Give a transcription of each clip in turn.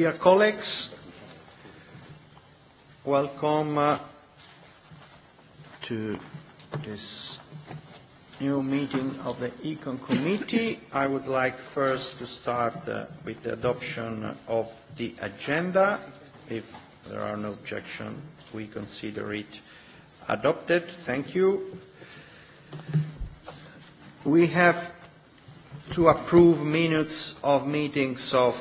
Dear colleagues, welcome uh, to this new meeting of the Econ Committee. I would like first to start uh, with the adoption of the agenda. If there are no objection, we consider it adopted. Thank you. We have to approve minutes of meetings of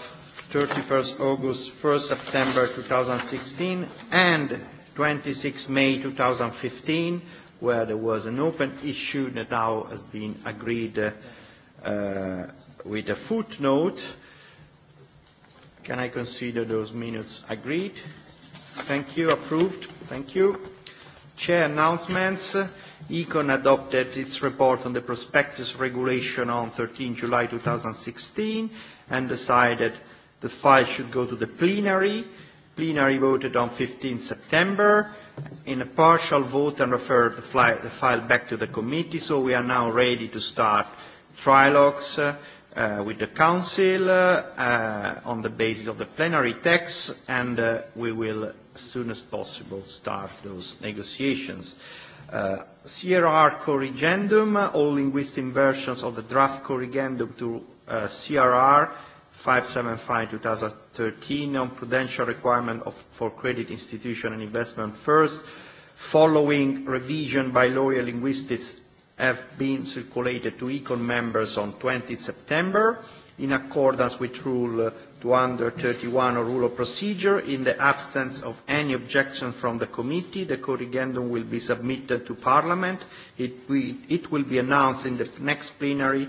31st August, 1st September 2016, and 26 May 2015, where there was an open issue that now has been agreed uh, uh, with a footnote. Can I consider those minutes agreed? Thank you. Approved. Thank you. Chair announcements. Econ adopted its report on the prospectus regulation on 13 July 2016 and decided The file should go to the plenary. Plenary voted on 15 September. In a partial vote and referred the, fly, the file back to the committee, so we are now ready to start trilogues uh, with the Council uh, on the basis of the plenary text, and uh, we will, as soon as possible, start those negotiations. Uh, CRR corrigendum, all linguistic versions of the draft corrigendum to uh, CRR 575-2013 on prudential requirement of, for credit institution and investment first, following revision by lawyer linguistics have been circulated to ECON members on 20 September in accordance with Rule 231 uh, or Rule of Procedure. In the absence of any objection from the committee, the corrigendum will be submitted to Parliament. It, we, it will be announced in the next plenary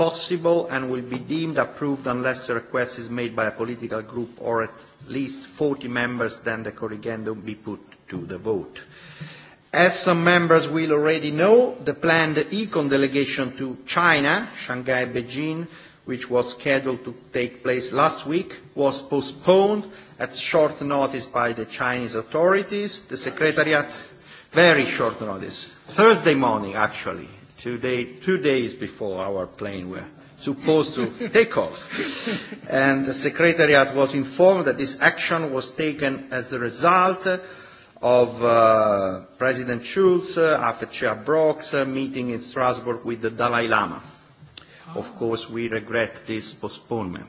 possible and will be deemed approved unless a request is made by a political group or at least 40 members, then the corrigendum be put to the vote. As some members will already know, the planned ECON delegation to China, Shanghai, Beijing, which was scheduled to take place last week, was postponed at short notice by the Chinese authorities. The Secretariat, very short notice, Thursday morning actually, two, day, two days before our plane were supposed to take off. And the Secretariat was informed that this action was taken as a result of uh, President Schulz, uh, after Chair Brock's uh, meeting in Strasbourg with the Dalai Lama. Of course, we regret this postponement.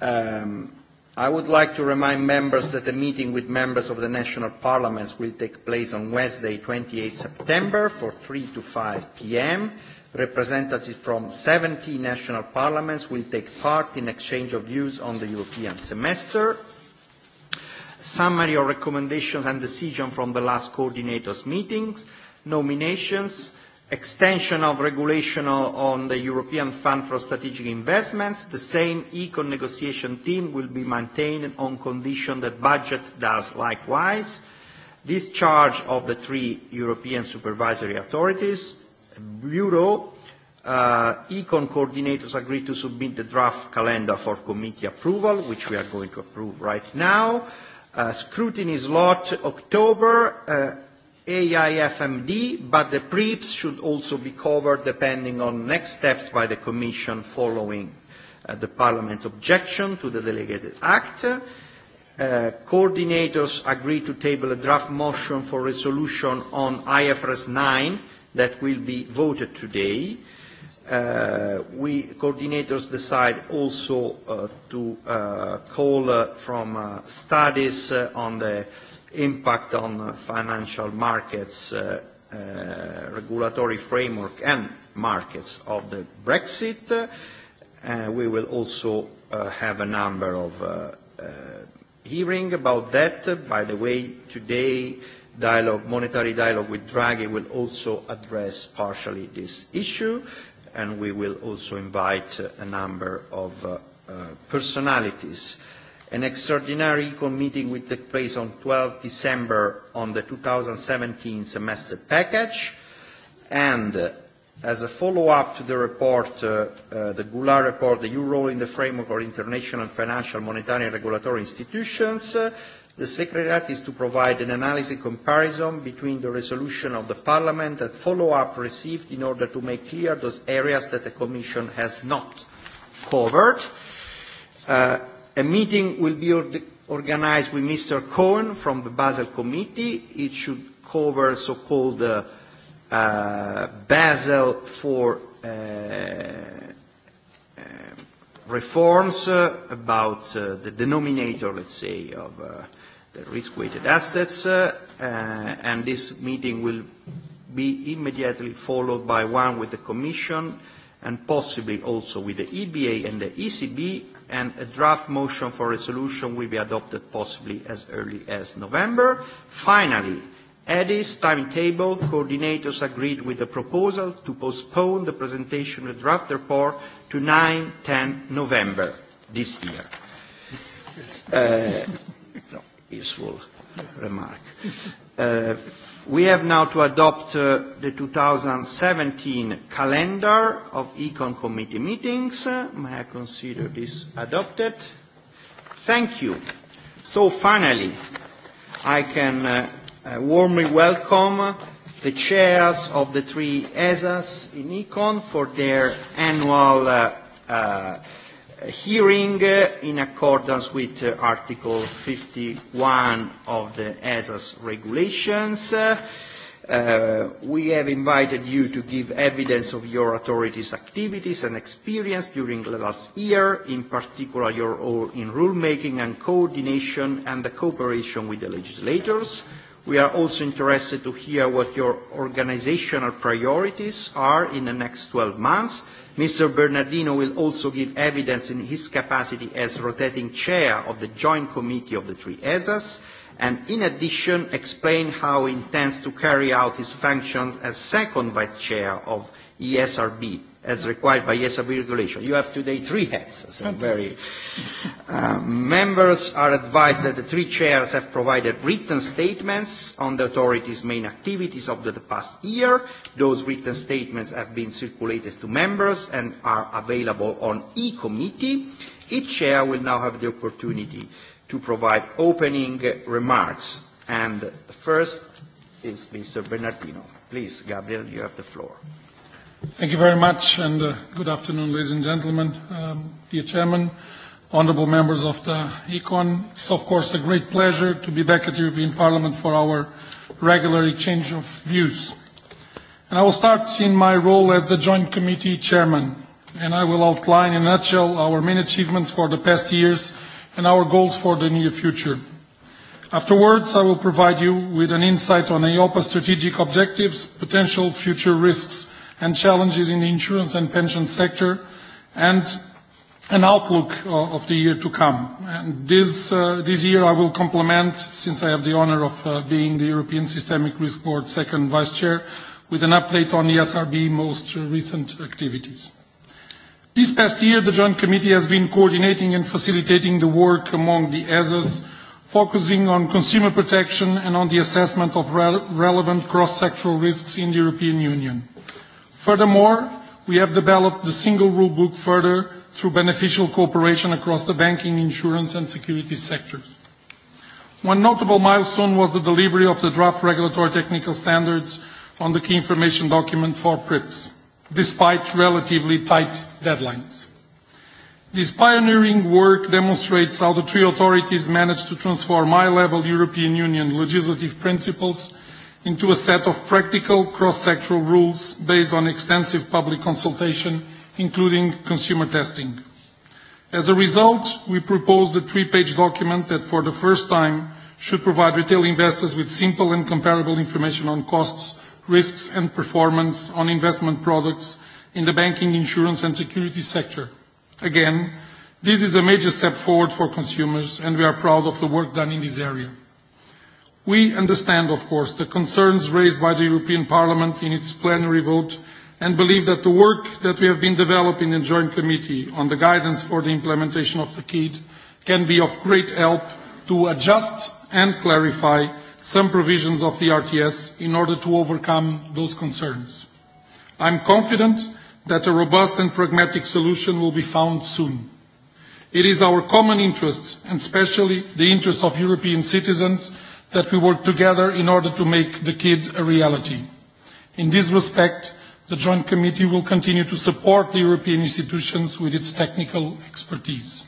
Um, I would like to remind members that the meeting with members of the national parliaments will take place on Wednesday, 28 September, for 3 to 5 p.m. Representatives from 70 national parliaments will take part in exchange of views on the European semester. Summary of recommendations and decisions from the last coordinators' meetings. Nominations extension of regulation on the European Fund for Strategic Investments. The same econ negotiation team will be maintained on condition that budget does likewise. Discharge of the three European supervisory authorities, Bureau, uh, econ coordinators agreed to submit the draft calendar for committee approval, which we are going to approve right now. Uh, scrutiny slot October, uh, AIFMD, but the PREPs should also be covered depending on next steps by the Commission following uh, the Parliament objection to the Delegated Act. Uh, coordinators agreed to table a draft motion for resolution on IFRS 9 that will be voted today. Uh, we coordinators decide also uh, to uh, call uh, from uh, studies uh, on the uh, impact on uh, financial markets, uh, uh, regulatory framework and markets of the Brexit. Uh, we will also uh, have a number of uh, uh, hearing about that. By the way, today dialogue, monetary dialogue with Draghi will also address partially this issue, and we will also invite a number of uh, uh, personalities An extraordinary ECO meeting will take place on 12 December on the 2017 semester package. And uh, as a follow-up to the report, uh, uh, the Goulart report, the EU role in the framework of international financial, monetary and regulatory institutions, uh, the Secretariat is to provide an analysis comparison between the resolution of the Parliament and follow-up received in order to make clear those areas that the Commission has not covered. Uh, a meeting will be or organized with Mr. Cohen from the Basel Committee. It should cover so-called uh, uh, Basel for uh, uh, reforms uh, about uh, the denominator, let's say, of uh, the risk-weighted assets. Uh, uh, and this meeting will be immediately followed by one with the Commission and possibly also with the EBA and the ECB and a draft motion for resolution will be adopted possibly as early as November. Finally, EDIS timetable coordinators agreed with the proposal to postpone the presentation of the draft report to 9-10 November this year. Uh, no, useful remark. Uh, We have now to adopt uh, the 2017 calendar of Econ Committee meetings. Uh, may I consider this adopted? Thank you. So finally, I can uh, uh, warmly welcome the chairs of the three ESAs in Econ for their annual uh, uh, hearing uh, in accordance with uh, Article 51 of the ESA's regulations. Uh, Uh, we have invited you to give evidence of your authority's activities and experience during the last year, in particular your role in rulemaking and coordination and the cooperation with the legislators. We are also interested to hear what your organizational priorities are in the next 12 months. Mr. Bernardino will also give evidence in his capacity as rotating chair of the Joint Committee of the three ESAs and in addition explain how he intends to carry out his functions as second vice chair of ESRB as required by ESRB regulation. You have today three heads. So very, uh, members are advised that the three chairs have provided written statements on the authority's main activities of the, the past year. Those written statements have been circulated to members and are available on e-committee. Each chair will now have the opportunity to provide opening remarks. And the first is Mr. Bernardino. Please, Gabriel, you have the floor. Thank you very much, and uh, good afternoon, ladies and gentlemen. Um, dear Chairman, honorable members of the ECON, it's of course a great pleasure to be back at the European Parliament for our regular exchange of views. And I will start in my role as the Joint Committee Chairman, and I will outline in a nutshell our main achievements for the past years and our goals for the near future. Afterwards, I will provide you with an insight on EIOPA's strategic objectives, potential future risks, and challenges in the insurance and pension sector, and an outlook uh, of the year to come. And this, uh, this year I will complement, since I have the honor of uh, being the European Systemic Risk Board second vice chair, with an update on the SRB most recent activities. This past year, the Joint Committee has been coordinating and facilitating the work among the ESAs, focusing on consumer protection and on the assessment of re relevant cross-sectoral risks in the European Union. Furthermore, we have developed the single rule book further through beneficial cooperation across the banking, insurance and security sectors. One notable milestone was the delivery of the draft regulatory technical standards on the key information document for PRIPS, despite relatively tight deadlines. This pioneering work demonstrates how the three authorities managed to transform high-level European Union legislative principles into a set of practical cross-sectoral rules based on extensive public consultation, including consumer testing. As a result, we proposed a three-page document that for the first time should provide retail investors with simple and comparable information on costs, risks and performance on investment products in the banking, insurance and security sector. Again, this is a major step forward for consumers and we are proud of the work done in this area. We understand, of course, the concerns raised by the European Parliament in its plenary vote and believe that the work that we have been developing in Joint Committee on the guidance for the implementation of the KID can be of great help to adjust and clarify some provisions of the RTS in order to overcome those concerns. I am confident that a robust and pragmatic solution will be found soon. It is our common interest, and especially the interest of European citizens, that we work together in order to make the kid a reality. In this respect, the Joint Committee will continue to support the European institutions with its technical expertise.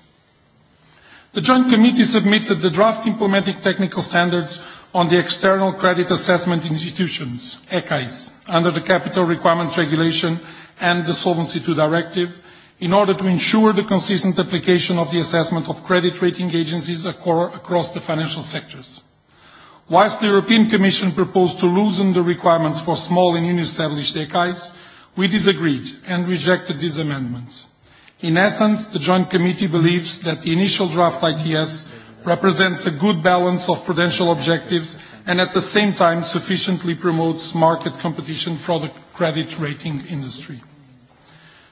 The Joint Committee submitted the draft implementing technical standards on the External Credit Assessment Institutions, ECAIS, under the Capital Requirements Regulation and the Solvency II Directive, in order to ensure the consistent application of the assessment of credit rating agencies across the financial sectors. Whilst the European Commission proposed to loosen the requirements for small and unestablished ECIs, we disagreed and rejected these amendments. In essence, the Joint Committee believes that the initial draft ITS represents a good balance of prudential objectives and at the same time sufficiently promotes market competition for the credit rating industry.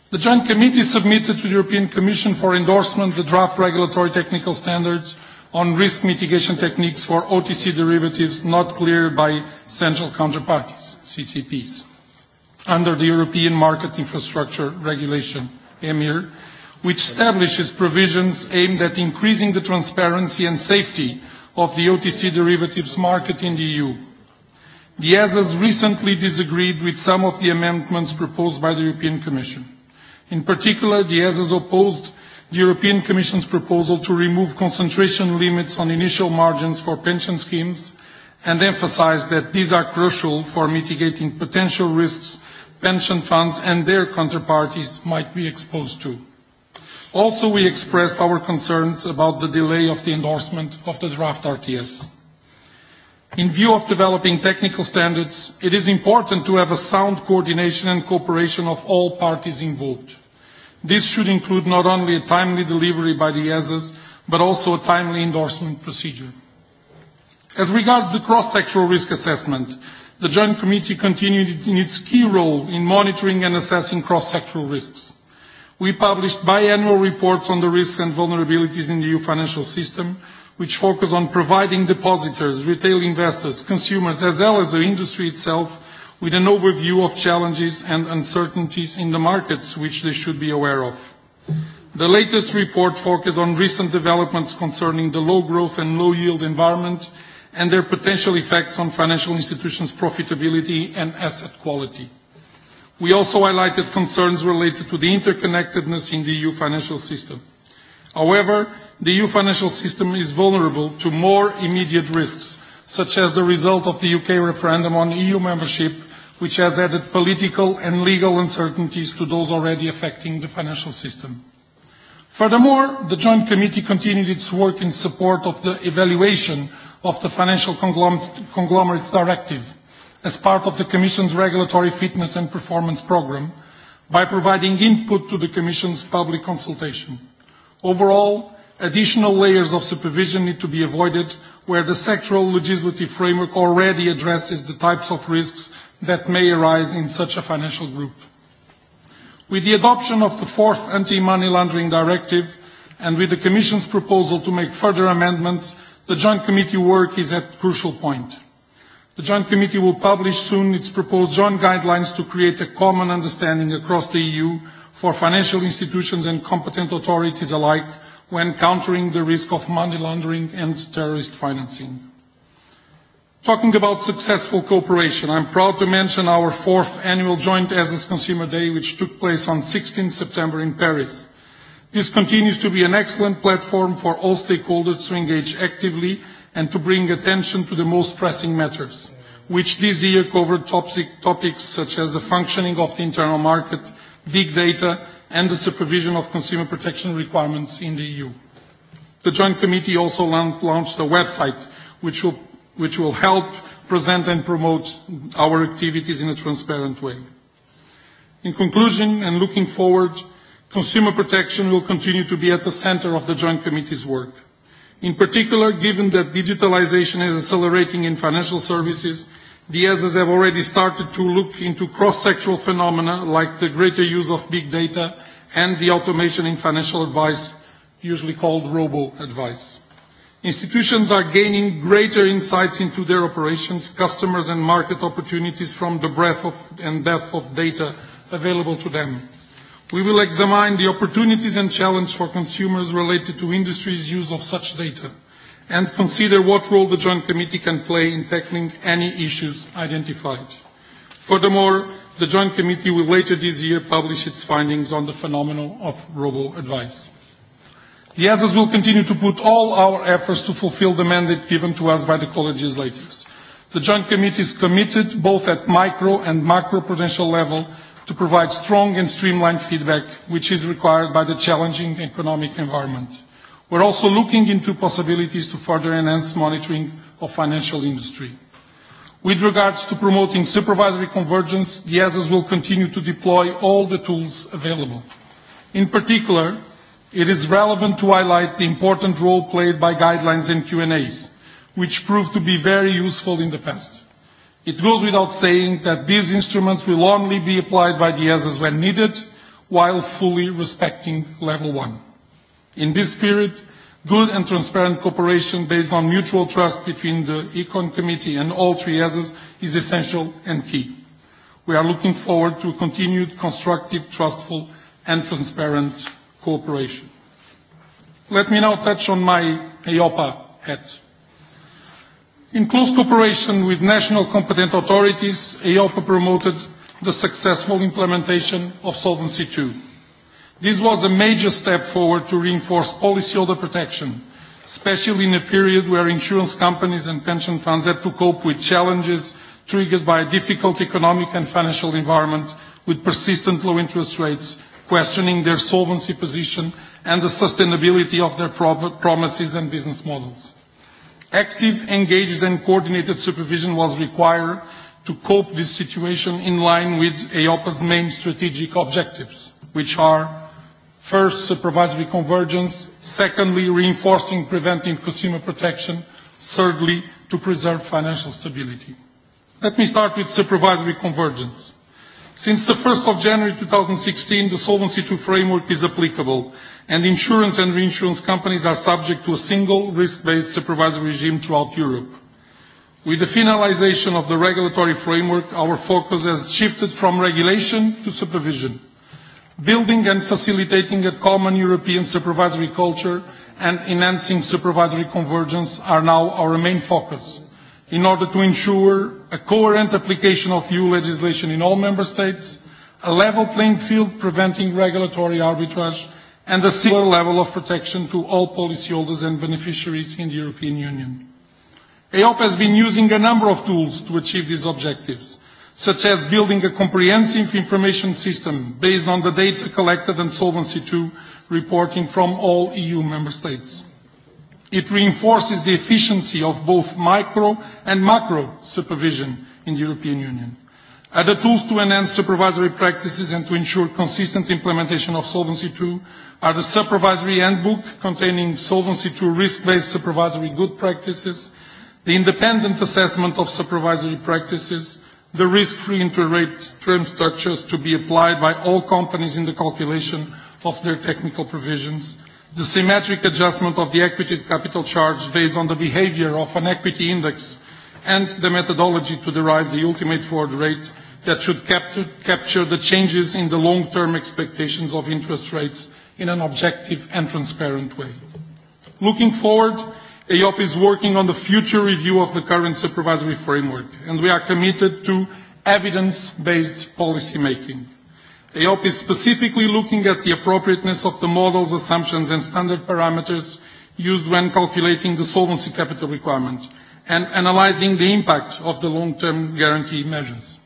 The Joint Committee submitted to the European Commission for endorsement the draft regulatory technical standards on risk mitigation techniques for OTC derivatives not cleared by central counterparties, CCPs. Under the European Market Infrastructure Regulation, EMIR, which establishes provisions aimed at increasing the transparency and safety of the OTC derivatives market in the EU. The ESAs recently disagreed with some of the amendments proposed by the European Commission. In particular, the ESAs opposed the European Commission's proposal to remove concentration limits on initial margins for pension schemes and emphasise that these are crucial for mitigating potential risks pension funds and their counterparties might be exposed to. Also, we expressed our concerns about the delay of the endorsement of the draft RTS. In view of developing technical standards, it is important to have a sound coordination and cooperation of all parties involved. This should include not only a timely delivery by the ESAs, but also a timely endorsement procedure. As regards the cross-sectoral risk assessment, the Joint Committee continued in its key role in monitoring and assessing cross-sectoral risks. We published biannual reports on the risks and vulnerabilities in the EU financial system, which focus on providing depositors, retail investors, consumers, as well as the industry itself with an overview of challenges and uncertainties in the markets which they should be aware of. The latest report focused on recent developments concerning the low growth and low yield environment and their potential effects on financial institutions' profitability and asset quality. We also highlighted concerns related to the interconnectedness in the EU financial system. However, the EU financial system is vulnerable to more immediate risks such as the result of the UK referendum on EU membership, which has added political and legal uncertainties to those already affecting the financial system. Furthermore, the Joint Committee continued its work in support of the evaluation of the Financial Conglomerates Directive as part of the Commission's Regulatory Fitness and Performance Programme by providing input to the Commission's public consultation. Overall, additional layers of supervision need to be avoided where the sectoral legislative framework already addresses the types of risks that may arise in such a financial group. With the adoption of the fourth anti-money laundering directive and with the Commission's proposal to make further amendments, the Joint Committee work is at a crucial point. The Joint Committee will publish soon its proposed joint guidelines to create a common understanding across the EU for financial institutions and competent authorities alike when countering the risk of money laundering and terrorist financing. Talking about successful cooperation, I'm proud to mention our fourth annual Joint Essence Consumer Day, which took place on 16 September in Paris. This continues to be an excellent platform for all stakeholders to engage actively and to bring attention to the most pressing matters, which this year covered topics such as the functioning of the internal market, big data, and the supervision of consumer protection requirements in the EU. The Joint Committee also launched a website which will, which will help present and promote our activities in a transparent way. In conclusion, and looking forward, consumer protection will continue to be at the center of the Joint Committee's work. In particular, given that digitalization is accelerating in financial services, The have already started to look into cross-sectoral phenomena like the greater use of big data and the automation in financial advice, usually called robo-advice. Institutions are gaining greater insights into their operations, customers and market opportunities from the breadth of, and depth of data available to them. We will examine the opportunities and challenges for consumers related to industries' use of such data and consider what role the Joint Committee can play in tackling any issues identified. Furthermore, the Joint Committee will later this year publish its findings on the phenomenon of robo-advice. The ESAs will continue to put all our efforts to fulfill the mandate given to us by the co-legislators. The Joint Committee is committed, both at micro and macro-prudential level, to provide strong and streamlined feedback, which is required by the challenging economic environment. We're also looking into possibilities to further enhance monitoring of financial industry. With regards to promoting supervisory convergence, the ESAs will continue to deploy all the tools available. In particular, it is relevant to highlight the important role played by guidelines and Q&As, which proved to be very useful in the past. It goes without saying that these instruments will only be applied by the ESAs when needed, while fully respecting level one. In this spirit, good and transparent cooperation based on mutual trust between the Econ Committee and all three ESAs is essential and key. We are looking forward to continued constructive, trustful and transparent cooperation. Let me now touch on my EIOPA hat. In close cooperation with national competent authorities, EIOPA promoted the successful implementation of Solvency II This was a major step forward to reinforce policyholder protection, especially in a period where insurance companies and pension funds had to cope with challenges triggered by a difficult economic and financial environment with persistent low interest rates, questioning their solvency position and the sustainability of their promises and business models. Active, engaged and coordinated supervision was required to cope this situation in line with EIOPA's main strategic objectives, which are First, supervisory convergence. Secondly, reinforcing preventing consumer protection. Thirdly, to preserve financial stability. Let me start with supervisory convergence. Since the 1st of January 2016, the Solvency II framework is applicable, and insurance and reinsurance companies are subject to a single risk-based supervisory regime throughout Europe. With the finalization of the regulatory framework, our focus has shifted from regulation to supervision building and facilitating a common European supervisory culture and enhancing supervisory convergence are now our main focus in order to ensure a coherent application of EU legislation in all member states, a level playing field preventing regulatory arbitrage, and a similar level of protection to all policyholders and beneficiaries in the European Union. EOP has been using a number of tools to achieve these objectives, such as building a comprehensive information system based on the data collected and Solvency II reporting from all EU member states. It reinforces the efficiency of both micro and macro supervision in the European Union. Other tools to enhance supervisory practices and to ensure consistent implementation of Solvency II are the Supervisory Handbook containing Solvency II risk-based supervisory good practices, the independent assessment of supervisory practices, the risk-free interest rate term structures to be applied by all companies in the calculation of their technical provisions, the symmetric adjustment of the equity capital charge based on the behavior of an equity index, and the methodology to derive the ultimate forward rate that should capture, capture the changes in the long-term expectations of interest rates in an objective and transparent way. Looking forward, EIOPA is working on the future review of the current supervisory framework, and we are committed to evidence-based policymaking. making. EIOPA is specifically looking at the appropriateness of the models, assumptions and standard parameters used when calculating the solvency capital requirement and analyzing the impact of the long-term guarantee measures.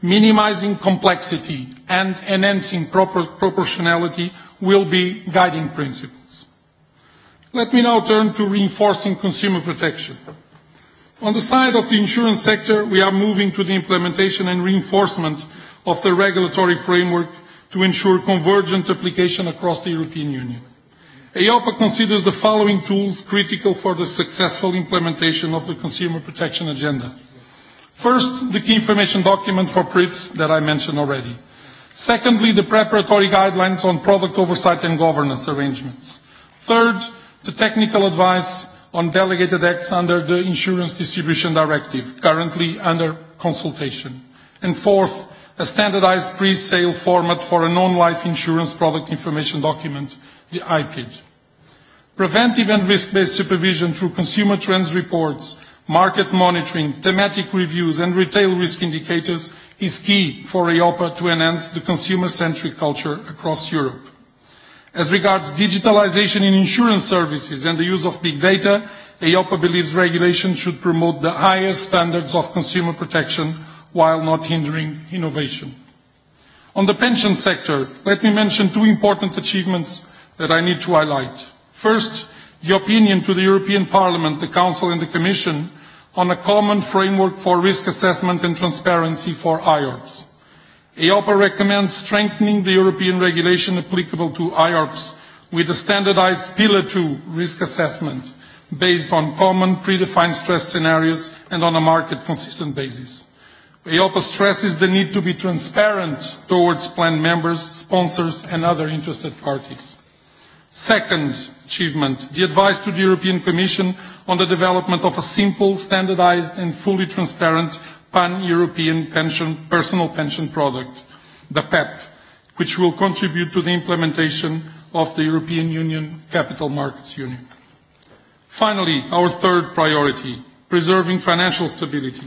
Minimizing complexity and enhancing proper proportionality will be guiding principles. Let me now turn to reinforcing consumer protection. On the side of the insurance sector, we are moving to the implementation and reinforcement of the regulatory framework to ensure convergent application across the European Union. EIOPA considers the following tools critical for the successful implementation of the consumer protection agenda. First, the key information document for PRIPS that I mentioned already. Secondly, the preparatory guidelines on product oversight and governance arrangements. Third, to technical advice on delegated acts under the Insurance Distribution Directive, currently under consultation. And fourth, a standardized pre-sale format for a non-life insurance product information document, the IPID. Preventive and risk-based supervision through consumer trends reports, market monitoring, thematic reviews and retail risk indicators is key for EOPA to enhance the consumer-centric culture across Europe. As regards digitalization in insurance services and the use of big data, EIOPA believes regulation should promote the highest standards of consumer protection while not hindering innovation. On the pension sector, let me mention two important achievements that I need to highlight. First, the opinion to the European Parliament, the Council and the Commission on a common framework for risk assessment and transparency for IORPs. EIOPA recommends strengthening the European regulation applicable to IARPs with a standardized Pillar 2 risk assessment based on common predefined stress scenarios and on a market-consistent basis. EIOPA stresses the need to be transparent towards plan members, sponsors and other interested parties. Second achievement, the advice to the European Commission on the development of a simple, standardized and fully transparent pan-European pension, personal pension product, the PEP, e which will contribute to the implementation of the European Union Capital Markets Union. Finally, our third priority, preserving financial stability.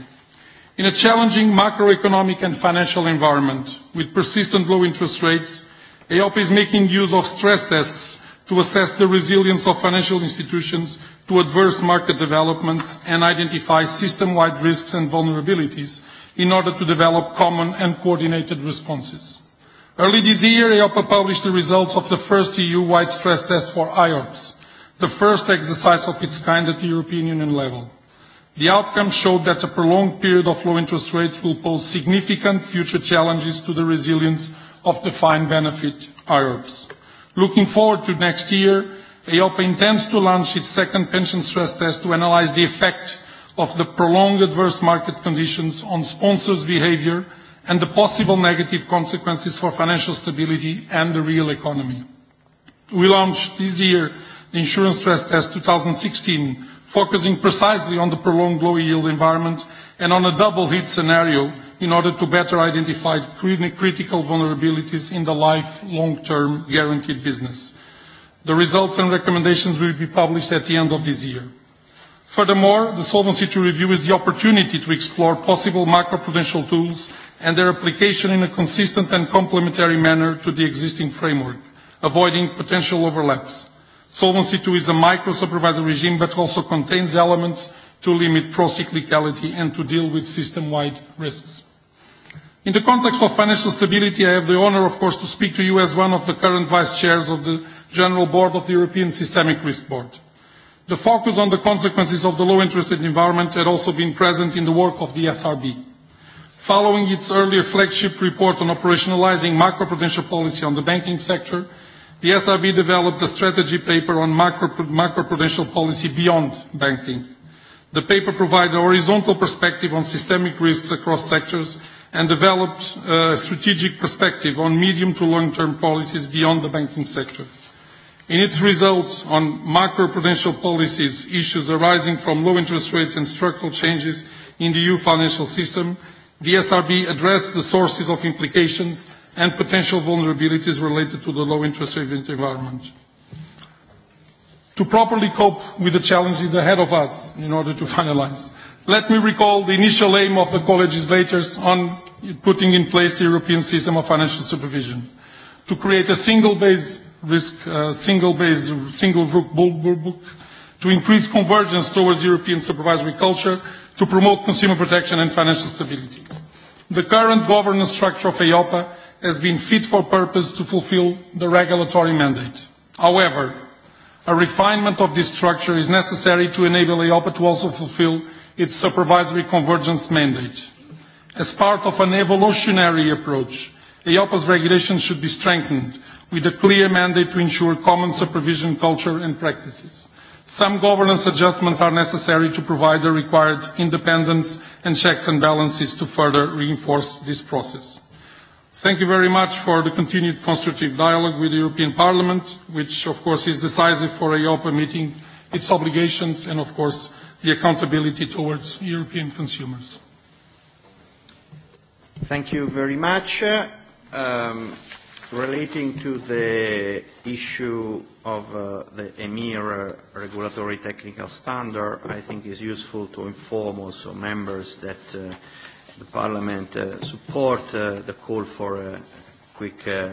In a challenging macroeconomic and financial environment with persistent low interest rates, EIOPA is making use of stress tests to assess the resilience of financial institutions to adverse market developments and identify system-wide risks and vulnerabilities in order to develop common and coordinated responses. Early this year, EIOPA published the results of the first EU-wide stress test for IOPS, the first exercise of its kind at the European Union level. The outcome showed that a prolonged period of low interest rates will pose significant future challenges to the resilience of defined benefit IRBs. Looking forward to next year, EIOPA intends to launch its second pension stress test to analyze the effect of the prolonged adverse market conditions on sponsors' behavior and the possible negative consequences for financial stability and the real economy. We launched this year the insurance stress test 2016, focusing precisely on the prolonged low yield environment and on a double hit scenario in order to better identify critical vulnerabilities in the life long-term guaranteed business. The results and recommendations will be published at the end of this year. Furthermore, the Solvency II review is the opportunity to explore possible macroprudential tools and their application in a consistent and complementary manner to the existing framework, avoiding potential overlaps. Solvency II is a micro-supervisory regime but also contains elements to limit procyclicality and to deal with system-wide risks. In the context of financial stability, I have the honor, of course, to speak to you as one of the current vice chairs of the General Board of the European Systemic Risk Board. The focus on the consequences of the low interest rate environment had also been present in the work of the SRB. Following its earlier flagship report on operationalizing macroprudential policy on the banking sector, the SRB developed a strategy paper on macroprudential policy beyond banking. The paper provided a horizontal perspective on systemic risks across sectors and developed a strategic perspective on medium to long-term policies beyond the banking sector. In its results on macroprudential policies, issues arising from low interest rates and structural changes in the EU financial system, the SRB addressed the sources of implications and potential vulnerabilities related to the low interest rate environment. To properly cope with the challenges ahead of us, in order to finalise, Let me recall the initial aim of the co-legislators on putting in place the European system of financial supervision to create a single base risk, uh, single base, single book, book, to increase convergence towards European supervisory culture, to promote consumer protection and financial stability. The current governance structure of EIOPA has been fit for purpose to fulfill the regulatory mandate. However, a refinement of this structure is necessary to enable EIOPA to also fulfill its supervisory convergence mandate. As part of an evolutionary approach, EIOPA's regulations should be strengthened with a clear mandate to ensure common supervision culture and practices. Some governance adjustments are necessary to provide the required independence and checks and balances to further reinforce this process. Thank you very much for the continued constructive dialogue with the European Parliament, which of course is decisive for EIOPA meeting its obligations and of course the accountability towards European consumers. Thank you very much. Um, relating to the issue of uh, the EMIR uh, regulatory technical standard, I think it's useful to inform also members that uh, the Parliament uh, support uh, the call for a quick uh,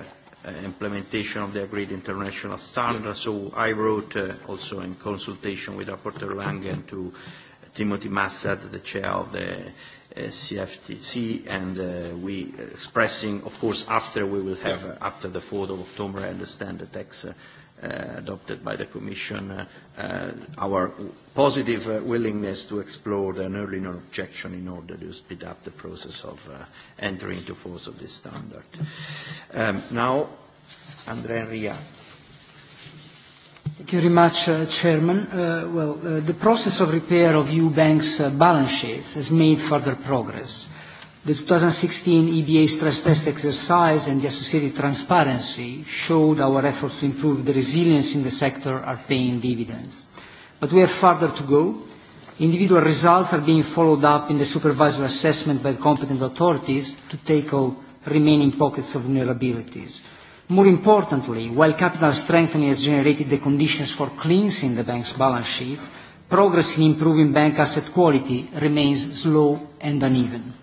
uh, implementation of the agreed international standards. Yes. So I wrote uh, also in consultation with Rapporteur and to Timothy Massad, the chair of the uh, CFTC, and uh, we expressing, of course, after we will have, uh, after the 4th of October, I understand the text uh, Uh, adopted by the Commission, uh, uh, our positive willingness to explore an early non-objection in order to speed up the process of entering into force of this standard. Um, now, Andrea Ria. Thank you very much, uh, Chairman. Uh, well, uh, the process of repair of EU banks' uh, balance sheets has made further progress The 2016 EBA stress test exercise and the associated transparency showed our efforts to improve the resilience in the sector are paying dividends. But we have further to go. Individual results are being followed up in the supervisory assessment by competent authorities to tackle remaining pockets of vulnerabilities. More importantly, while capital strengthening has generated the conditions for cleansing the bank's balance sheets, progress in improving bank asset quality remains slow and uneven.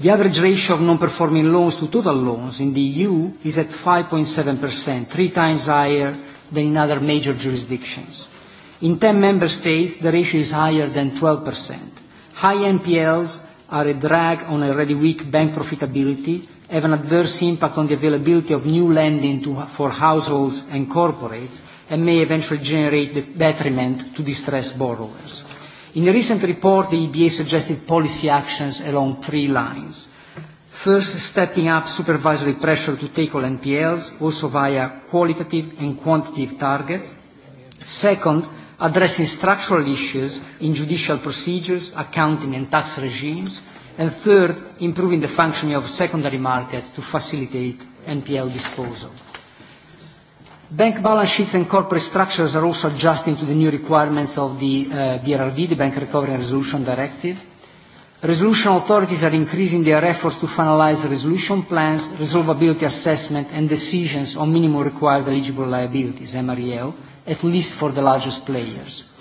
The average ratio of non-performing loans to total loans in the EU is at 5.7%, three times higher than in other major jurisdictions. In 10 member states, the ratio is higher than 12%. High NPLs are a drag on already weak bank profitability, have an adverse impact on the availability of new lending to, for households and corporates, and may eventually generate detriment to distressed borrowers. In a recent report, the EBA suggested policy actions along three lines. First, stepping up supervisory pressure to tackle NPLs, also via qualitative and quantitative targets. Second, addressing structural issues in judicial procedures, accounting and tax regimes. And third, improving the functioning of secondary markets to facilitate NPL disposal. Bank balance sheets and corporate structures are also adjusting to the new requirements of the uh, BRRD, the Bank Recovery and Resolution Directive. Resolution authorities are increasing their efforts to finalize resolution plans, resolvability assessment, and decisions on minimum required eligible liabilities, MREL, at least for the largest players.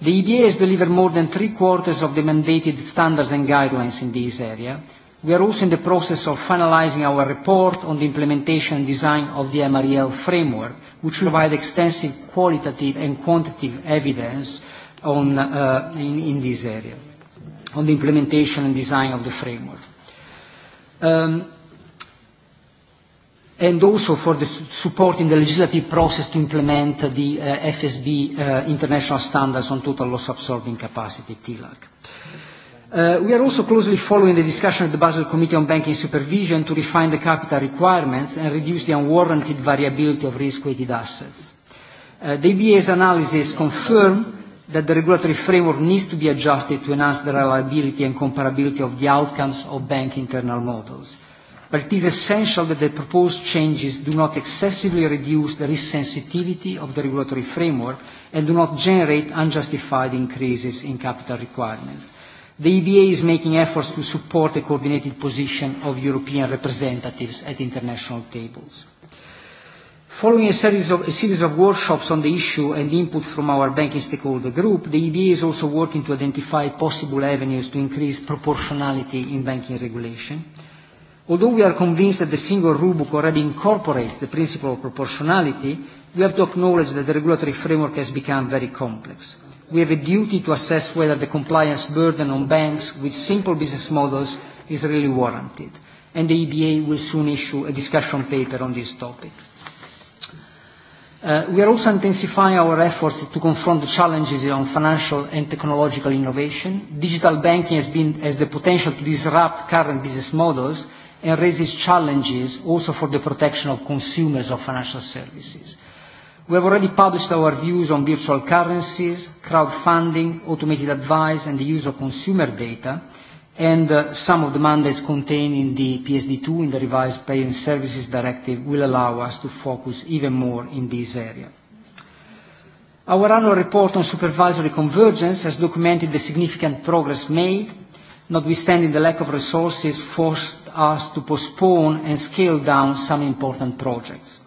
The EBA has delivered more than three quarters of the mandated standards and guidelines in this area, We are also in the process of finalizing our report on the implementation and design of the MREL framework, which will provide extensive qualitative and quantitative evidence on, uh, in, in this area, on the implementation and design of the framework. Um, and also for the support in the legislative process to implement the uh, FSB uh, international standards on total loss absorbing capacity, TLAC. Uh, we are also closely following the discussion at the Basel Committee on Banking Supervision to refine the capital requirements and reduce the unwarranted variability of risk-weighted assets. Uh, the EBA's analysis confirm that the regulatory framework needs to be adjusted to enhance the reliability and comparability of the outcomes of bank internal models. But it is essential that the proposed changes do not excessively reduce the risk sensitivity of the regulatory framework and do not generate unjustified increases in capital requirements. The EBA is making efforts to support a coordinated position of European representatives at international tables. Following a series, of, a series of workshops on the issue and input from our banking stakeholder group, the EBA is also working to identify possible avenues to increase proportionality in banking regulation. Although we are convinced that the single rulebook already incorporates the principle of proportionality, we have to acknowledge that the regulatory framework has become very complex we have a duty to assess whether the compliance burden on banks with simple business models is really warranted, and the EBA will soon issue a discussion paper on this topic. Uh, we are also intensifying our efforts to confront the challenges on financial and technological innovation. Digital banking has, been, has the potential to disrupt current business models and raises challenges also for the protection of consumers of financial services. We have already published our views on virtual currencies, crowdfunding, automated advice, and the use of consumer data, and uh, some of the mandates contained in the PSD2 in the revised Payment Services Directive will allow us to focus even more in this area. Our annual report on supervisory convergence has documented the significant progress made, notwithstanding the lack of resources forced us to postpone and scale down some important projects.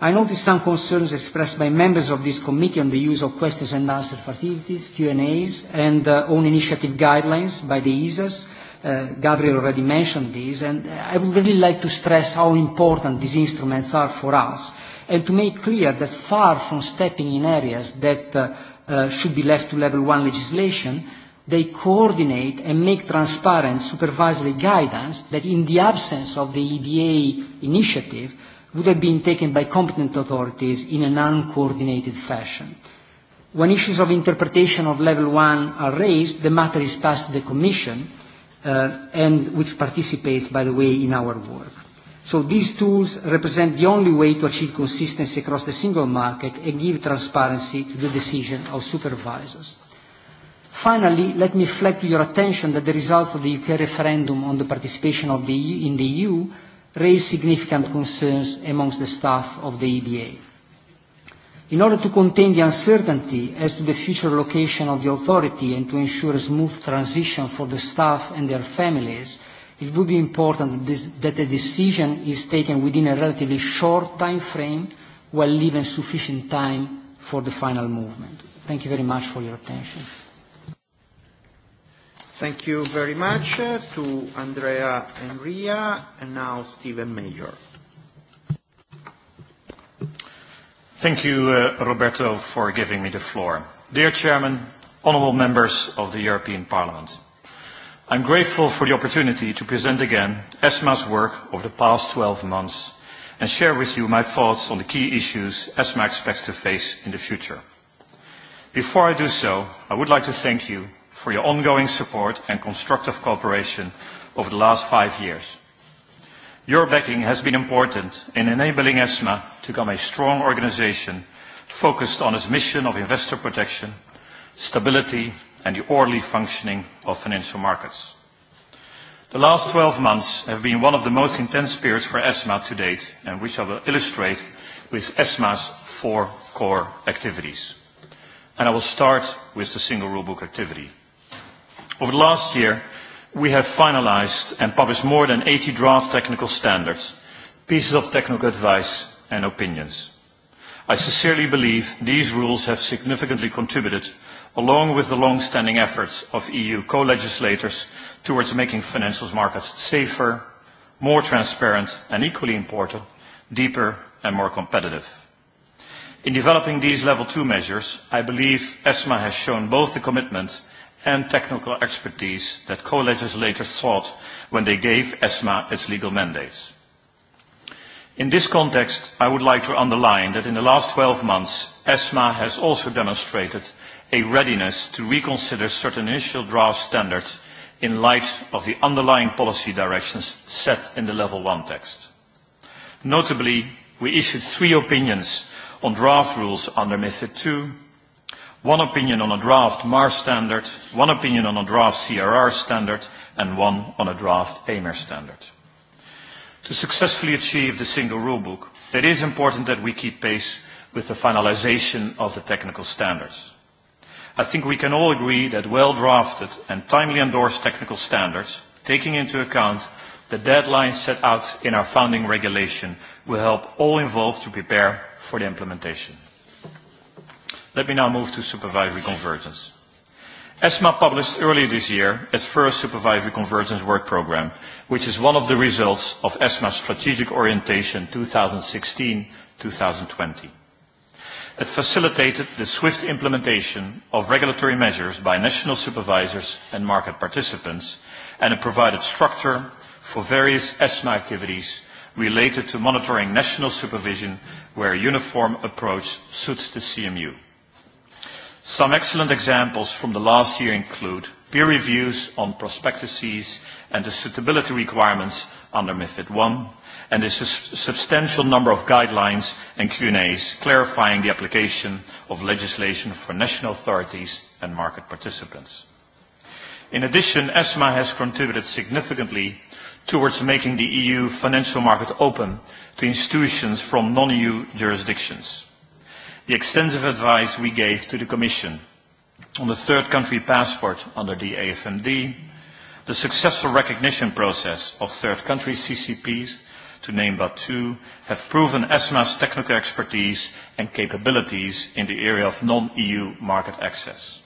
I noticed some concerns expressed by members of this committee on the use of questions and answer facilities, Q&As, and uh, own initiative guidelines by the ESAs. Uh, Gabriel already mentioned these, and I would really like to stress how important these instruments are for us, and to make clear that far from stepping in areas that uh, uh, should be left to level one legislation, they coordinate and make transparent supervisory guidance that in the absence of the EBA initiative would have been taken by competent authorities in an uncoordinated fashion. When issues of interpretation of level one are raised, the matter is passed to the Commission, uh, and which participates, by the way, in our work. So these tools represent the only way to achieve consistency across the single market and give transparency to the decision of supervisors. Finally, let me flag to your attention that the results of the UK referendum on the participation of the EU in the EU raised significant concerns amongst the staff of the EBA. In order to contain the uncertainty as to the future location of the authority and to ensure a smooth transition for the staff and their families, it would be important that a decision is taken within a relatively short time frame while leaving sufficient time for the final movement. Thank you very much for your attention. Thank you very much uh, to Andrea and Ria, and now Stephen Major. Thank you, uh, Roberto, for giving me the floor. Dear Chairman, honourable members of the European Parliament, I'm grateful for the opportunity to present again ESMA's work over the past 12 months and share with you my thoughts on the key issues ESMA expects to face in the future. Before I do so, I would like to thank you for your ongoing support and constructive cooperation over the last five years. Your backing has been important in enabling ESMA to become a strong organization focused on its mission of investor protection, stability, and the orderly functioning of financial markets. The last 12 months have been one of the most intense periods for ESMA to date, and which I will illustrate with ESMA's four core activities. And I will start with the single rulebook activity. Over the last year, we have finalized and published more than 80 draft technical standards, pieces of technical advice and opinions. I sincerely believe these rules have significantly contributed, along with the long-standing efforts of EU co-legislators towards making financial markets safer, more transparent, and equally important, deeper and more competitive. In developing these level two measures, I believe ESMA has shown both the commitment and technical expertise that co-legislators sought when they gave ESMA its legal mandates. In this context, I would like to underline that in the last 12 months, ESMA has also demonstrated a readiness to reconsider certain initial draft standards in light of the underlying policy directions set in the Level 1 text. Notably, we issued three opinions on draft rules under MiFID II, one opinion on a draft MAR standard, one opinion on a draft CRR standard, and one on a draft AMER standard. To successfully achieve the single rulebook, it is important that we keep pace with the finalization of the technical standards. I think we can all agree that well-drafted and timely endorsed technical standards, taking into account the deadlines set out in our founding regulation, will help all involved to prepare for the implementation. Let me now move to supervisory convergence. ESMA published earlier this year its first supervisory convergence work program, which is one of the results of ESMA's strategic orientation 2016-2020. It facilitated the swift implementation of regulatory measures by national supervisors and market participants, and it provided structure for various ESMA activities related to monitoring national supervision where a uniform approach suits the CMU. Some excellent examples from the last year include peer reviews on prospectuses and the suitability requirements under MiFID I, and a su substantial number of guidelines and Q&As clarifying the application of legislation for national authorities and market participants. In addition, ESMA has contributed significantly towards making the EU financial market open to institutions from non-EU jurisdictions the extensive advice we gave to the Commission on the third country passport under the AFMD, the successful recognition process of third country CCPs, to name but two, have proven ESMA's technical expertise and capabilities in the area of non-EU market access.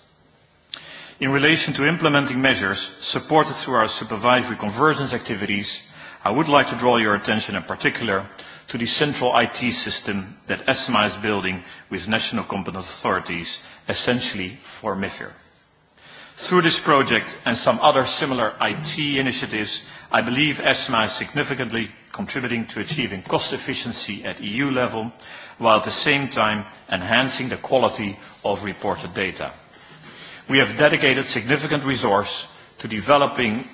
In relation to implementing measures supported through our supervisory convergence activities, I would like to draw your attention in particular to the central IT system that SMI is building with national competent authorities, essentially for MIFIR. Through this project and some other similar IT initiatives, I believe SMI is significantly contributing to achieving cost efficiency at EU level, while at the same time enhancing the quality of reported data. We have dedicated significant resource to developing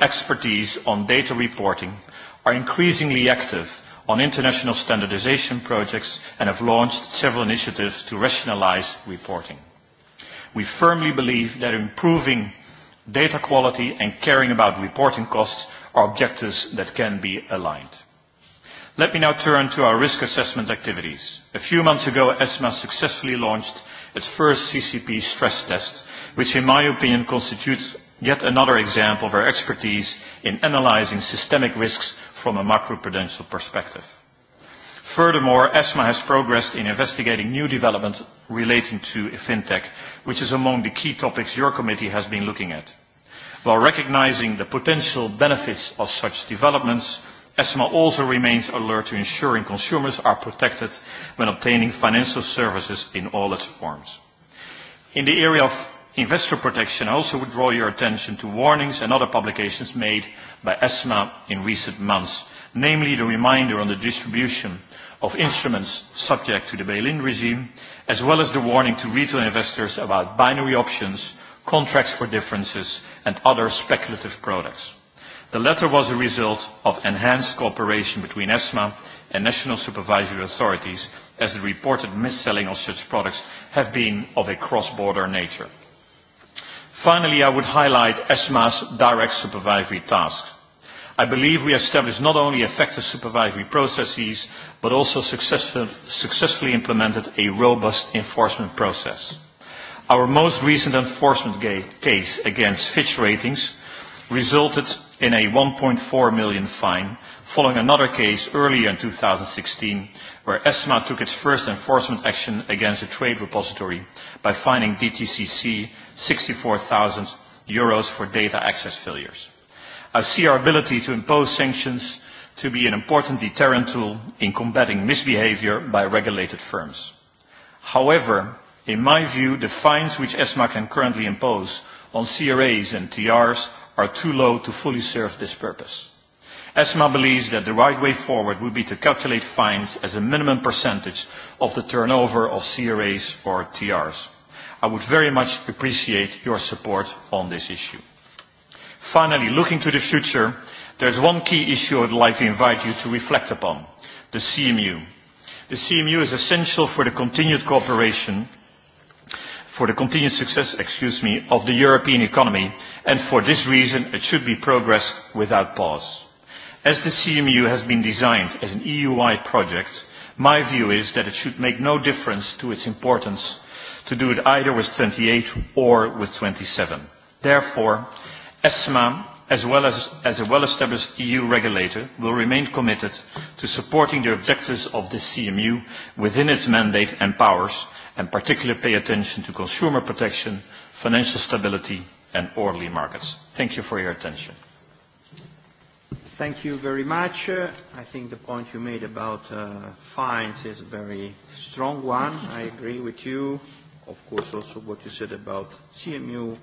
expertise on data reporting, are increasingly active on international standardization projects and have launched several initiatives to rationalize reporting. We firmly believe that improving data quality and caring about reporting costs are objectives that can be aligned. Let me now turn to our risk assessment activities. A few months ago, ESMA successfully launched its first CCP stress test, which in my opinion constitutes yet another example of our expertise in analyzing systemic risks from a macroprudential perspective. Furthermore, ESMA has progressed in investigating new developments relating to fintech, which is among the key topics your committee has been looking at. While recognizing the potential benefits of such developments, ESMA also remains alert to ensuring consumers are protected when obtaining financial services in all its forms. In the area of Investor protection, I also would draw your attention to warnings and other publications made by ESMA in recent months, namely the reminder on the distribution of instruments subject to the bail-in regime, as well as the warning to retail investors about binary options, contracts for differences, and other speculative products. The letter was a result of enhanced cooperation between ESMA and national supervisory authorities, as the reported mis-selling of such products have been of a cross-border nature. Finally, I would highlight ESMA's direct supervisory tasks. I believe we established not only effective supervisory processes, but also successful, successfully implemented a robust enforcement process. Our most recent enforcement case against Fitch Ratings resulted in a 1.4 million fine, following another case earlier in 2016 where ESMA took its first enforcement action against a trade repository by fining DTCC 64,000 euros for data access failures. I see our ability to impose sanctions to be an important deterrent tool in combating misbehavior by regulated firms. However, in my view, the fines which ESMA can currently impose on CRAs and TRs are too low to fully serve this purpose. ESMA believes that the right way forward would be to calculate fines as a minimum percentage of the turnover of CRAs or TRs. I would very much appreciate your support on this issue. Finally, looking to the future, there is one key issue I would like to invite you to reflect upon, the CMU. The CMU is essential for the continued cooperation for the continued success, excuse me, of the European economy, and for this reason it should be progressed without pause. As the CMU has been designed as an EU-wide project, my view is that it should make no difference to its importance to do it either with 28 or with 27. Therefore, ESMA, as well as, as a well-established EU regulator, will remain committed to supporting the objectives of the CMU within its mandate and powers, and particularly pay attention to consumer protection, financial stability, and orderly markets. Thank you for your attention. Thank you very much. Uh, I think the point you made about uh, fines is a very strong one. I agree with you. Of course, also what you said about CMU,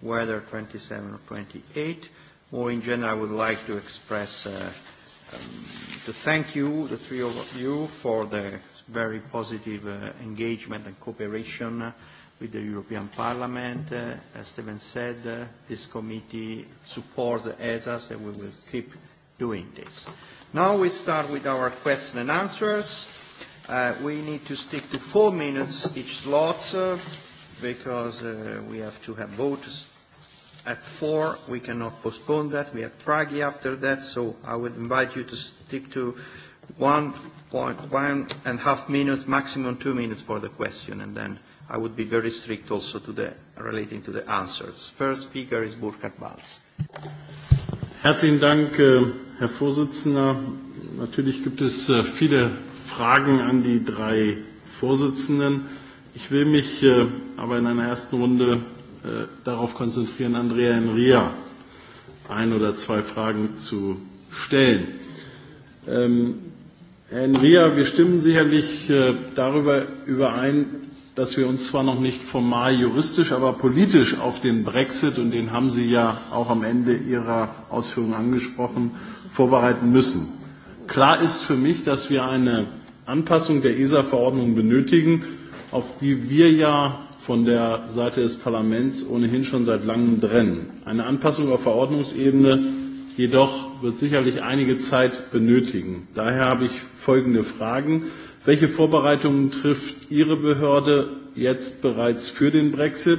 whether 27 or 28. More in general, I would like to express uh, um, to thank you, the three of you, for the very positive uh, engagement and cooperation with the European Parliament. Uh, as Stephen said, uh, this committee supports the ESAS and we will keep doing this. Now we start with our question and answers. Uh, we need to stick to four minutes each slot uh, because uh, we have to have votes at four. We cannot postpone that. We have Draghi after that, so I would invite you to stick to one point, one and a half minutes, maximum two minutes for the question, and then I would be very strict also to the relating to the answers. First speaker is Burkhard Balz. Herzlichen Dank, äh, Herr Vorsitzender. Natürlich gibt es äh, viele Fragen an die drei Vorsitzenden. Ich will mich äh, aber in einer ersten Runde darauf konzentrieren, Andrea Enria ein oder zwei Fragen zu stellen. Ähm, Herr Enria, wir stimmen sicherlich darüber überein, dass wir uns zwar noch nicht formal juristisch, aber politisch auf den Brexit, und den haben Sie ja auch am Ende Ihrer Ausführungen angesprochen, vorbereiten müssen. Klar ist für mich, dass wir eine Anpassung der ESA-Verordnung benötigen, auf die wir ja von der Seite des Parlaments ohnehin schon seit langem drennen. Eine Anpassung auf Verordnungsebene jedoch wird sicherlich einige Zeit benötigen. Daher habe ich folgende Fragen. Welche Vorbereitungen trifft Ihre Behörde jetzt bereits für den Brexit?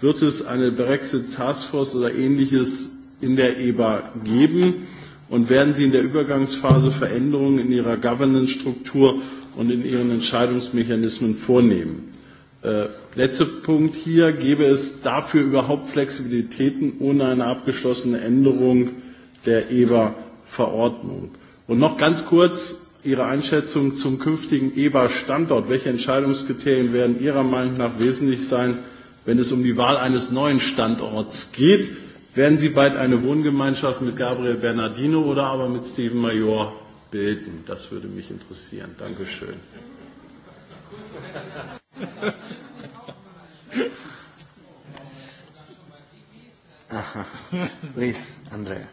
Wird es eine Brexit Taskforce oder ähnliches in der EBA geben? Und werden Sie in der Übergangsphase Veränderungen in Ihrer Governance-Struktur und in Ihren Entscheidungsmechanismen vornehmen? Äh, letzter Punkt hier, gäbe es dafür überhaupt Flexibilitäten ohne eine abgeschlossene Änderung der EBA-Verordnung? Und noch ganz kurz, Ihre Einschätzung zum künftigen EBA-Standort? Welche Entscheidungskriterien werden Ihrer Meinung nach wesentlich sein, wenn es um die Wahl eines neuen Standorts geht? Werden Sie bald eine Wohngemeinschaft mit Gabriel Bernardino oder aber mit Steven Major bilden? Das würde mich interessieren. Dankeschön. Aha. Please, Andrea.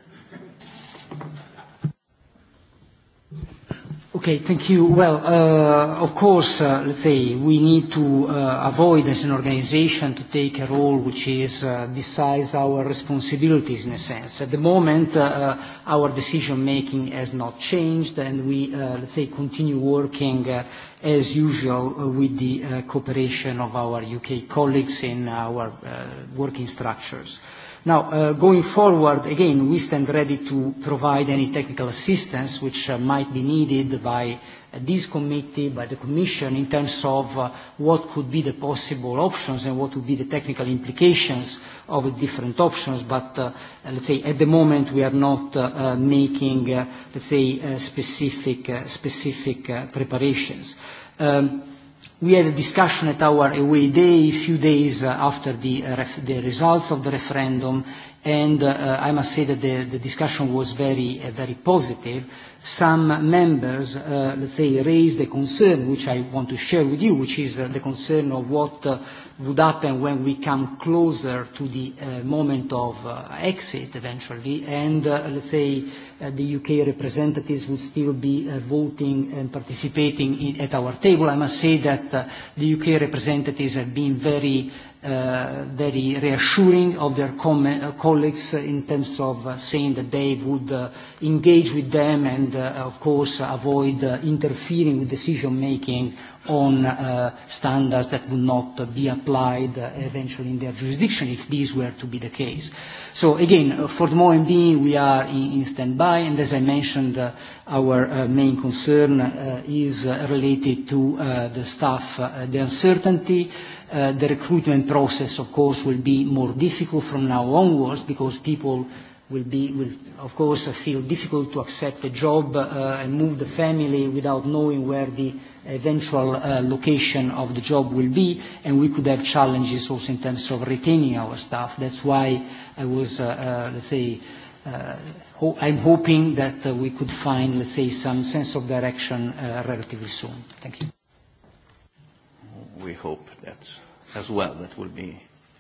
Okay, thank you. Well, uh, of course, uh, let's say we need to uh, avoid as an organization to take a role which is uh, besides our responsibilities in a sense. At the moment, uh, uh our decision making has not changed and we, uh, let's say, continue working uh, as usual uh, with the uh, cooperation of our UK colleagues in our uh, working structures. Uh, Now, uh, going forward, again, we stand ready to provide any technical assistance which uh, might be needed by uh, this committee, by the Commission, in terms of uh, what could be the possible options and what would be the technical implications of the different options. But, uh, let's say, at the moment, we are not uh, uh, making, uh, let's say, uh, specific, uh, specific uh, preparations. Um, We had a discussion at our away day a few days uh, after the, uh, ref the results of the referendum, and uh, uh, I must say that the, the discussion was very, uh, very positive. Some members, uh, let's say, raised a concern which I want to share with you, which is uh, the concern of what uh, would happen when we come closer to the uh, moment of uh, exit eventually, and uh, let's say, uh, the UK representatives will still be uh, voting and participating in, at our table. I must say that uh, the UK representatives have been very, uh, very reassuring of their com- uh, colleagues uh, in terms of uh, saying that they would uh, engage with them and, uh, of course, avoid uh, interfering with decision making on uh, standards that would not be applied uh, eventually in their jurisdiction if this were to be the case. So again, uh, for the moment being, we are in, in standby, and as I mentioned, uh, our uh, main concern uh, is uh, related to uh, the staff, uh, the uncertainty. Uh, the recruitment process, of course, will be more difficult from now onwards because people will be, will of course, feel difficult to accept a job uh, and move the family without knowing where the eventual uh, location of the job will be, and we could have challenges also in terms of retaining our staff. That's why I was, uh, uh, let's say, uh, ho I'm hoping that uh, we could find, let's say, some sense of direction uh, relatively soon. Thank you. We hope that as well that will be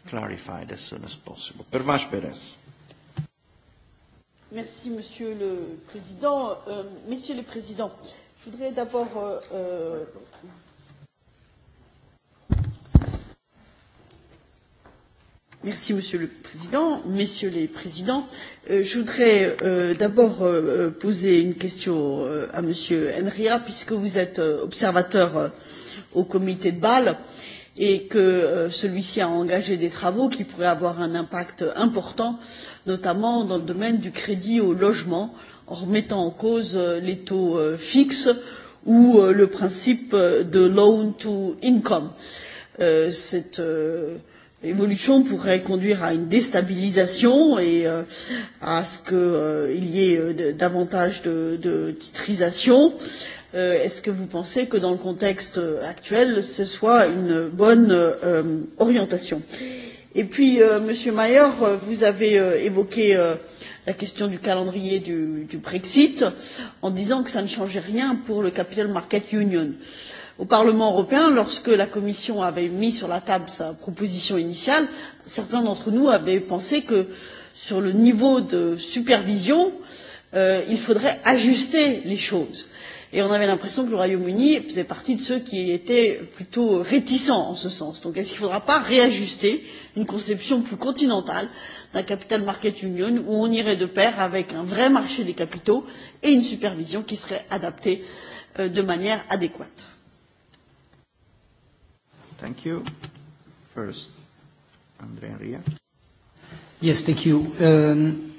clarified as soon as possible. Pervash Perez. Merci, Monsieur le Président. Euh, le Président, Présidents, Je voudrais d'abord euh, euh, Merci, Monsieur le Président, Messieurs les Présidents. Euh, je voudrais euh, d'abord euh, poser une question euh, à Monsieur Enria, puisque vous êtes euh, observateur euh, au comité de Bâle et que euh, celui-ci a engagé des travaux qui pourraient avoir un impact important, notamment dans le domaine du crédit au logement euh, en remettant en cause euh, les taux euh, fixes ou euh, le principe de loan to income. Cette évolution pourrait conduire à une déstabilisation et à ce qu'il y ait davantage de, de titrisation. Est-ce que vous pensez que dans le contexte actuel, ce soit une bonne orientation Et puis, euh, Monsieur Mayer, vous avez euh, évoqué euh, la question du calendrier du, du Brexit en disant que ça ne changeait rien pour le Capital Market Union. Au Parlement européen, lorsque la Commission avait mis sur la table sa proposition initiale, certains d'entre nous avaient pensé que sur le niveau de supervision, euh, il faudrait ajuster les choses et on avait l'impression que le royaume uni faisait partie de ceux qui étaient plutôt réticents en ce sens. donc est ce qu'il ne faudra pas réajuster une conception plus continentale d'un capital market union où on irait de pair avec un vrai marché des capitaux et une supervision qui serait adaptée euh, de manière adéquate. Thank you. First, Andrea. Yes, thank you. Um,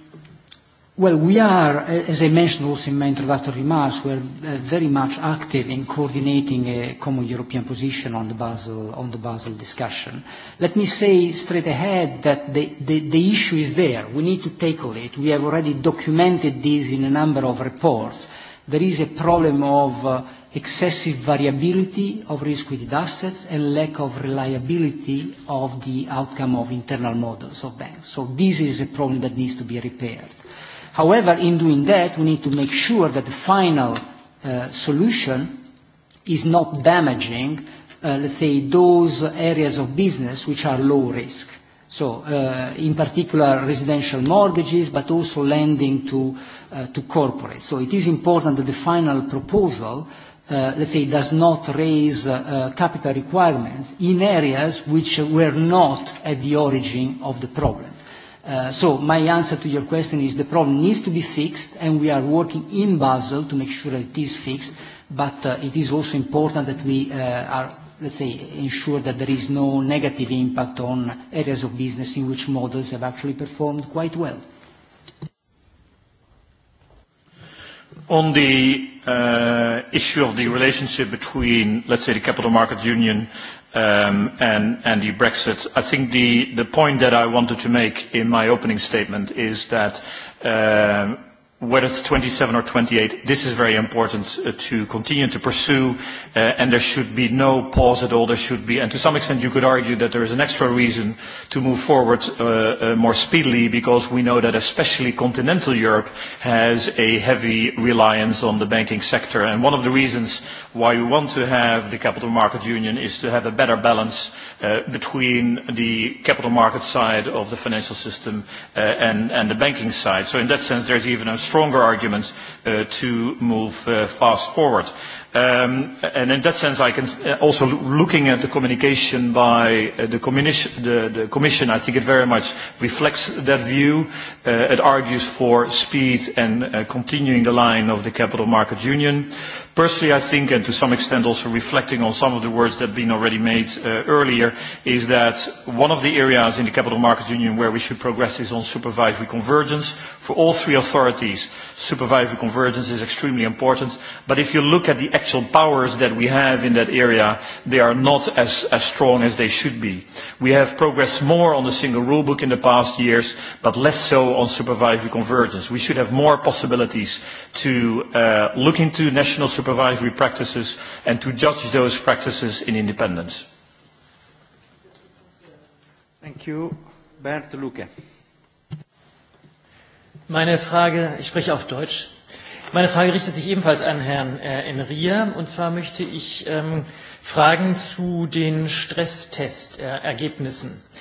Well, we are, as I mentioned also in my introductory remarks, we are uh, very much active in coordinating a common European position on the Basel, on the Basel discussion. Let me say straight ahead that the, the, the issue is there. We need to tackle it. We have already documented this in a number of reports. There is a problem of uh, excessive variability of risk-weighted assets and lack of reliability of the outcome of internal models of banks. So this is a problem that needs to be repaired. However, in doing that, we need to make sure that the final uh, solution is not damaging, uh, let's say, those areas of business which are low risk. So, uh, in particular, residential mortgages, but also lending to, uh, to corporates. So it is important that the final proposal uh, let's say, does not raise uh, uh capital requirements in areas which were not at the origin of the problem. Uh, so my answer to your question is the problem needs to be fixed, and we are working in Basel to make sure that it is fixed, but uh, it is also important that we uh, are, let's say, ensure that there is no negative impact on areas of business in which models have actually performed quite well. On the uh, issue of the relationship between, let's say, the Capital Markets Union um, and, and the Brexit. I think the, the point that I wanted to make in my opening statement is that um, whether it's 27 or 28, this is very important uh, to continue to pursue, uh, and there should be no pause at all. There should be, and to some extent, you could argue that there is an extra reason to move forward uh, uh, more speedily because we know that especially continental Europe has a heavy reliance on the banking sector. And one of the reasons why we want to have the capital market union is to have a better balance uh, between the capital market side of the financial system uh, and, and the banking side. So in that sense, there's even a stronger argument uh, to move uh, fast forward. Um, and in that sense, I can uh, also looking at the communication by uh, the, the, the Commission, I think it very much reflects that view. Uh, it argues for speed and uh, continuing the line of the Capital Market Union. Personally, I think, and to some extent also reflecting on some of the words that have been already made uh, earlier, is that one of the areas in the Capital Markets Union where we should progress is on supervisory convergence. For all three authorities, supervisory convergence is extremely important. But if you look at the actual powers that we have in that area, they are not as, as strong as they should be. We have progressed more on the single rulebook in the past years, but less so on supervisory convergence. We should have more possibilities to uh, look into national supervisory supervisory practices and to judge those practices in independence. Thank you. Bernd Luke. Meine Frage, ich spreche auf Deutsch. Meine Frage richtet sich ebenfalls an Herrn äh, Enria. Und zwar möchte ich ähm, fragen zu den Stresstestergebnissen. Äh,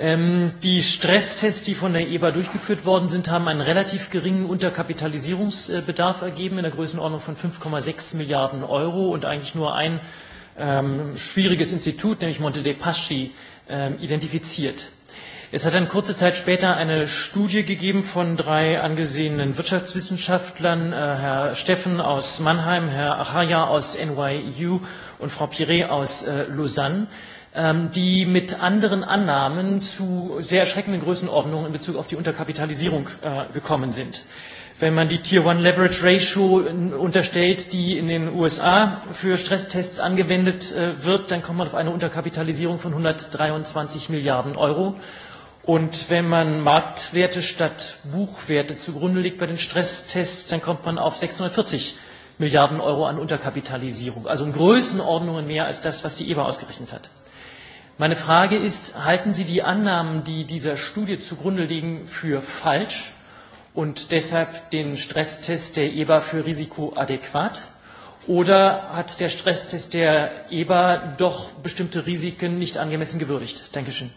Ähm, die Stresstests, die von der EBA durchgeführt worden sind, haben einen relativ geringen Unterkapitalisierungsbedarf ergeben in der Größenordnung von 5,6 Milliarden Euro und eigentlich nur ein ähm, schwieriges Institut, nämlich Monte dei Paschi, ähm, identifiziert. Es hat dann kurze Zeit später eine Studie gegeben von drei angesehenen Wirtschaftswissenschaftlern, äh, Herr Steffen aus Mannheim, Herr Achaya aus NYU und Frau Piret aus äh, Lausanne, Ähm, die mit anderen Annahmen zu sehr erschreckenden Größenordnungen in Bezug auf die Unterkapitalisierung äh, gekommen sind. Wenn man die Tier 1 Leverage Ratio unterstellt, die in den USA für Stresstests angewendet äh, wird, dann kommt man auf eine Unterkapitalisierung von 123 Milliarden Euro. Und wenn man Marktwerte statt Buchwerte zugrunde legt bei den Stresstests, dann kommt man auf 640 Milliarden Euro an Unterkapitalisierung. Also in Größenordnungen mehr als das, was die EBA ausgerechnet hat. Meine Frage ist, halten Sie die Annahmen, die dieser Studie zugrunde liegen, für falsch und deshalb den Stresstest der EBA für risikoadäquat? Oder hat der Stresstest der EBA doch bestimmte Risiken nicht angemessen gewürdigt? Dankeschön.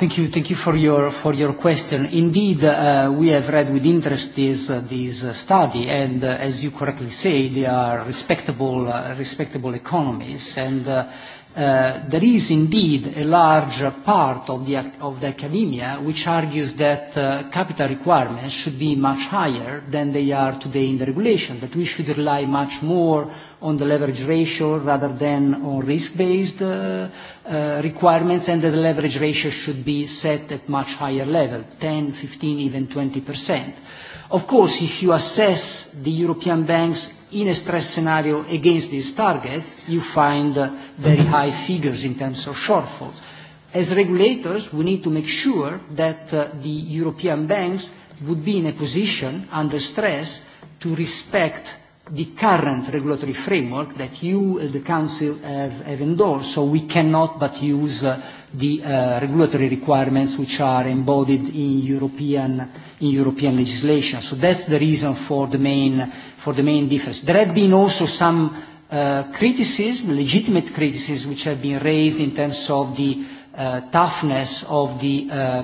Thank you. Thank you for your, for your question. Indeed, uh, we have read with interest this, uh, this uh, study, and uh, as you correctly say, they are respectable, uh, respectable economies. And uh, there is indeed a large part of the, of the academia which argues that capital requirements should be much higher than they are today in the regulation, that we should rely much more on the leverage ratio rather than on risk-based uh, uh, requirements, and that the leverage ratio should be set at much higher level, 10, 15, even 20%. Of course, if you assess the European banks in a stress scenario against these targets, you find uh, very high figures in terms of shortfalls. As regulators, we need to make sure that uh, the European banks would be in a position under stress to respect the current regulatory framework that you and uh, the Council have, have endorsed, so we cannot but use uh, the uh, regulatory requirements which are embodied in European, in European legislation. So that's the reason for the main, for the main difference. There have been also some uh, criticism, legitimate criticism, which have been raised in terms of the uh, toughness of the, uh,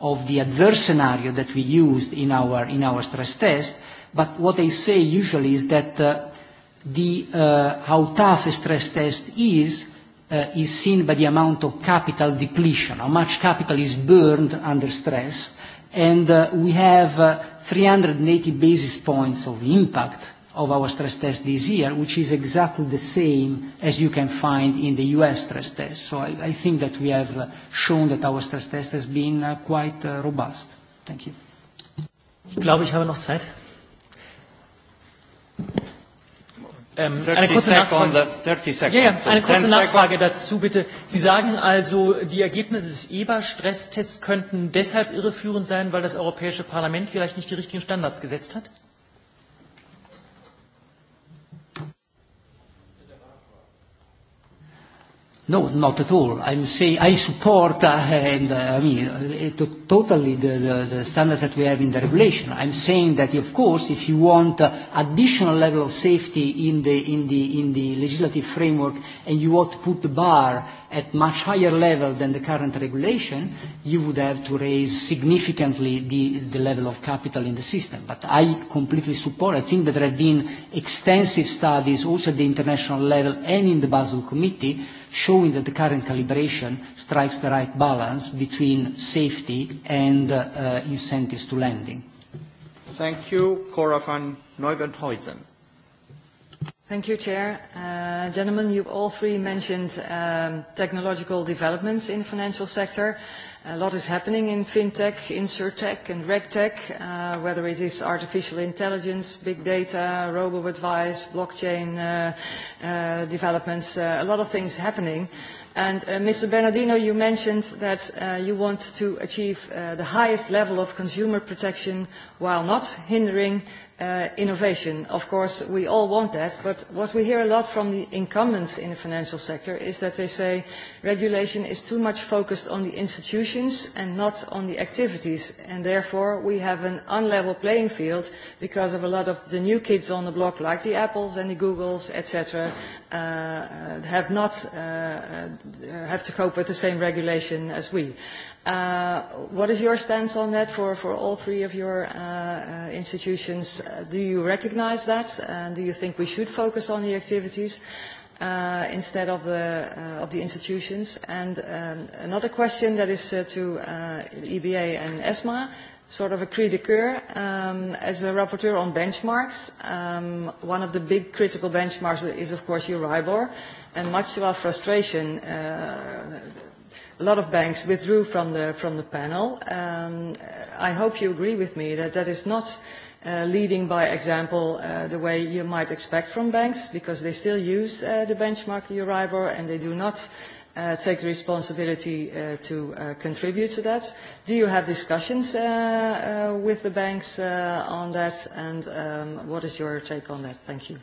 of the adverse scenario that we used in our, in our stress test. But what they say usually is that uh, the, uh, how tough a stress test is uh, is seen by the amount of capital depletion, how much capital is burned under stress. And uh, we have uh, 380 basis points of impact of our stress test this year, which is exactly the same as you can find in the US stress test. So I, I think that we have uh, shown that our stress test has been uh, quite uh, robust. Thank you. Ich glaube, ich habe noch Zeit. Ähm, eine kurze Nachfrage. Uh, ja, ja, eine kurze Nachfrage dazu bitte. Sie sagen also, die Ergebnisse des EBA-Stresstests könnten deshalb irreführend sein, weil das Europäische Parlament vielleicht nicht die richtigen Standards gesetzt hat? No, not at all. I'm saying I support, uh, and uh, I mean, uh, to, totally the, the, the standards that we have in the regulation. I'm saying that, of course, if you want uh, additional level of safety in the, in, the, in the legislative framework and you want to put the bar at much higher level than the current regulation, you would have to raise significantly the, the level of capital in the system. But I completely support. I think that there have been extensive studies also at the international level and in the Basel Committee showing that the current calibration strikes the right balance between safety and uh, incentives to lending. Thank you, Cora van Neuwenhuizen. Thank you, Chair. Uh, gentlemen, you all three mentioned um, technological developments in the financial sector. A lot is happening in fintech, insurtech, and regtech, uh, whether it is artificial intelligence, big data, robo-advice, blockchain uh, uh, developments, uh, a lot of things happening. And uh, Mr. Bernardino, you mentioned that uh, you want to achieve uh, the highest level of consumer protection while not hindering uh, innovation. Of course, we all want that, but what we hear a lot from the incumbents in the financial sector is that they say regulation is too much focused on the institutions and not on the activities, and therefore we have an unlevel playing field because of a lot of the new kids on the block, like the Apples and the Googles, etc., uh, have not uh, uh, have to cope with the same regulation as we. Uh, what is your stance on that for, for all three of your uh, uh, institutions? Uh, do you recognize that? And do you think we should focus on the activities uh, instead of the, uh, of the institutions? And um, another question that is uh, to uh, EBA and ESMA, sort of a cri de coeur. Um, as a rapporteur on benchmarks, um, one of the big critical benchmarks is, of course, Euribor. And much to our frustration, uh, a lot of banks withdrew from the, from the panel. Um, I hope you agree with me that that is not uh, leading by example uh, the way you might expect from banks because they still use uh, the benchmark Euribor and they do not uh, take the responsibility uh, to uh, contribute to that. Do you have discussions uh, uh, with the banks uh, on that and um, what is your take on that? Thank you.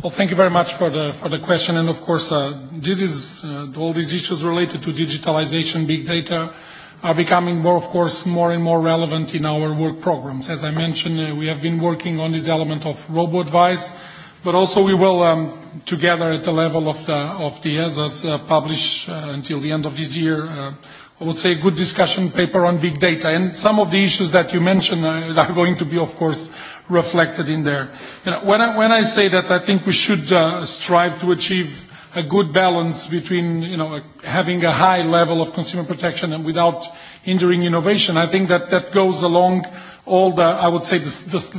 Well, thank you very much for the, for the question. And of course, uh, this is, uh, all these issues related to digitalization, big data, are becoming more, of course, more and more relevant in our work programs. As I mentioned, uh, we have been working on this element of robo-advice, but also we will, um, together at the level of the, of the ESAs, uh, publish uh, until the end of this year, uh, I would say, a good discussion paper on big data. And some of the issues that you mentioned uh, are going to be, of course, reflected in there. You know, when, I, when I say that, I think we should uh, strive to achieve a good balance between you know, having a high level of consumer protection and without hindering innovation. I think that that goes along all the, I would say, the,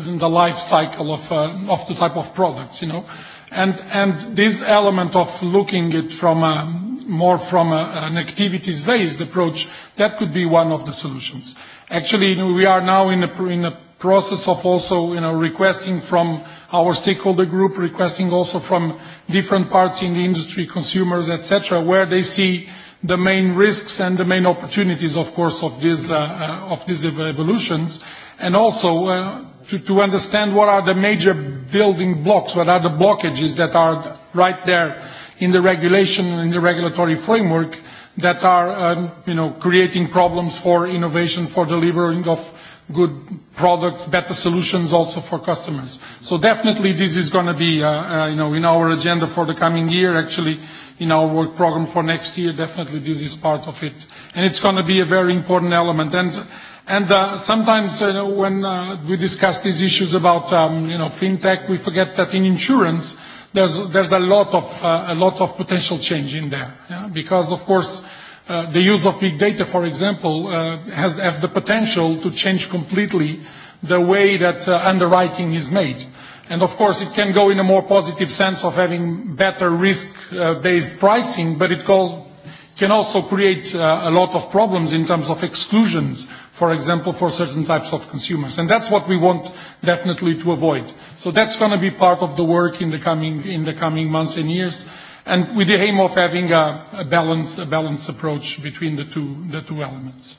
the, the life cycle of, uh, of the type of products, you know. And, and this element of looking at from a, more from a, an activities-based approach, that could be one of the solutions. Actually, you know, we are now in a, in a process of also you know, requesting from our stakeholder group, requesting also from different parts in the industry, consumers, etc., where they see the main risks and the main opportunities, of course, of, this, uh, uh, of these evolutions, and also uh, to, to understand what are the major building blocks, what are the blockages that are right there in the regulation, in the regulatory framework, that are um, you know, creating problems for innovation, for delivering of good products, better solutions also for customers. So definitely this is going to be, uh, uh, you know, in our agenda for the coming year, actually in our work program for next year, definitely this is part of it. And it's going to be a very important element. And, and uh, sometimes uh, when uh, we discuss these issues about, um, you know, fintech, we forget that in insurance, there's, there's a lot of, uh, a lot of potential change in there. Yeah? Because of course, Uh, the use of big data, for example, uh, has has the potential to change completely the way that uh, underwriting is made. And of course, it can go in a more positive sense of having better risk-based uh, pricing, but it call, can also create uh, a lot of problems in terms of exclusions, for example, for certain types of consumers. And that's what we want definitely to avoid. So that's going to be part of the work in the coming, in the coming months and years and with the aim of having a, a, balanced, a approach between the two, the two elements.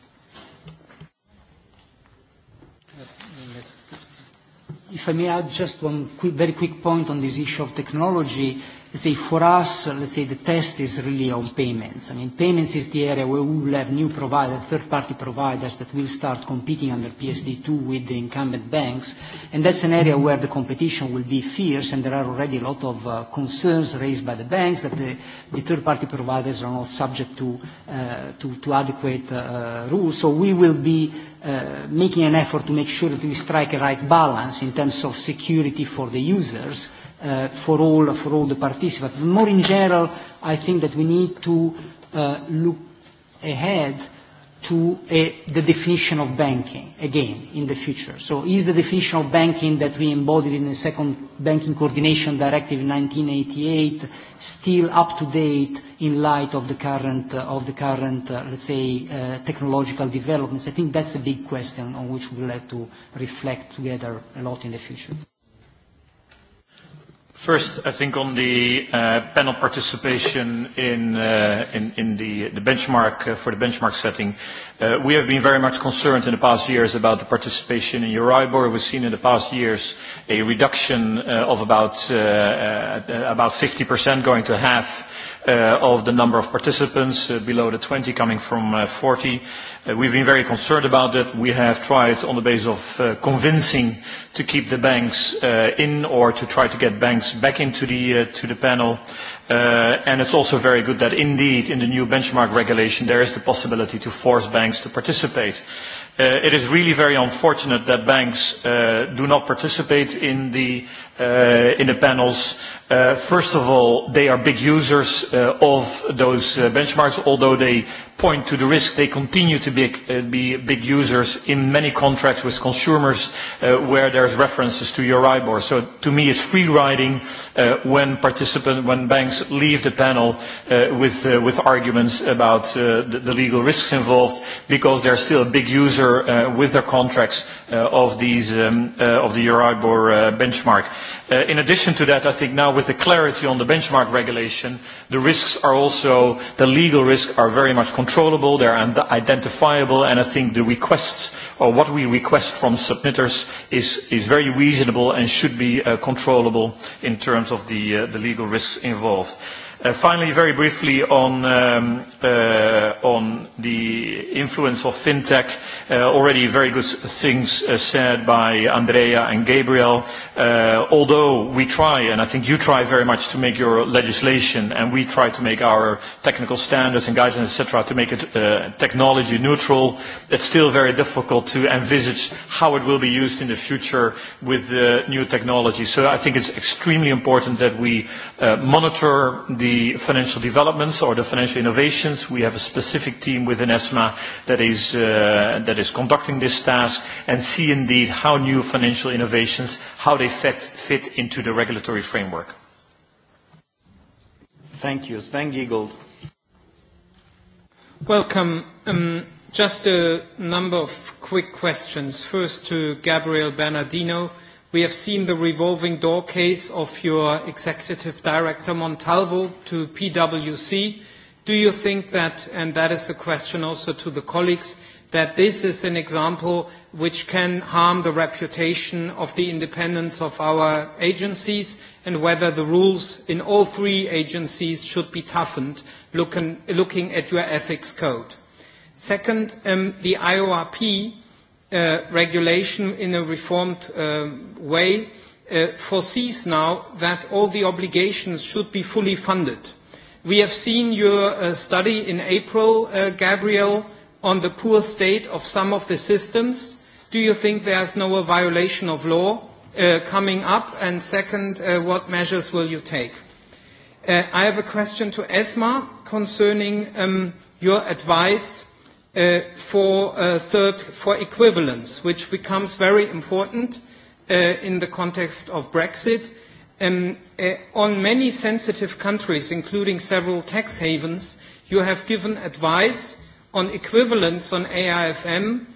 If I may add just one quick, very quick point on this issue of technology, let's say for us, let's say the test is really on payments. I mean, payments is the area where we will have new providers, third-party providers that will start competing under PSD2 with the incumbent banks. And that's an area where the competition will be fierce and there are already a lot of uh, concerns raised by the banks that the, the third-party providers are not subject to, uh, to, to adequate uh, uh rules. So we will be uh, making an effort to make sure that we strike a right balance in terms of security for the users uh, for all for all the participants. More in general, I think that we need to uh, look ahead to a, the definition of banking again in the future. So is the definition of banking that we embodied in the second banking coordination directive in 1988 still up to date in light of the current, uh, of the current uh, let's say, uh, technological developments? I think that's a big question on which we'll have to reflect together a lot in the future. First, I think on the uh, panel participation in, uh, in, in the, the benchmark uh, for the benchmark setting, uh, we have been very much concerned in the past years about the participation in Euribor. We've seen in the past years a reduction uh, of about uh, uh, about 50% going to half uh, of the number of participants uh, below the 20 coming from uh, 40. Uh, we've been very concerned about that. We have tried on the basis of uh, convincing to keep the banks uh, in or to try to get banks back into the, uh, to the panel. Uh, and it's also very good that indeed in the new benchmark regulation there is the possibility to force banks to participate. Uh, it is really very unfortunate that banks uh, do not participate in the uh, in the panels. Uh, first of all, they are big users uh, of those uh, benchmarks, although they point to the risk, they continue to be, uh, be big users in many contracts with consumers uh, where there's references to Euribor. So to me, it's free riding uh, when participants, when banks leave the panel uh, with, uh, with arguments about uh, the, the legal risks involved because they're still a big user uh, with their contracts Uh, of these um, uh, of the Euribor uh, benchmark. in addition to that, I think now with the clarity on the benchmark regulation, the risks are also the legal risks are very much controllable. they are identifiable, and I think the requests or what we request from submitters is is very reasonable and should be controllable in terms of the the legal risks involved. Uh, finally, very briefly um, uh, on, the influence of fintech, uh, already very good things said by Andrea and Gabriel. Although we try, and I think you try very much to make your legislation, and we try to make our technical standards and guidelines, et cetera, to make it technology neutral, it's still very difficult to envisage how it will be used in the future with new technology. So I think it's extremely important that we monitor the the financial developments or the financial innovations. We have a specific team within ESMA that is, uh, that is conducting this task and see indeed how new financial innovations, how they fit, fit into the regulatory framework. Thank you. Sven Giegold. Welcome. Um, just a number of quick questions. First to Gabriel Bernardino. We have seen the revolving door case of your executive director Montalvo to PwC. Do you think that, and that is a question also to the colleagues, that this is an example which can harm the reputation of the independence of our agencies and whether the rules in all three agencies should be toughened looking, looking at your ethics code. Second, um, the IORP Uh, regulation in a reformed um, way uh, foresees now that all the obligations should be fully funded. We have seen your uh, study in April, uh, Gabriel, on the poor state of some of the systems. Do you think there is no uh, violation of law uh, coming up? And second, uh, what measures will you take? Uh, I have a question to ESMA concerning um, your advice uh, for, uh, third, for equivalence, which becomes very important uh, in the context of Brexit. Um, uh, on many sensitive countries, including several tax havens, you have given advice on equivalence on AIFM,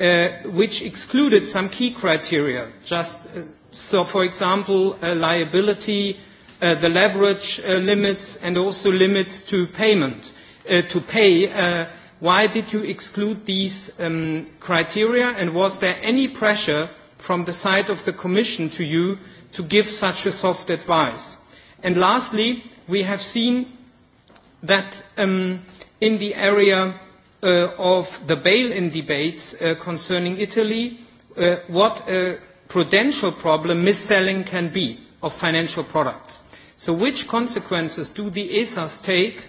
uh, which excluded some key criteria. Just uh, so, for example, uh, liability, uh, the leverage uh, limits, and also limits to payment, uh, to pay. Uh, Why did you exclude these um, criteria, and was there any pressure from the side of the Commission to you to give such a soft advice? And lastly, we have seen that um, in the area uh, of the bail-in debates uh, concerning Italy, uh, what a prudential problem mis-selling can be of financial products. So which consequences do the ESAs take,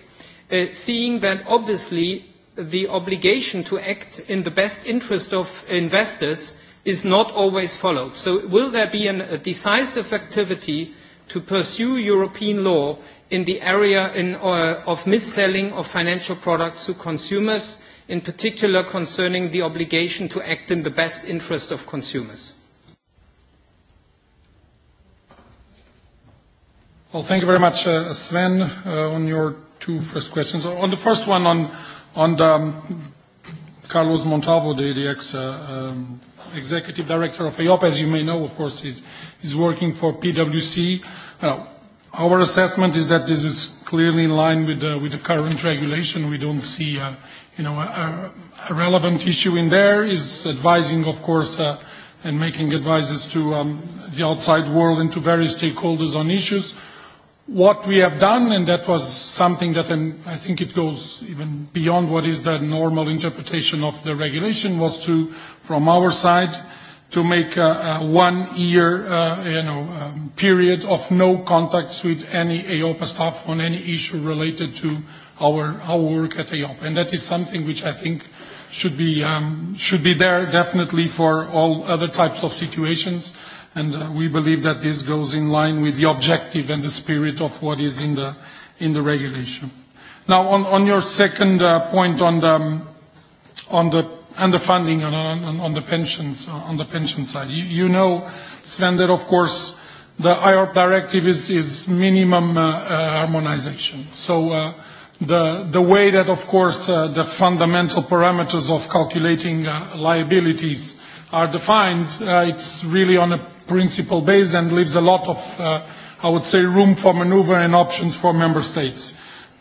uh, seeing that obviously the obligation to act in the best interest of investors is not always followed. So will there be an, a decisive activity to pursue European law in the area in, uh, of mis-selling of financial products to consumers, in particular concerning the obligation to act in the best interest of consumers? Well, thank you very much, uh, Sven, uh, on your two first questions. On the first one on And um, Carlos Montalvo, the, the ex, uh, um, executive director of AOP, as you may know, of course, is, is working for PwC. Uh, our assessment is that this is clearly in line with the, with the current regulation. We don't see uh, you know, a, a relevant issue in there is advising, of course, uh, and making advices to um, the outside world and to various stakeholders on issues. What we have done, and that was something that I'm, I think it goes even beyond what is the normal interpretation of the regulation, was to, from our side, to make a, a one-year uh, you know, um, period of no contacts with any AOPA staff on any issue related to our, our work at AOPA. And that is something which I think should be, um, should be there definitely for all other types of situations and uh, we believe that this goes in line with the objective and the spirit of what is in the, in the regulation. Now, on, on your second uh, point on the, um, on the underfunding on, on, on the pensions, uh, on the pension side, you, you know, Sven, that of course the IORP directive is, is minimum uh, uh, harmonization. So uh, the, the way that, of course, uh, the fundamental parameters of calculating uh, liabilities are defined, uh, it's really on a principle base and leaves a lot of, uh, I would say, room for maneuver and options for member states.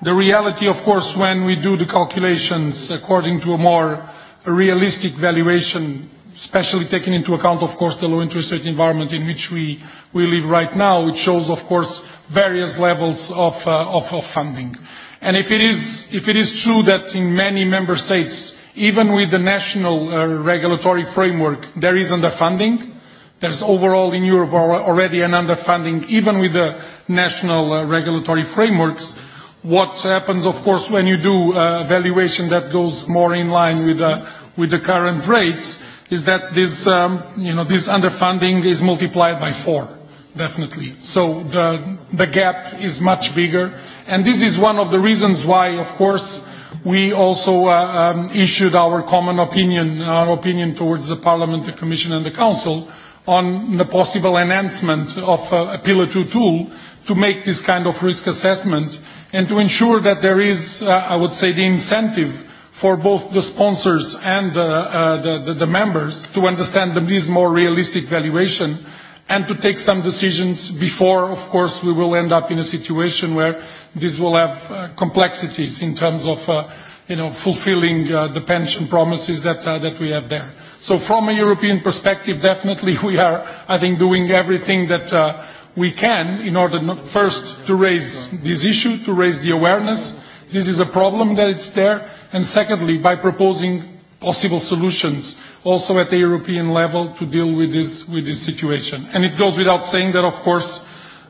The reality, of course, when we do the calculations according to a more realistic valuation, especially taking into account, of course, the low interest rate environment in which we, we live right now, it shows, of course, various levels of, uh, of, of funding. And if it, is, if it is true that in many member states, even with the national uh, regulatory framework, there is underfunding, There's overall in Europe already an underfunding, even with the national uh, regulatory frameworks. What happens, of course, when you do a uh, valuation that goes more in line with, uh, with the current rates, is that this, um, you know, this underfunding is multiplied by four, definitely. So the, the gap is much bigger. And this is one of the reasons why, of course, we also uh, um, issued our common opinion, our opinion towards the Parliament, the Commission and the Council, uh, on the possible enhancement of a uh, a Pillar 2 tool to make this kind of risk assessment and to ensure that there is, uh, I would say, the incentive for both the sponsors and uh, uh, the, the the members to understand this more realistic valuation and to take some decisions before, of course, we will end up in a situation where this will have uh, complexities in terms of, uh, you know, fulfilling uh, the pension promises that, uh, that we have there. So from a European perspective, definitely we are, I think, doing everything that uh, we can in order not first to raise this issue, to raise the awareness. This is a problem that it's there. And secondly, by proposing possible solutions also at the European level to deal with this, with this situation. And it goes without saying that, of course,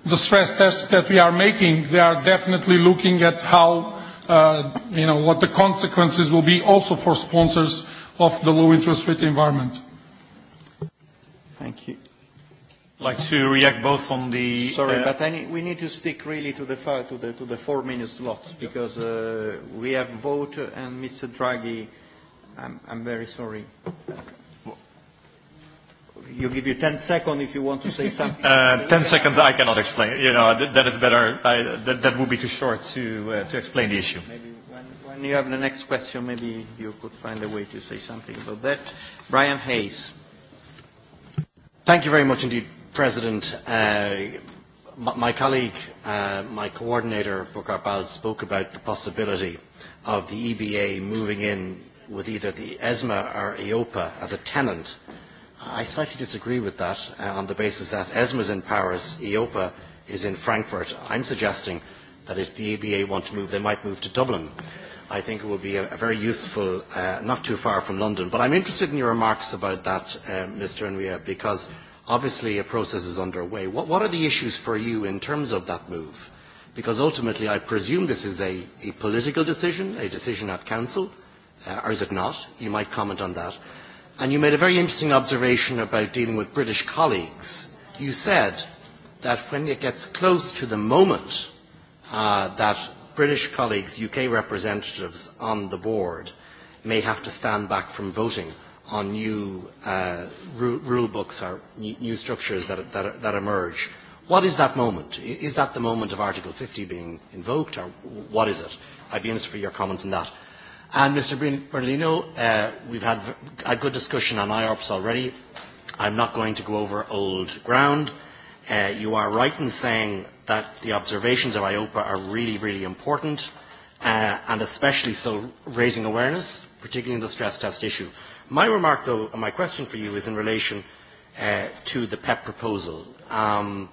the stress tests that we are making, they are definitely looking at how, uh, you know, what the consequences will be also for sponsors of the low interest rate environment. Thank you. I'd like to react both on the... Sorry, uh, but I need, we need to stick really to the, five, to the, to the four-minute slot because uh, we have vote and Mr. Draghi, I'm, I'm very sorry. You give you 10 seconds if you want to say something. uh, 10 seconds I cannot explain. You know, that, that is better. I, that, that would be too short to, uh, to explain the issue. Maybe you have the next question, maybe you could find a way to say something about that. Brian Hayes. Thank you very much indeed, President. Uh, my my colleague, uh, my coordinator, Bukhar Baz, spoke about the possibility of the EBA moving in with either the ESMA or EOPA as a tenant. I slightly disagree with that uh, on the basis that ESMA is in Paris, EOPA is in Frankfurt. I'm suggesting that if the EBA want to move, they might move to Dublin. I think it will be a, a very useful, uh, not too far from London. But I'm interested in your remarks about that, uh, Mr. Enria, because obviously a process is underway. What, what are the issues for you in terms of that move? Because ultimately, I presume this is a, a political decision, a decision at Council, uh, or is it not? You might comment on that. And you made a very interesting observation about dealing with British colleagues. You said that when it gets close to the moment uh, that British colleagues, UK representatives on the board may have to stand back from voting on new uh, ru rule books or new structures that, that, that emerge. What is that moment? Is that the moment of Article 50 being invoked, or what is it? I'd be interested for your comments on that. And Mr. Bernardino, uh, we've had a good discussion on IORPS already. I'm not going to go over old ground. Uh, you are right in saying that the observations of IOPA are really, really important, uh, and especially so raising awareness, particularly in the stress test issue. My remark, though, and my question for you is in relation uh, to the PEP e proposal, um,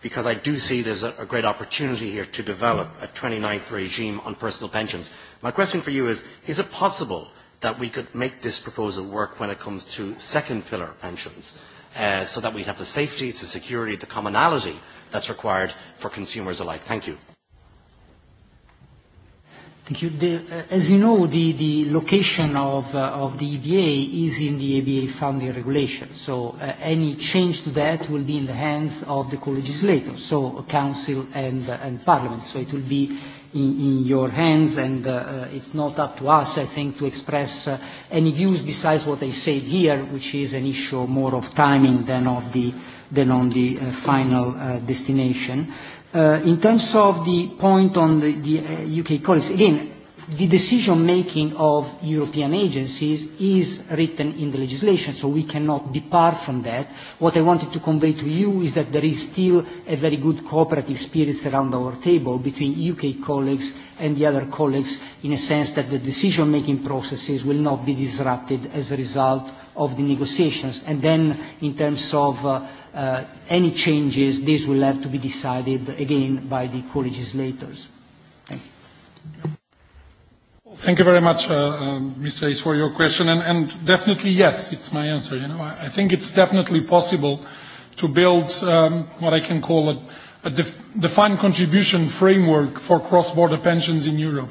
because I do see there's a, a great opportunity here to develop a 29th regime on personal pensions. My question for you is, is it possible that we could make this proposal work when it comes to second pillar pensions, uh, so that we'd have the safety, the security, the commonality that's required for consumers alike. Thank you. Thank you. The, uh, as you know, the, the location of, uh, of the EBA is in the EBA funding regulation. So uh, any change to that will be in the hands of the co-legislator, so Council and, uh, and Parliament. So it will be in, in your hands, and uh, uh it's not up to us, I think, to express uh, any views besides what I said here, which is an issue more of timing than of the than on the uh, final uh, destination. Uh, in terms of the point on the, the uh, UK colleagues, again, the decision-making of European agencies is written in the legislation, so we cannot depart from that. What I wanted to convey to you is that there is still a very good cooperative spirit around our table between UK colleagues and the other colleagues in a sense that the decision-making processes will not be disrupted as a result of the negotiations. And then in terms of uh, uh, any changes, this will have to be decided again by the co-legislators. Thank you. Thank you very much, uh, uh, Mr. Hayes, for your question. And, and definitely, yes, it's my answer. You know, I, I think it's definitely possible to build um, what I can call a, a def defined contribution framework for cross-border pensions in Europe.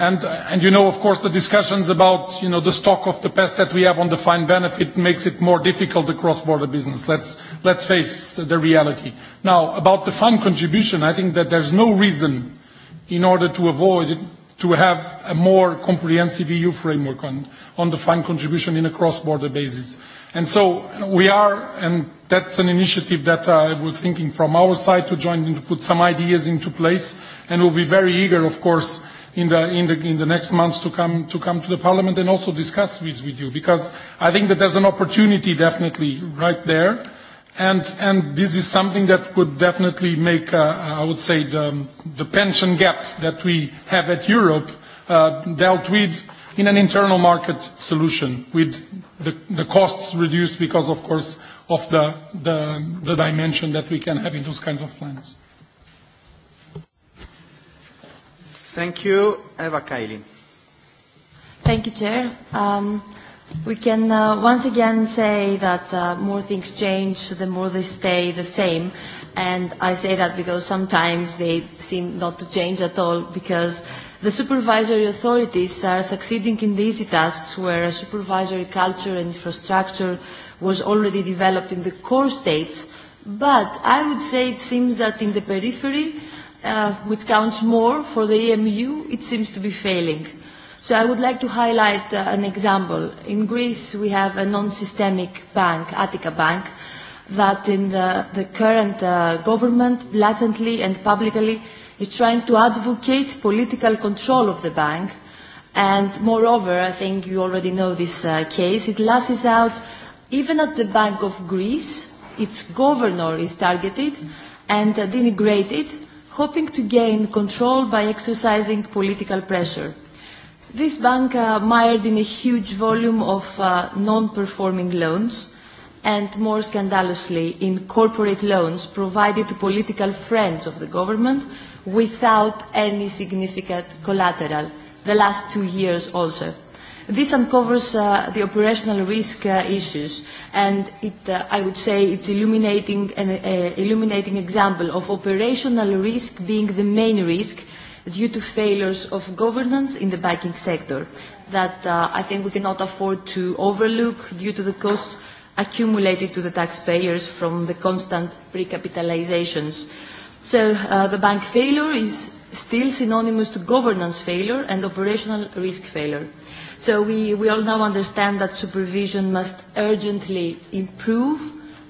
And, you know, of course, the discussions about you know, the stock of the past that we have on defined benefit makes it more difficult the cross-border business. Let's, let's face the reality. Now, about the fund contribution, I think that there's no reason in order to avoid it, to have a more comprehensive EU framework on, on the fund contribution in a cross-border basis. And so we are, and that's an initiative that uh, we're thinking from our side to join and to put some ideas into place, and we'll be very eager, of course, in the, in the, in the next months to come, to come to the Parliament and also discuss with, with you, because I think that there's an opportunity definitely right there. And, and this is something that could definitely make, uh, I would say, the, the pension gap that we have at Europe uh, dealt with in an internal market solution with the, the costs reduced because, of course, of the, the, the dimension that we can have in those kinds of plans. Thank you, Eva Kaili. Thank you, Chair. Um, we can uh, once again say that uh, more things change, the more they stay the same. And I say that because sometimes they seem not to change at all because the supervisory authorities are succeeding in the easy tasks where a supervisory culture and infrastructure was already developed in the core states. But I would say it seems that in the periphery, Uh, which counts more for the EMU, it seems to be failing. So I would like to highlight uh, an example. In Greece, we have a non-systemic bank, Attica Bank, that in the, the current uh, government blatantly and publicly is trying to advocate political control of the bank. And moreover, I think you already know this uh, case, it lashes out even at the Bank of Greece, its governor is targeted and uh, denigrated hoping to gain control by exercising political pressure. This bank uh, mired in a huge volume of uh, non-performing loans and more scandalously in corporate loans provided to political friends of the government without any significant collateral, the last two years also. This uncovers uh, the operational risk uh, issues, and it, uh, I would say it's illuminating an uh, illuminating example of operational risk being the main risk due to failures of governance in the banking sector that uh, I think we cannot afford to overlook due to the costs accumulated to the taxpayers from the constant recapitalizations. So uh, the bank failure is still synonymous to governance failure and operational risk failure. So we, we all now understand that supervision must urgently improve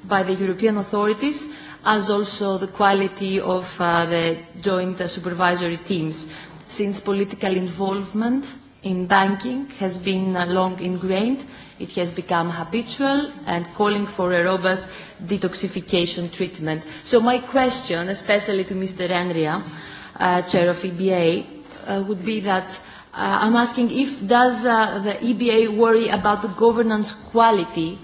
by the European authorities as also the quality of uh, the joint uh, supervisory teams since political involvement in banking has been uh, long ingrained it has become habitual and calling for a robust detoxification treatment. So my question, especially to Mr. Enria, uh, Chair of EBA, uh, would be that Uh, I'm asking if does uh, the EBA worry about the governance quality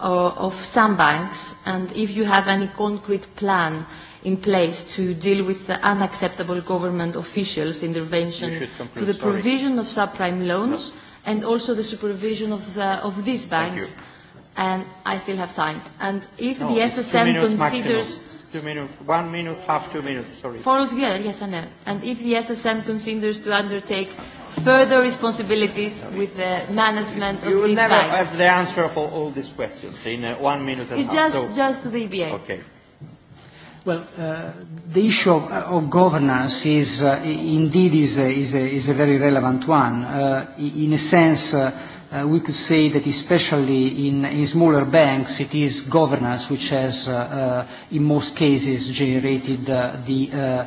uh, of some banks and if you have any concrete plan in place to deal with the unacceptable government officials intervention to the provision of subprime loans no. and also the supervision of, the, of these banks. And I still have time. And if no, the SSM considers... Maximum two minutes, one minute, half two minutes, sorry. Follow together, yes, I know. And if the SSM considers to undertake further responsibilities with the management of this bank. You will never have the answer for all these questions in uh, one minute and a half. Just, so. just to the EBA. Okay. Well, uh, the issue of, of governance is uh, indeed is a, is, a, is a very relevant one. Uh, in a sense, uh, uh, we could say that especially in, in smaller banks, it is governance which has, uh, uh, in most cases, generated uh, the uh,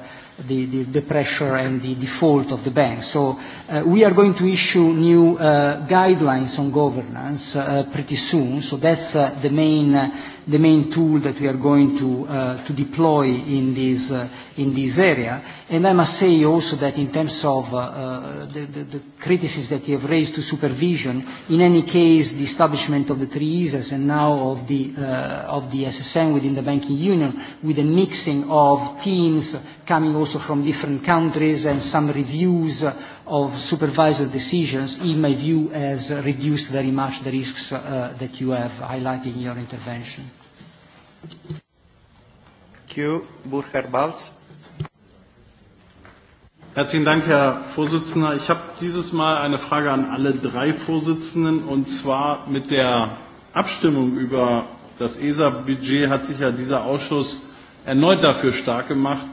the, the, the pressure and the default of the banks. So uh, we are going to issue new uh, guidelines on governance uh, pretty soon. So that's uh, the main uh, the main tool that we are going to, uh, to deploy in this, uh, in this area. And I must say also that in terms of uh, uh, the, the, the criticisms that you have raised to supervision, in any case, the establishment of the three ESAs and now of the, uh, of the SSM within the banking union, with a mixing of teams coming also from different countries and some reviews of supervisor decisions, in my view, has reduced very much the risks uh, that you have highlighted in your intervention. Herzlichen Dank, Herr Vorsitzender. Ich habe dieses Mal eine Frage an alle drei Vorsitzenden. Und zwar mit der Abstimmung über das ESA-Budget hat sich ja dieser Ausschuss erneut dafür stark gemacht,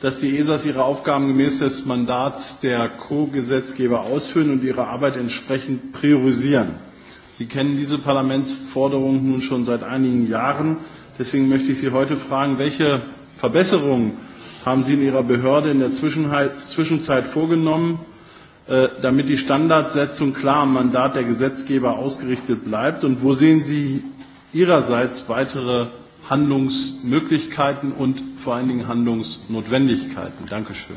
dass die ESAs ihre Aufgaben gemäß des Mandats der Co-Gesetzgeber ausführen und ihre Arbeit entsprechend priorisieren. Sie kennen diese Parlamentsforderung nun schon seit einigen Jahren. Deswegen möchte ich Sie heute fragen, welche Verbesserungen haben Sie in Ihrer Behörde in der Zwischenzeit vorgenommen, äh, damit die Standardsetzung klar am Mandat der Gesetzgeber ausgerichtet bleibt? Und wo sehen Sie Ihrerseits weitere Handlungsmöglichkeiten und vor allen Dingen Handlungsnotwendigkeiten? Dankeschön.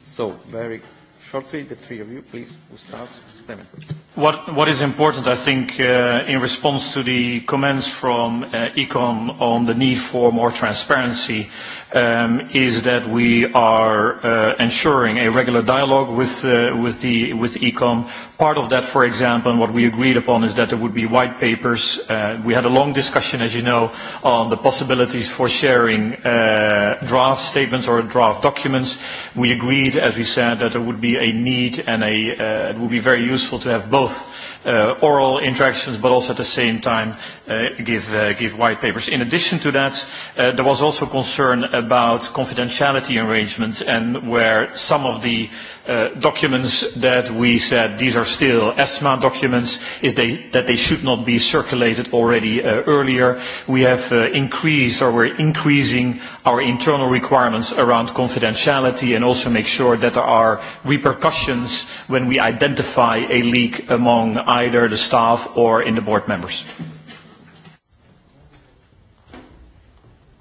So, very good shortly, the three of you, please, who starts? Steven. What, what is important, I think, uh, in response to the comments from uh, Econ on the need for more transparency, um, is that we are uh, ensuring a regular dialogue with, uh, with, the, with ECOM. Part of that, for example, and what we agreed upon is that there would be white papers. Uh, we had a long discussion, as you know, on the possibilities for sharing uh, draft statements or draft documents. We agreed, as we said, that there would be a need and a, uh, it would be very useful to have both uh, oral interactions, but also at the same time uh, give, uh, give white papers. In addition to that, uh, there was also concern about confidentiality arrangements and where some of the uh, Uh, documents that we said these are still ESMA documents is they, that they should not be circulated already uh, earlier. We have uh, increased or we're increasing our internal requirements around confidentiality and also make sure that there are repercussions when we identify a leak among either the staff or in the board members.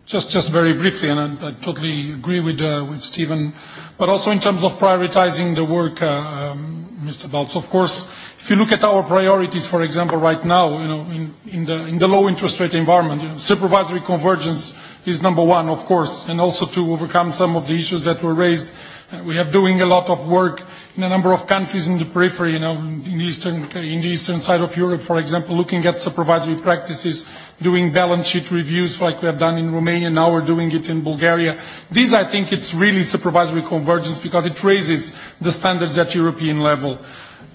Just, just very briefly, and I, I totally agree with, uh, with Stephen, but also in terms of prioritizing the work, uh, um, Mr. Baltz, of course, if you look at our priorities, for example, right now, you know, in, in, the, in the low interest rate environment, you know, supervisory convergence is number one, of course, and also to overcome some of the issues that were raised. Uh, we have doing a lot of work in a number of countries in the periphery, you know, in the eastern, in the eastern side of Europe, for example, looking at supervisory practices, doing balance sheet reviews like we have done in Romania, now we're doing it in Bulgaria. This, I think, it's really supervisory convergence because it raises the standards at European level.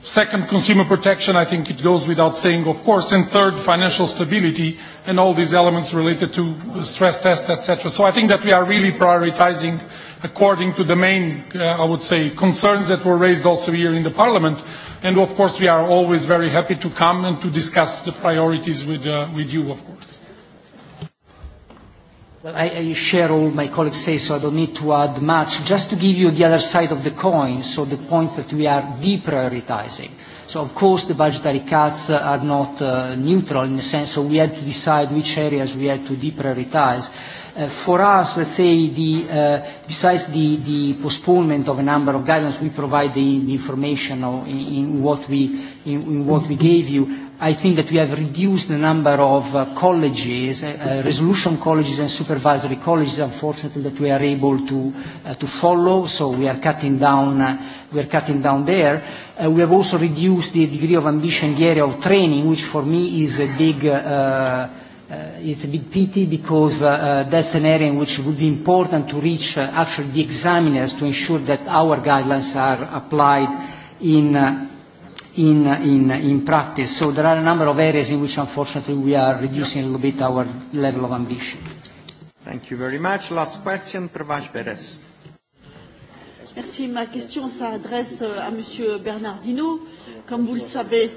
Second, consumer protection, I think it goes without saying, of course. And third, financial stability and all these elements related to stress tests, etc. So I think that we are really prioritizing according to the main, uh, I would say, concerns that were raised also here in the Parliament. And of course, we are always very happy to come and to discuss the priorities with, uh, with you, of course. Well, I, I share all my colleagues say, so I don't need to add much. Just to give you the other side of the coin, so the points that we are deprioritizing. So of course the budgetary cuts are not uh, neutral in the sense so we had to decide which areas we had to deprioritize. Uh, for us, let's say, the, uh, besides the, the postponement of a number of guidelines, we provide the, the information in, in, what we, in, in what we gave you. I think that we have reduced the number of uh, colleges, uh, uh, resolution colleges and supervisory colleges, unfortunately, that we are able to, uh, to follow, so we are cutting down, uh, we are cutting down there. Uh, we have also reduced the degree of ambition in the area of training, which for me is a big uh, uh, it's a bit pity because uh, uh, that's an area in which it would be important to reach uh, actually the examiners to ensure that our guidelines are applied in, uh, in, uh, in, uh, in practice. So there are a number of areas in which unfortunately we are reducing a little bit our level of ambition. Thank you very much. Last question, Pravash Beres. Merci. Ma question s'adresse euh, à Monsieur Bernardino. Comme vous le savez,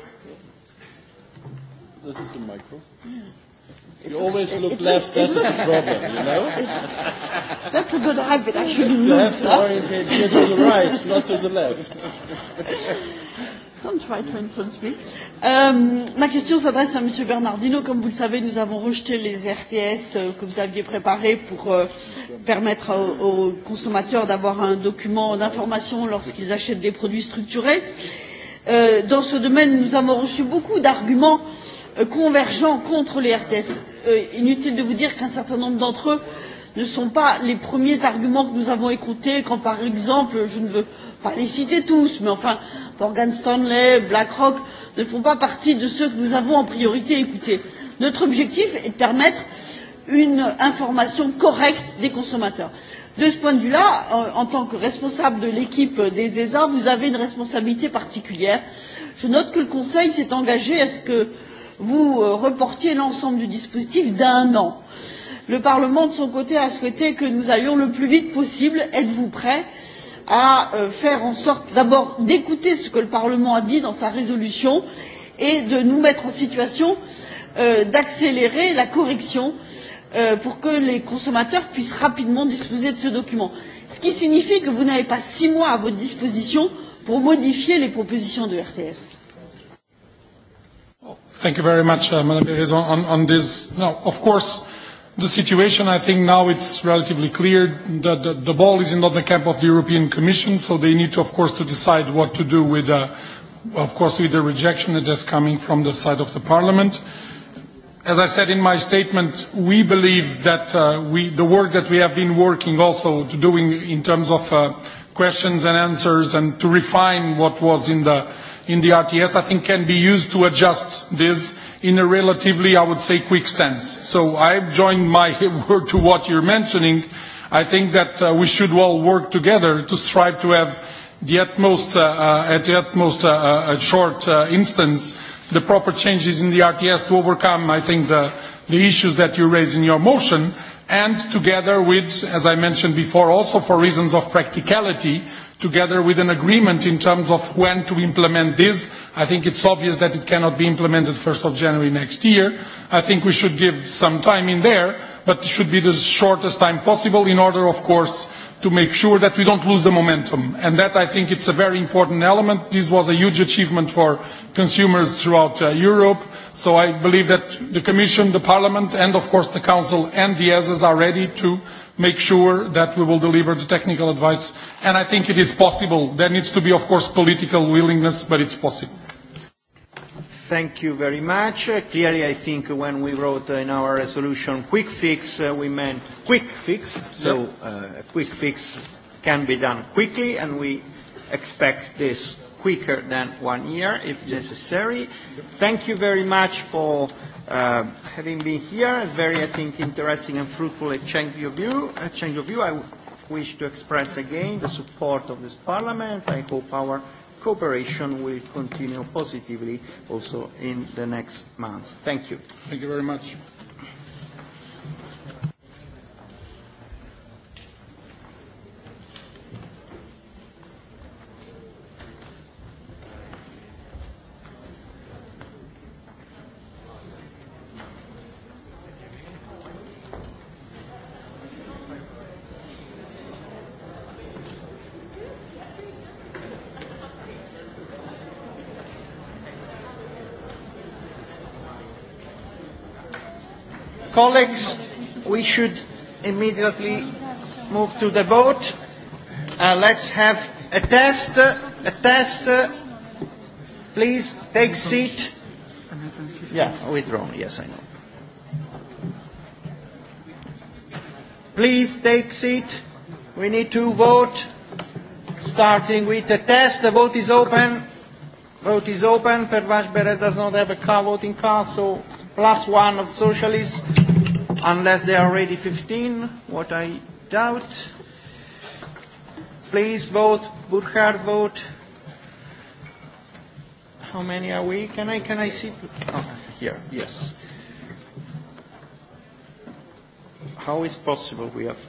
This is the micro. Yeah. You always look it, left, that's the problem, you know? It, that's a good habit, actually. You have to orientate to the right, not to the left. Don't try to influence me. Euh, ma question s'adresse à M. Bernardino. Comme vous le savez, nous avons rejeté les RTS euh, que vous aviez préparés pour euh, permettre aux, aux consommateurs d'avoir un document d'information lorsqu'ils achètent des produits structurés. Euh, dans ce domaine, nous avons reçu beaucoup d'arguments euh, Euh, convergents contre les rts. Euh, inutile de vous dire qu'un certain nombre d'entre eux ne sont pas les premiers arguments que nous avons écoutés quand par exemple je ne veux pas les citer tous mais enfin morgan stanley blackrock ne font pas partie de ceux que nous avons en priorité écoutés. notre objectif est de permettre une information correcte des consommateurs. de ce point de vue là euh, en tant que responsable de l'équipe des esa vous avez une responsabilité particulière. je note que le conseil s'est engagé à ce que euh, vous euh, reportiez l'ensemble du dispositif d'un an. le parlement de son côté a souhaité que nous allions le plus vite possible. êtes vous prêt à euh, faire en sorte d'abord d'écouter ce que le parlement a dit dans sa résolution et de nous mettre en situation euh, d'accélérer la correction pour que les consommateurs puissent rapidement disposer de ce document ce qui signifie que vous n'avez pas six mois à votre disposition pour modifier les propositions de rts. Thank you very much, uh, Madam Perez, on, on this. Now, of course, the situation, I think now it's relatively clear that the, the ball is not in the camp of the European Commission, so they need to, of course, to decide what to do with, uh, of course, with the rejection that is coming from the side of the Parliament. As I said in my statement, we believe that uh, we, the work that we have been working also doing in terms of uh, questions and answers and to refine what was in the in the RTS, I think can be used to adjust this in a relatively, I would say, quick stance. So I've joined my word to what you're mentioning. I think that uh, we should all work together to strive to have the utmost, uh, uh, at the utmost uh, uh, short uh, instance, the proper changes in the RTS to overcome, I think, the, the issues that you raise in your motion, and together with, as I mentioned before, also for reasons of practicality, together with an agreement in terms of when to implement this. I think it's obvious that it cannot be implemented 1st of January next year. I think we should give some time in there, but it should be the shortest time possible in order, of course, to make sure that we don't lose the momentum. And that, I think, it's a very important element. This was a huge achievement for consumers throughout uh, Europe. So I believe that the Commission, the Parliament, and of course the Council and the ESAs are ready to make sure that we will deliver the technical advice. And I think it is possible. There needs to be, of course, political willingness, but it's possible. Thank you very much. Uh, clearly, I think when we wrote uh, in our resolution quick fix, uh, we meant quick fix. So uh, a quick fix can be done quickly, and we expect this quicker than one year if necessary. Thank you very much for Um, having been here, a very, I think, interesting and fruitful exchange of view, exchange of view I wish to express again the support of this Parliament. I hope our cooperation will continue positively also in the next month. Thank you. Thank you very much. Colleagues, we should immediately move to the vote. Uh, let's have a test. A test. Please take seat. Yeah, withdrawn. Yes, I know. Please take seat. We need to vote. Starting with the test. The vote is open. Vote is open. Pervash Beret does not have a car voting card, so plus one of socialists, unless they are already 15, what I doubt. Please vote, Burkhard vote. How many are we? Can I, can I see? Oh, here, yes. How is possible we have,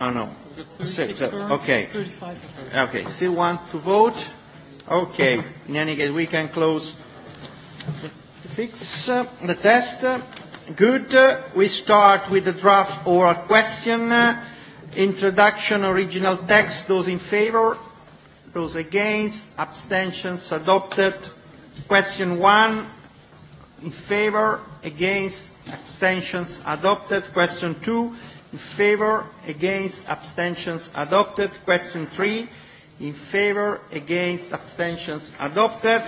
oh no. Six, okay. Okay, still want to vote? Okay, in any case, we can close fix uh, the test. Good. Uh, we start with the draft oral question. Uh, introduction, original text. Those in favor? Those against? Abstentions? Adopted. Question one. In favor? Against? Abstentions? Adopted. Question two. In favor? Against? Abstentions? Adopted. Question three. In favor? Against? Abstentions? Adopted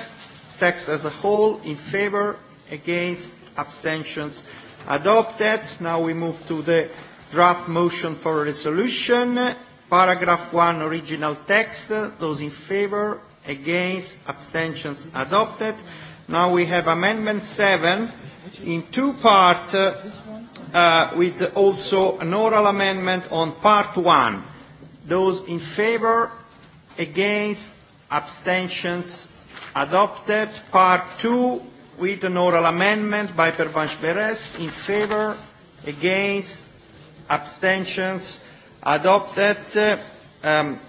text as a whole in favor, against, abstentions adopted. Now we move to the draft motion for resolution. Paragraph 1, original text. Those in favor, against, abstentions adopted. Now we have amendment 7 in two parts uh, with also an oral amendment on part 1. Those in favor, against, abstentions Adopted. Part Two with an oral amendment by Pervanche Beres in favor, against, abstentions. Adopted. Uh, um,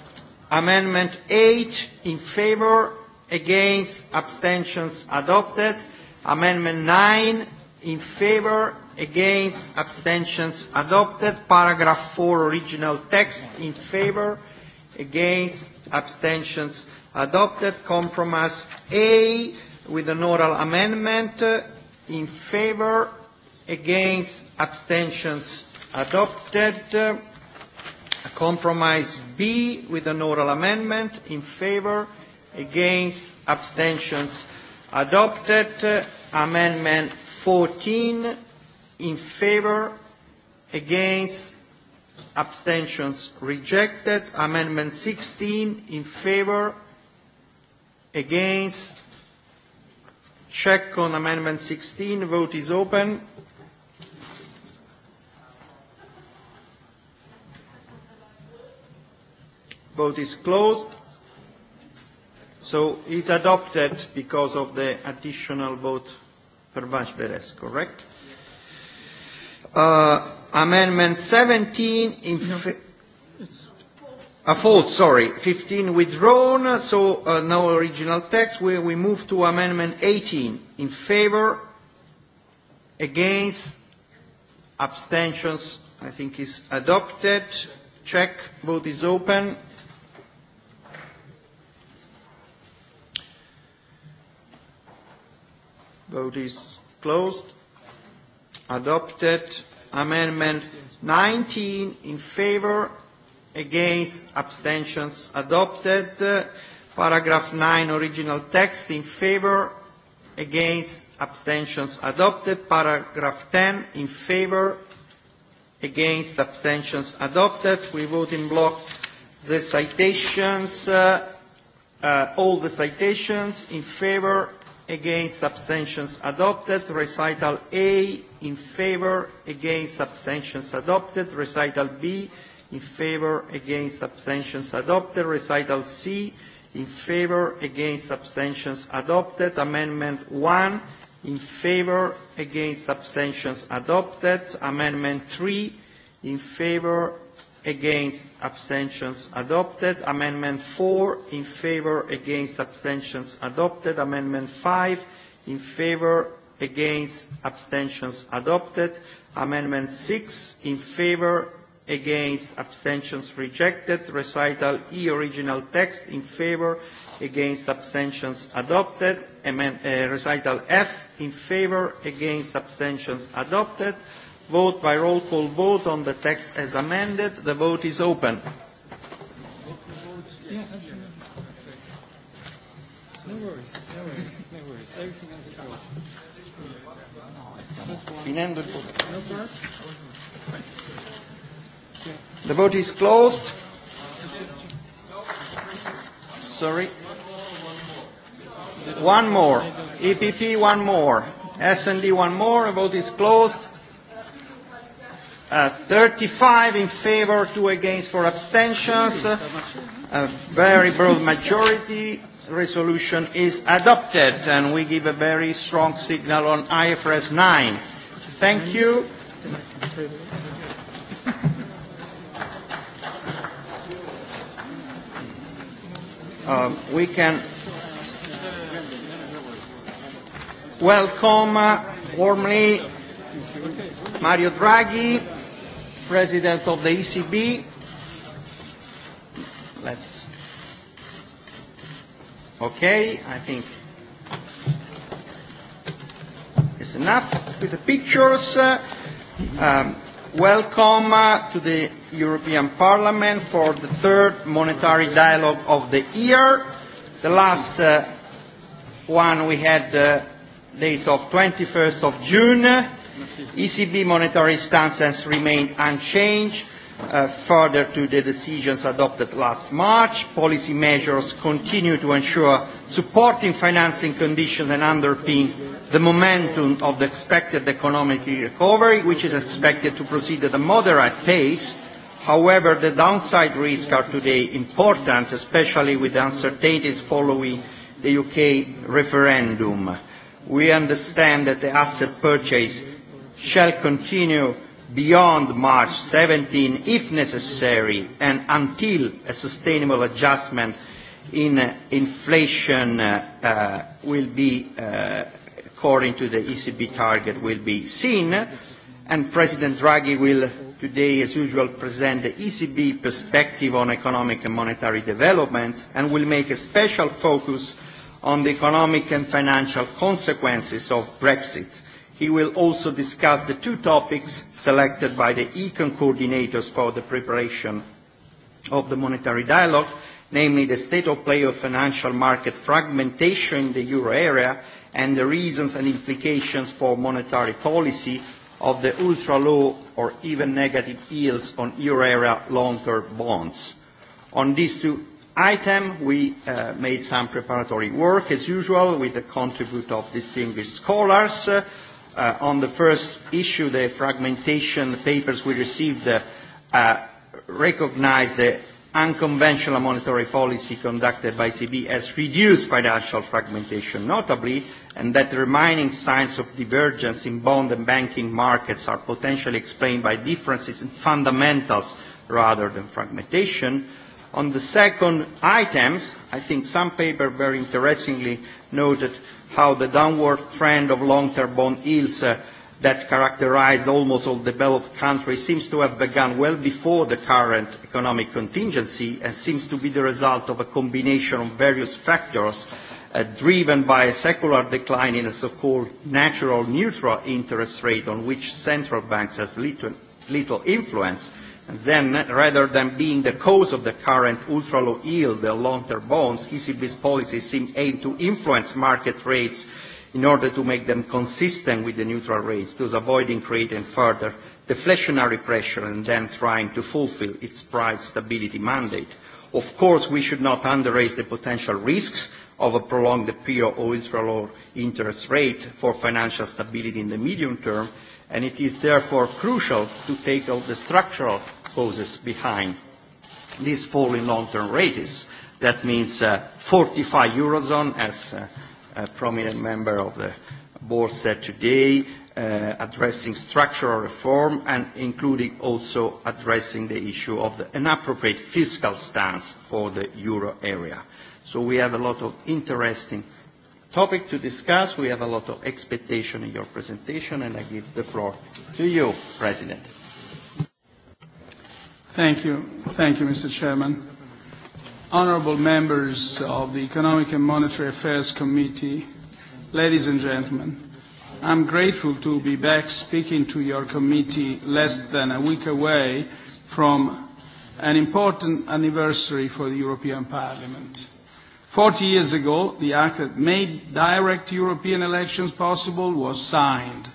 amendment Eight in favor, against, abstentions. Adopted. Amendment Nine in favor, against, abstentions adopted. Paragraph Four original text, in favor, against, abstentions adopted. Compromise A with an oral amendment uh, in favor, against, abstentions adopted. Uh, compromise B with an oral amendment in favor, against, abstentions adopted. Uh, amendment 14 in favor, against, abstentions rejected. Amendment 16 in favor, Against? Check on Amendment 16. Vote is open. Vote is closed. So it's adopted because of the additional vote per Vash correct? Uh, amendment 17 in no. A false, sorry. 15 withdrawn, so uh, no original text. We, we move to amendment 18. In favor, against, abstentions, I think is adopted. Check, vote is open. Vote is closed. Adopted. Amendment 19 in favor, against, abstentions adopted. Uh, paragraph 9, original text, in favor, against, abstentions adopted. Paragraph 10, in favor, against, abstentions adopted. We vote in block the citations, uh, uh, all the citations, in favor, against, abstentions adopted. Recital A, in favor, against, abstentions adopted. Recital B, in favor against abstentions adopted. Recital C, in favor against abstentions adopted. Amendment 1, in favor against abstentions adopted. Amendment 3, in favor against abstentions adopted. Amendment 4, in favor against abstentions adopted. Amendment 5, in favor against abstentions adopted. Amendment 6, in favor against abstentions rejected recital e original text in favor against abstentions adopted Amen, uh, recital f in favor against abstentions adopted vote by roll call vote on the text as amended the vote is open No worries, no worries, no worries. Everything under control. Finendo il voto. The vote is closed. Sorry. One more. EPP, one more. S&D, one more. The vote is closed. Uh, 35 in favor, two against, four abstentions. Uh, a very broad majority resolution is adopted, and we give a very strong signal on IFRS 9. Thank you. uh, we can welcome uh, warmly Mario Draghi, President of the ECB. Let's. Okay, I think it's enough with the pictures. Uh, um, Welcome uh, to the European Parliament for the third monetary dialogue of the year. The last uh, one we had uh, days of 21st of June. ECB monetary stances remained unchanged uh, further to the decisions adopted last March. Policy measures continue to ensure supporting financing conditions and underpin the momentum of the expected economic recovery, which is expected to proceed at a moderate pace. However, the downside risks are today important, especially with the uncertainties following the UK referendum. We understand that the asset purchase shall continue beyond March 17 if necessary and until a sustainable adjustment in inflation uh, will be uh, according to the ECB target will be seen. And President Draghi will today, as usual, present the ECB perspective on economic and monetary developments and will make a special focus on the economic and financial consequences of Brexit. He will also discuss the two topics selected by the ECON coordinators for the preparation of the monetary dialogue, namely the state of play of financial market fragmentation in the euro area and the reasons and implications for monetary policy of the ultra-low or even negative yields on euro area long-term bonds. On these two items, we uh, made some preparatory work, as usual, with the contribute of distinguished scholars. Uh, on the first issue, the fragmentation papers we received uh, uh recognize the unconventional monetary policy conducted by ECB has reduced financial fragmentation notably and that the remaining signs of divergence in bond and banking markets are potentially explained by differences in fundamentals rather than fragmentation. On the second items, I think some paper very interestingly noted how the downward trend of long-term bond yields uh, that characterized almost all developed countries seems to have begun well before the current economic contingency and seems to be the result of a combination of various factors uh, driven by a secular decline in a so-called natural neutral interest rate on which central banks have little, little influence. And then, rather than being the cause of the current ultra-low yield, the long-term bonds, ECB's policies seem aimed to influence market rates in order to make them consistent with the neutral rates, thus avoiding creating further deflationary pressure and then trying to fulfill its price stability mandate. Of course, we should not underrate the potential risks of a prolonged period of ultra-low interest rate for financial stability in the medium term, and it is therefore crucial to tackle the structural causes behind this fall in long-term rates. That means uh, 45 eurozone, as uh, a prominent member of the board said today, uh, addressing structural reform and including also addressing the issue of the, inappropriate fiscal stance for the euro area. So we have a lot of interesting topic to discuss. We have a lot of expectation in your presentation, and I give the floor to you, President. Thank you. Thank you, Mr. Chairman honorable members of the Economic and Monetary Affairs Committee, ladies and gentlemen, I'm grateful to be back speaking to your committee less than a week away from an important anniversary for the European Parliament. Forty years ago, the act that made direct European elections possible was signed,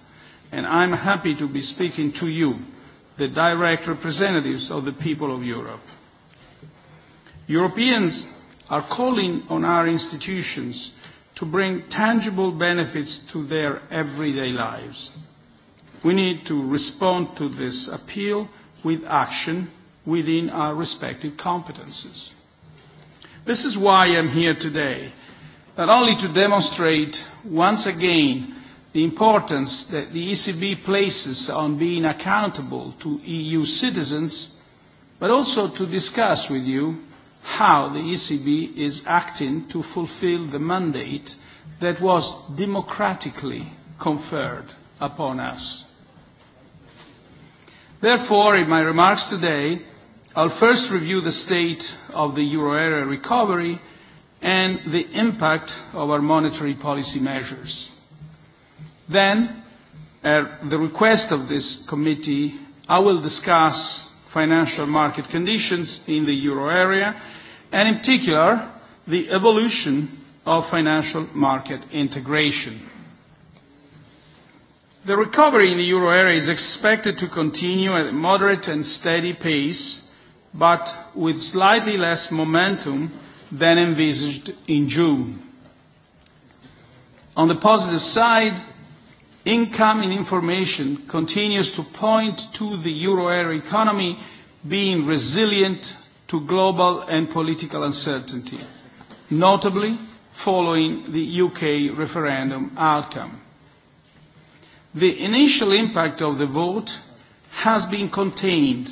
and I'm happy to be speaking to you, the direct representatives of the people of Europe. Europeans are calling on our institutions to bring tangible benefits to their everyday lives. We need to respond to this appeal with action within our respective competences. This is why I'm here today, not only to demonstrate once again the importance that the ECB places on being accountable to EU citizens, but also to discuss with you how the ECB is acting to fulfill the mandate that was democratically conferred upon us. Therefore, in my remarks today, I'll first review the state of the euro area recovery and the impact of our monetary policy measures. Then, at the request of this committee, I will discuss financial market conditions in the euro area, and in particular, the evolution of financial market integration. The recovery in the euro area is expected to continue at a moderate and steady pace, but with slightly less momentum than envisaged in June. On the positive side, Incoming information continues to point to the euro area economy being resilient to global and political uncertainty, notably following the UK referendum outcome. The initial impact of the vote has been contained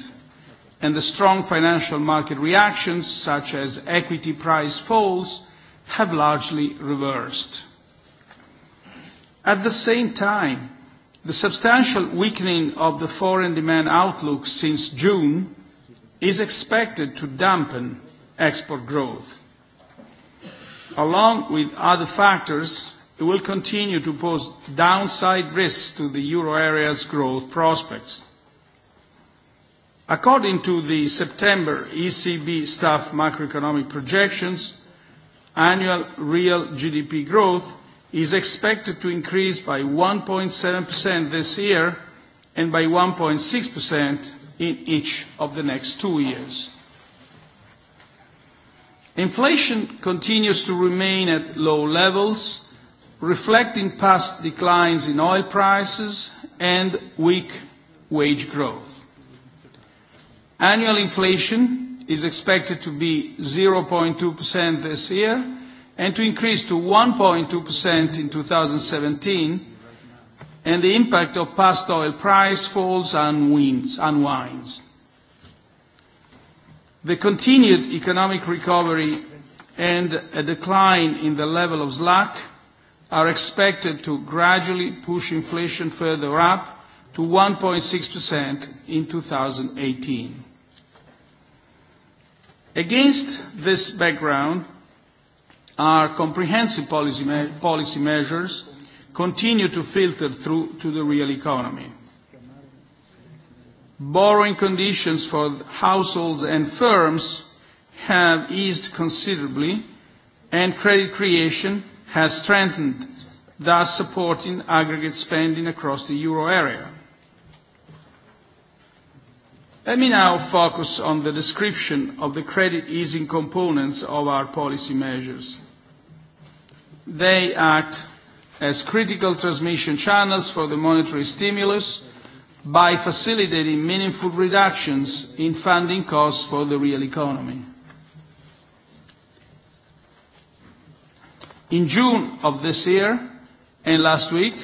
and the strong financial market reactions, such as equity price falls, have largely reversed. At the same time, the substantial weakening of the foreign demand outlook since June is expected to dampen export growth. Along with other factors, it will continue to pose downside risks to the euro area's growth prospects. According to the September ECB staff macroeconomic projections, annual real GDP growth is expected to increase by 1.7% this year and by 1.6% in each of the next two years. Inflation continues to remain at low levels, reflecting past declines in oil prices and weak wage growth. Annual inflation is expected to be 0.2% this year and to increase to 1.2% in 2017, and the impact of past oil price falls unwinds, unwinds. The continued economic recovery and a decline in the level of slack are expected to gradually push inflation further up to 1.6% in 2018. Against this background, our comprehensive policy, me policy measures continue to filter through to the real economy. Borrowing conditions for households and firms have eased considerably, and credit creation has strengthened, thus supporting aggregate spending across the euro area. Let me now focus on the description of the credit easing components of our policy measures. They act as critical transmission channels for the monetary stimulus by facilitating meaningful reductions in funding costs for the real economy. In June of this year and last week,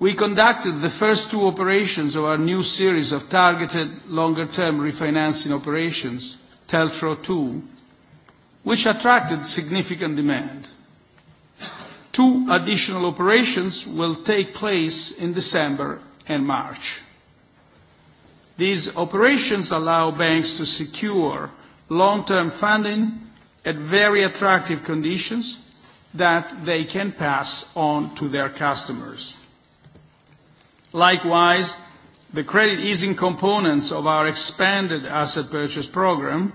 We conducted the first two operations of our new series of targeted longer-term refinancing operations, TLTRO II, which attracted significant demand. Two additional operations will take place in December and March. These operations allow banks to secure long-term funding at very attractive conditions that they can pass on to their customers. Likewise, the credit easing components of our expanded asset purchase program,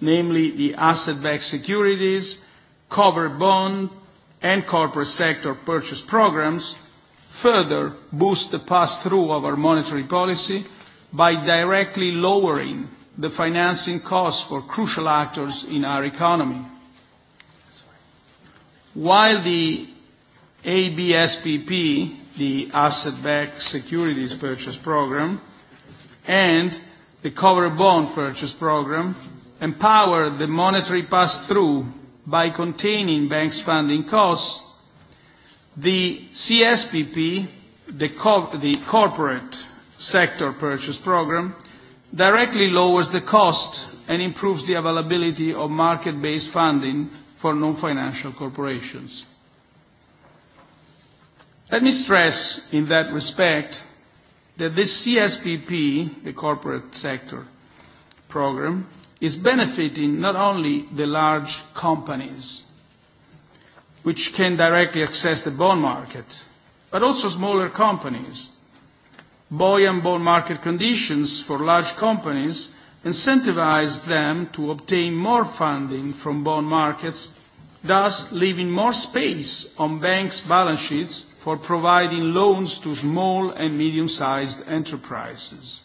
namely the asset-backed securities, covered bond, and corporate sector purchase programs, further boost the pass-through of our monetary policy by directly lowering the financing costs for crucial actors in our economy. While the ABSPP the asset-backed securities purchase program, and the cover bond purchase program, empower the monetary pass-through by containing banks' funding costs, the CSPP, the, co the corporate sector purchase program, directly lowers the cost and improves the availability of market-based funding for non-financial corporations. Let me stress in that respect that this CSPP, the corporate sector program, is benefiting not only the large companies, which can directly access the bond market, but also smaller companies. Buoyant bond market conditions for large companies incentivize them to obtain more funding from bond markets, thus leaving more space on banks' balance sheets for providing loans to small and medium-sized enterprises.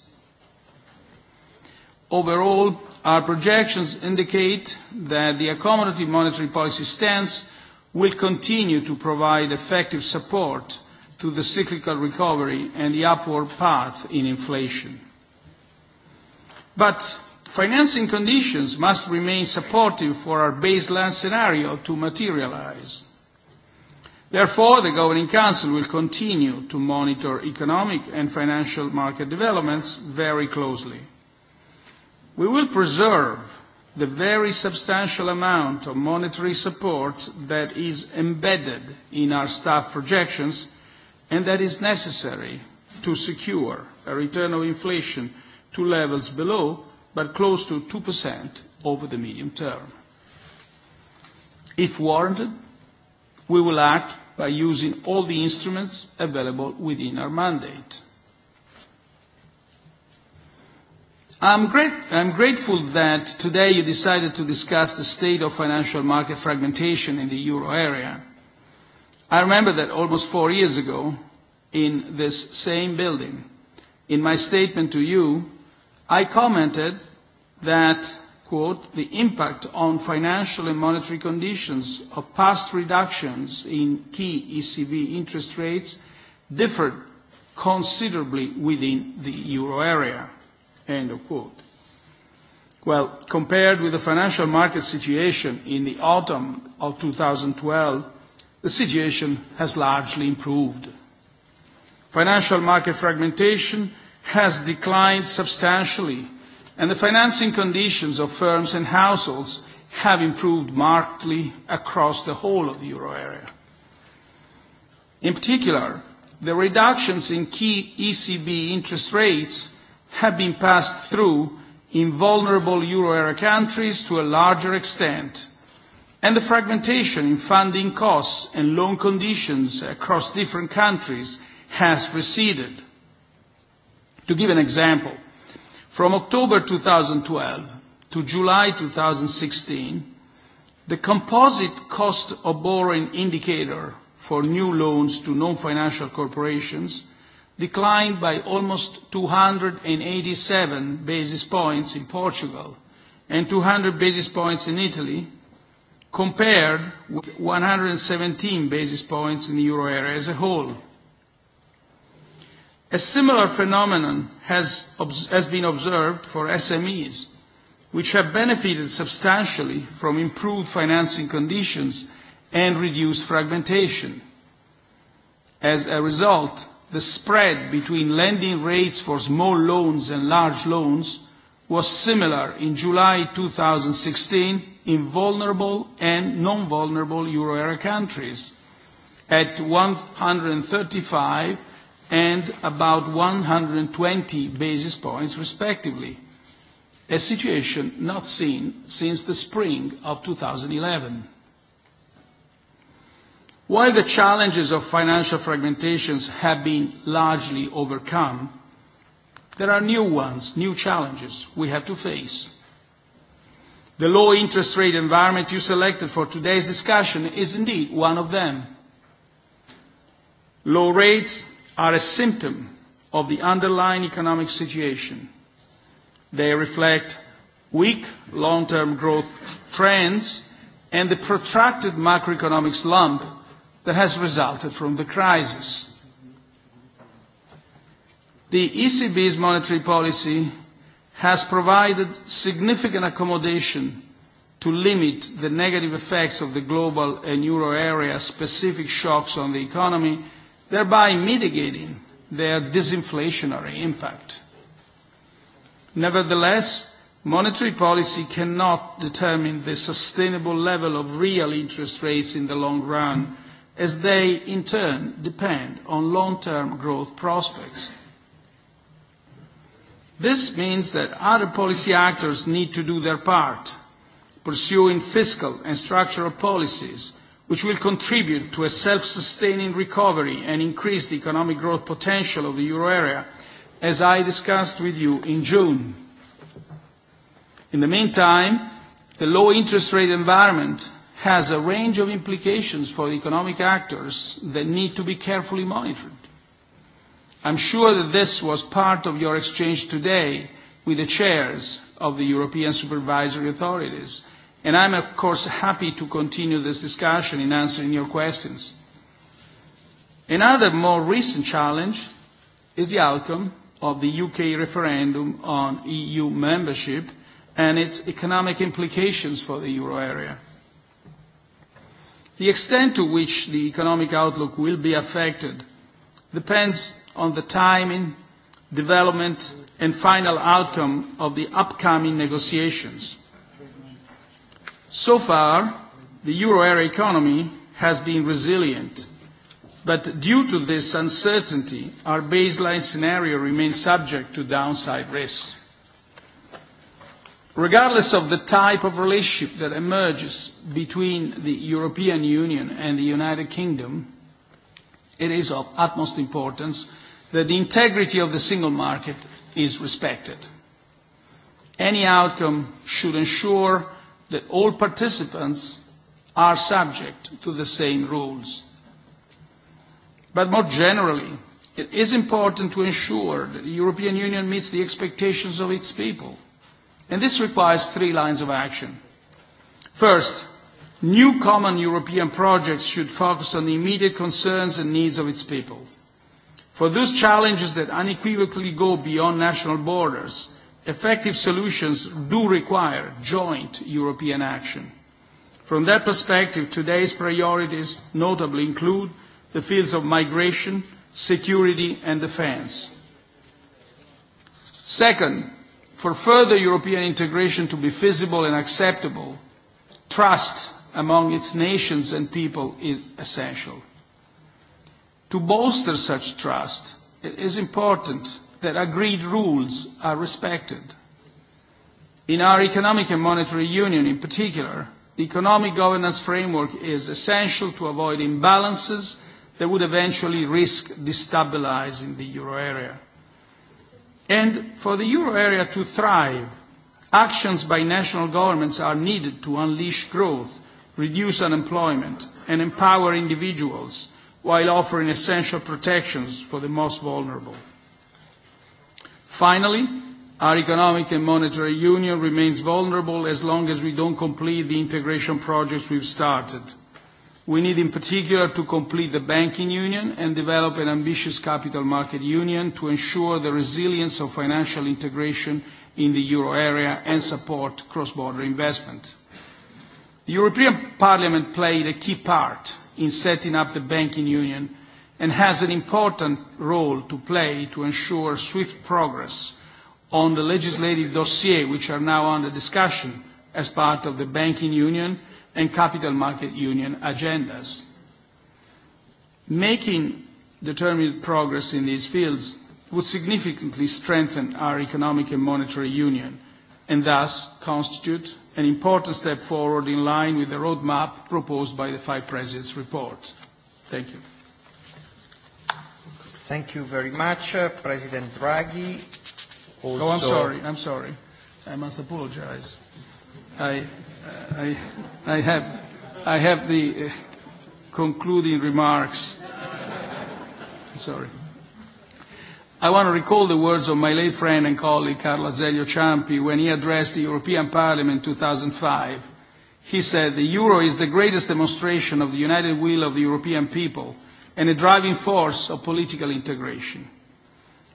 Overall, our projections indicate that the accommodative monetary policy stance will continue to provide effective support to the cyclical recovery and the upward path in inflation. But financing conditions must remain supportive for our baseline scenario to materialize. Therefore, the Governing Council will continue to monitor economic and financial market developments very closely. We will preserve the very substantial amount of monetary support that is embedded in our staff projections and that is necessary to secure a return of inflation to levels below but close to 2% over the medium term. If warranted, We will act by using all the instruments available within our mandate. I'm, great, I'm grateful that today you decided to discuss the state of financial market fragmentation in the euro area. I remember that almost four years ago, in this same building, in my statement to you, I commented that quote, the impact on financial and monetary conditions of past reductions in key ECB interest rates differed considerably within the euro area, end of quote. Well, compared with the financial market situation in the autumn of 2012, the situation has largely improved. Financial market fragmentation has declined substantially and the financing conditions of firms and households have improved markedly across the whole of the euro area. In particular, the reductions in key ECB interest rates have been passed through in vulnerable euro area countries to a larger extent, and the fragmentation in funding costs and loan conditions across different countries has receded. To give an example, From October 2012 to July 2016, the composite cost of borrowing indicator for new loans to non-financial corporations declined by almost 287 basis points in Portugal and 200 basis points in Italy, compared with 117 basis points in the euro area as a whole. A similar phenomenon has, has been observed for SMEs, which have benefited substantially from improved financing conditions and reduced fragmentation. As a result, the spread between lending rates for small loans and large loans was similar in July 2016 in vulnerable and non-vulnerable euro area countries at 135 and about 120 basis points, respectively, a situation not seen since the spring of 2011. While the challenges of financial fragmentations have been largely overcome, there are new ones, new challenges we have to face. The low interest rate environment you selected for today's discussion is indeed one of them. Low rates are a symptom of the underlying economic situation. They reflect weak long-term growth trends and the protracted macroeconomic slump that has resulted from the crisis. The ECB's monetary policy has provided significant accommodation to limit the negative effects of the global and euro area specific shocks on the economy thereby mitigating their disinflationary impact. Nevertheless, monetary policy cannot determine the sustainable level of real interest rates in the long run, as they in turn depend on long-term growth prospects. This means that other policy actors need to do their part, pursuing fiscal and structural policies which will contribute to a self-sustaining recovery and increased economic growth potential of the euro area, as I discussed with you in June. In the meantime, the low interest rate environment has a range of implications for economic actors that need to be carefully monitored. I'm sure that this was part of your exchange today with the chairs of the European supervisory authorities And I'm, of course, happy to continue this discussion in answering your questions. Another more recent challenge is the outcome of the UK referendum on EU membership and its economic implications for the euro area. The extent to which the economic outlook will be affected depends on the timing, development and final outcome of the upcoming negotiations. So far, the euro area economy has been resilient, but due to this uncertainty, our baseline scenario remains subject to downside risks. Regardless of the type of relationship that emerges between the European Union and the United Kingdom, it is of utmost importance that the integrity of the single market is respected. Any outcome should ensure that all participants are subject to the same rules. But more generally, it is important to ensure that the European Union meets the expectations of its people. And this requires three lines of action. First, new common European projects should focus on the immediate concerns and needs of its people. For those challenges that unequivocally go beyond national borders, effective solutions do require joint European action. From that perspective, today's priorities notably include the fields of migration, security and defence. Second, for further European integration to be feasible and acceptable, trust among its nations and people is essential. To bolster such trust, it is important that agreed rules are respected. In our economic and monetary union in particular, the economic governance framework is essential to avoid imbalances that would eventually risk destabilizing the euro area. And for the euro area to thrive, actions by national governments are needed to unleash growth, reduce unemployment, and empower individuals while offering essential protections for the most vulnerable. Finally, our economic and monetary union remains vulnerable as long as we don't complete the integration projects we've started. We need, in particular, to complete the banking union and develop an ambitious capital market union to ensure the resilience of financial integration in the euro area and support cross-border investment. The European Parliament played a key part in setting up the banking union and has an important role to play to ensure swift progress on the legislative dossier which are now under discussion as part of the Banking Union and Capital Market Union agendas. Making determined progress in these fields would significantly strengthen our economic and monetary union and thus constitute an important step forward in line with the roadmap proposed by the five presidents' report. Thank you. Thank you very much, uh, President Draghi. Also oh, I'm sorry. I'm sorry. I must apologize. I, uh, I, I have, I have the uh, concluding remarks. sorry. I want to recall the words of my late friend and colleague Carlo Azeglio Ciampi when he addressed the European Parliament in 2005. He said, the euro is the greatest demonstration of the united will of the European people – and a driving force of political integration.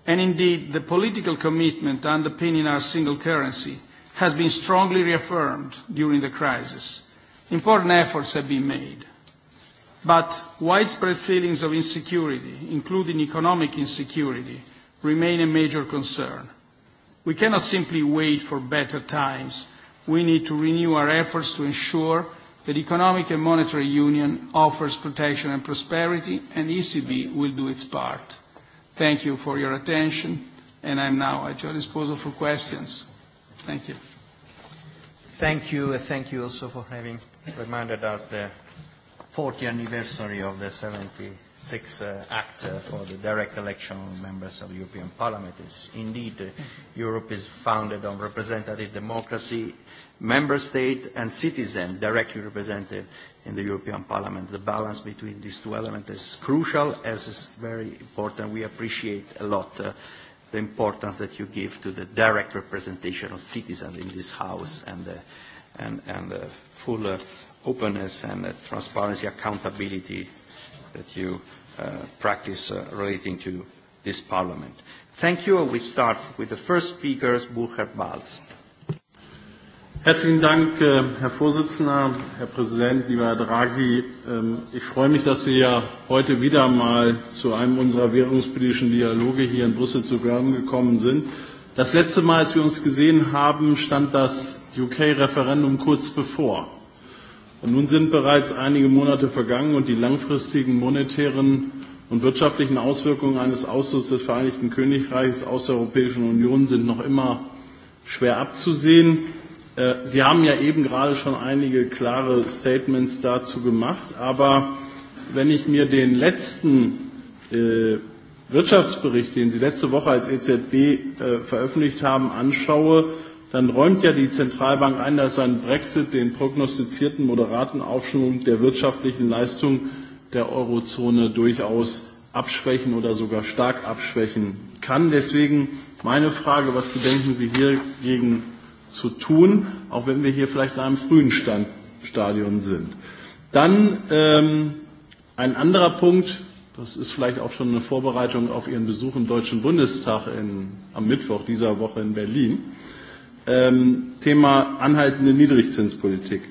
And indeed, the political commitment underpinning our single currency has been strongly reaffirmed during the crisis. Important efforts have been made. But widespread feelings of insecurity, including economic insecurity, remain a major concern. We cannot simply wait for better times. We need to renew our efforts to ensure that economic and monetary union offers protection and prosperity, and ECB will do its part. Thank you for your attention, and I'm now at your disposal for questions. Thank you. Thank you. Thank you also for having reminded us the 40th anniversary of the 76 uh, Act uh, for the direct election of members of the European Parliament. It's indeed, uh, Europe is founded on representative democracy member state and citizen directly represented in the European Parliament. The balance between these two elements is crucial, as is very important. We appreciate a lot uh, the importance that you give to the direct representation of citizens in this House and the, uh, and, and the uh, full uh, openness and uh, transparency, accountability that you uh, practice uh, relating to this Parliament. Thank you. We start with the first speaker, Burkhard Balz. Herzlichen Dank, äh, Herr Vorsitzender, Herr Präsident, lieber Herr Draghi. Ähm, ich freue mich, dass Sie ja heute wieder mal zu einem unserer währungspolitischen Dialoge hier in Brüssel zu gekommen sind. Das letzte Mal, als wir uns gesehen haben, stand das UK-Referendum kurz bevor. Und nun sind bereits einige Monate vergangen und die langfristigen monetären und wirtschaftlichen Auswirkungen eines Ausschusses des Vereinigten Königreichs aus der Europäischen Union sind noch immer schwer abzusehen. Äh, Sie haben ja eben gerade schon einige klare Statements dazu gemacht, aber wenn ich mir den letzten äh, Wirtschaftsbericht, den Sie letzte Woche als EZB äh, veröffentlicht haben, anschaue, dann räumt ja die Zentralbank ein, dass ein Brexit den prognostizierten moderaten Aufschwung der wirtschaftlichen Leistung der Eurozone durchaus abschwächen oder sogar stark abschwächen kann. Deswegen meine Frage, was gedenken Sie hier gegen? zu tun, auch wenn wir hier vielleicht in einem frühen Stand, Stadion sind. Dann ähm, ein anderer Punkt, das ist vielleicht auch schon eine Vorbereitung auf Ihren Besuch im Deutschen Bundestag in, am Mittwoch dieser Woche in Berlin. Ähm, Thema anhaltende Niedrigzinspolitik.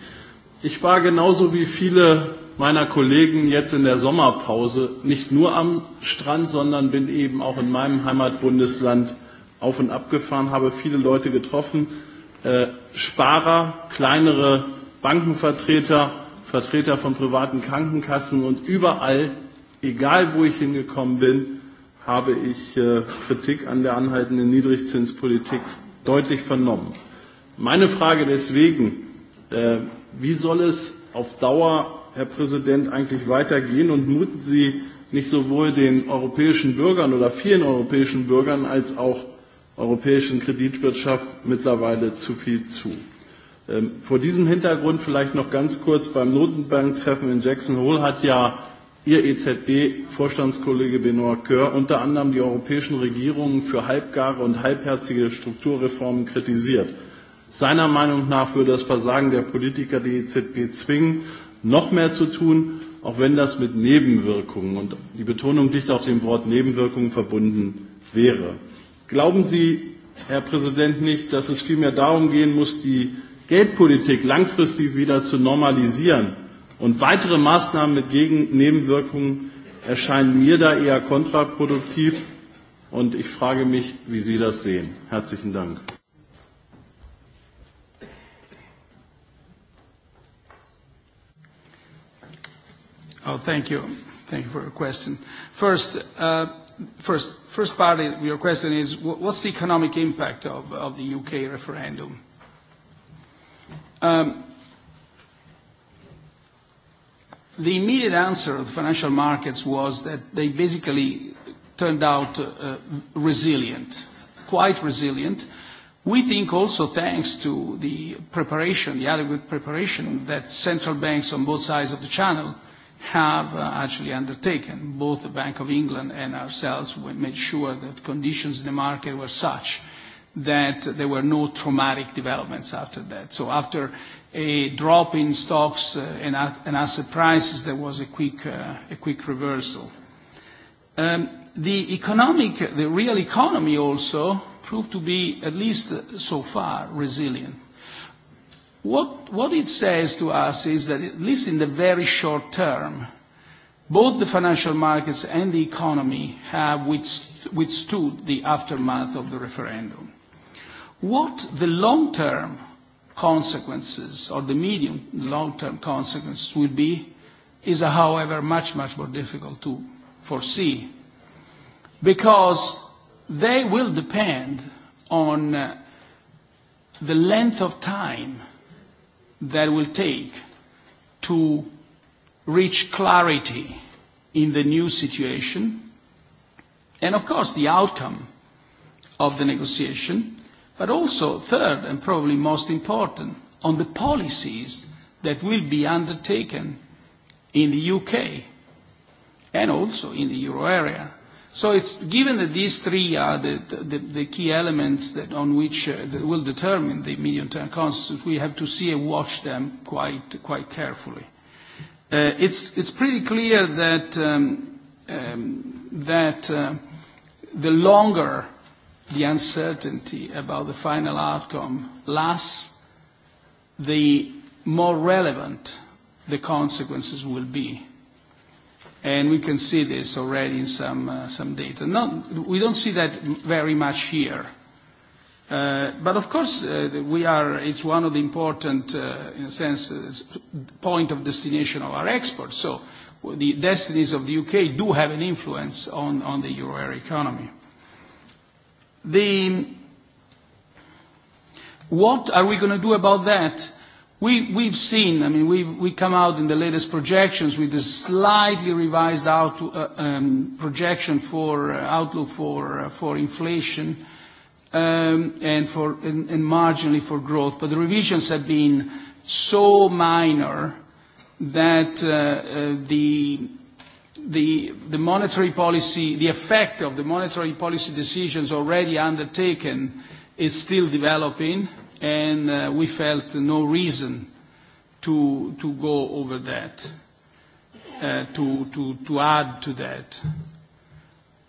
Ich war genauso wie viele meiner Kollegen jetzt in der Sommerpause nicht nur am Strand, sondern bin eben auch in meinem Heimatbundesland auf und ab gefahren, habe viele Leute getroffen, Äh, Sparer, kleinere Bankenvertreter, Vertreter von privaten Krankenkassen und überall, egal wo ich hingekommen bin, habe ich äh, Kritik an der anhaltenden Niedrigzinspolitik deutlich vernommen. Meine Frage deswegen, äh, wie soll es auf Dauer, Herr Präsident, eigentlich weitergehen und muten Sie nicht sowohl den europäischen Bürgern oder vielen europäischen Bürgern als auch europäischen Kreditwirtschaft mittlerweile zu viel zu. Ähm, vor diesem Hintergrund vielleicht noch ganz kurz beim Notenbanktreffen in Jackson Hole hat ja Ihr EZB-Vorstandskollege Benoit Coeur unter anderem die europäischen Regierungen für halbgare und halbherzige Strukturreformen kritisiert. Seiner Meinung nach würde das Versagen der Politiker die EZB zwingen, noch mehr zu tun, auch wenn das mit Nebenwirkungen und die Betonung liegt auf dem Wort Nebenwirkungen verbunden wäre. Glauben Sie, Herr Präsident, nicht, dass es vielmehr darum gehen muss, die Geldpolitik langfristig wieder zu normalisieren? Und weitere Maßnahmen mit Gegen Nebenwirkungen erscheinen mir da eher kontraproduktiv. Und ich frage mich, wie Sie das sehen. Herzlichen Dank. Oh, thank you. Thank you for your question. First, uh, first, first part of your question is, what's the economic impact of, of the UK referendum? Um, the immediate answer of the financial markets was that they basically turned out uh, resilient, quite resilient. We think also thanks to the preparation, the adequate preparation that central banks on both sides of the channel – have uh, actually undertaken. Both the Bank of England and ourselves made sure that conditions in the market were such that there were no traumatic developments after that. So after a drop in stocks uh, uh, and, asset prices, there was a quick, a quick reversal. Um, the economic, the real economy also proved to be, at least so far, resilient What, what it says to us is that, at least in the very short term, both the financial markets and the economy have withstood the aftermath of the referendum. What the long-term consequences or the medium long-term consequences will be is, however, much, much more difficult to foresee because they will depend on uh, the length of time that will take to reach clarity in the new situation, and of course the outcome of the negotiation, but also, third and probably most important, on the policies that will be undertaken in the UK and also in the euro area So it's given that these three are the, the, the key elements that on which uh, that will determine the medium-term consequences. we have to see and watch them quite, quite carefully. Uh, it's, it's pretty clear that, um, um, that uh, the longer the uncertainty about the final outcome lasts, the more relevant the consequences will be and we can see this already in some, uh, some data. Not, we don't see that very much here. Uh, but of course, uh, we are, it's one of the important, uh, in a sense, uh, point of destination of our exports. So the destinies of the UK do have an influence on, on the euro area economy. The, what are we going to do about that? we've seen, I mean, we've we come out in the latest projections with a slightly revised out, uh, um, projection for uh, outlook for, uh, for inflation um, and, for, and, marginally for growth. But the revisions have been so minor that the, the, the monetary policy, the effect of the monetary policy decisions already undertaken is still developing and uh, we felt no reason to, to go over that, uh, to, to, to add to that.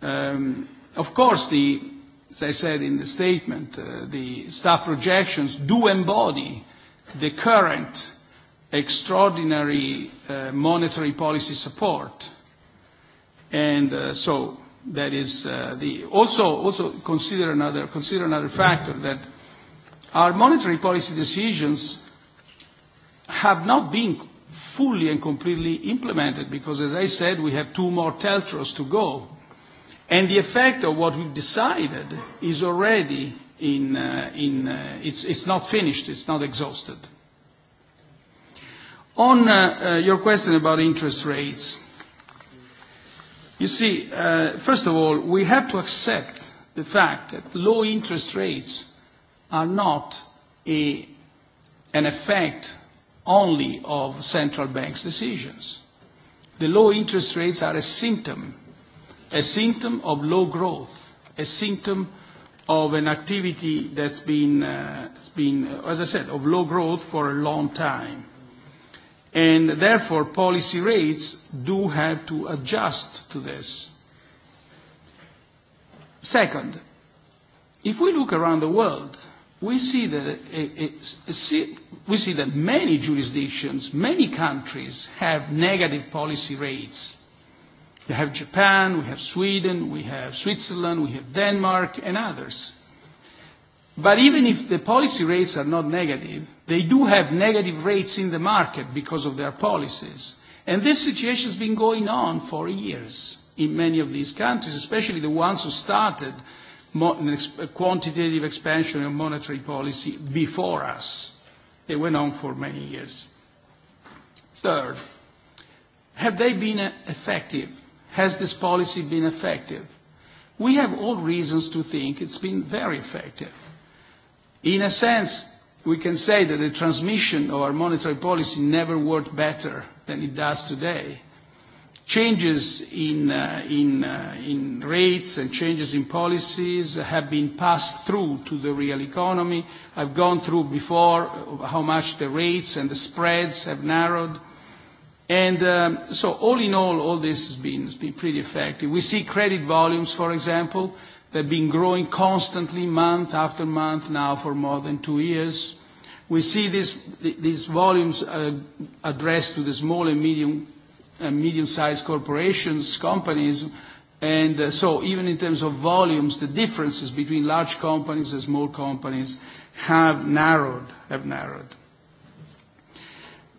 Um, of course, the, as I said in the statement, uh, the staff projections do embody the current extraordinary uh, monetary policy support. And uh, so that is uh, the also also consider another consider another factor that our monetary policy decisions have not been fully and completely implemented because, as I said, we have two more teltros to go. And the effect of what we've decided is already in, uh, in uh, it's, it's not finished, it's not exhausted. On uh, uh, your question about interest rates, you see, uh, first of all, we have to accept the fact that low interest rates are not a, an effect only of central banks' decisions. The low interest rates are a symptom, a symptom of low growth, a symptom of an activity that's been, uh, it's been, uh, as I said, of low growth for a long time. And therefore, policy rates do have to adjust to this. Second, if we look around the world, we see that, eh, eh, see, we see that many jurisdictions, many countries have negative policy rates. We have Japan, we have Sweden, we have Switzerland, we have Denmark, and others. But even if the policy rates are not negative, they do have negative rates in the market because of their policies. And this situation has been going on for years in many of these countries, especially the ones who started quantitative expansion of monetary policy before us. They went on for many years. Third, have they been e, effective? Has this policy been effective? We have all reasons to think it's been very effective. In a sense, we can say that the transmission of our monetary policy never worked better than it does today changes in, uh, in, uh, in rates and changes in policies have been passed through to the real economy. I've gone through before how much the rates and the spreads have narrowed. And um, so all in all, all this has been, has been pretty effective. We see credit volumes, for example, that have been growing constantly month after month now for more than two years. We see this, these volumes uh, addressed to the small and medium Uh, medium-sized corporations, companies, and uh, so even in terms of volumes, the differences between large companies and small companies have narrowed, have narrowed.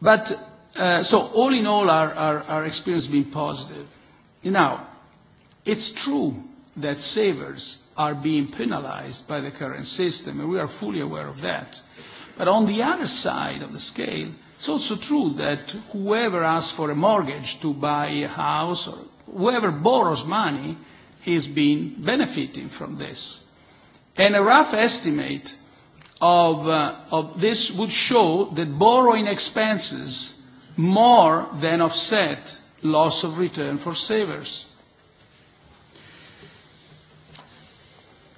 But uh, so all in all, our, our, our experience has been positive. Now, it's true that savers are being penalized by the current system, and we are fully aware of that. But on the other side of the scale, It's also true that whoever asks for a mortgage to buy a house or whoever borrows money is being benefiting from this. And a rough estimate of, uh, of this would show that borrowing expenses more than offset loss of return for savers.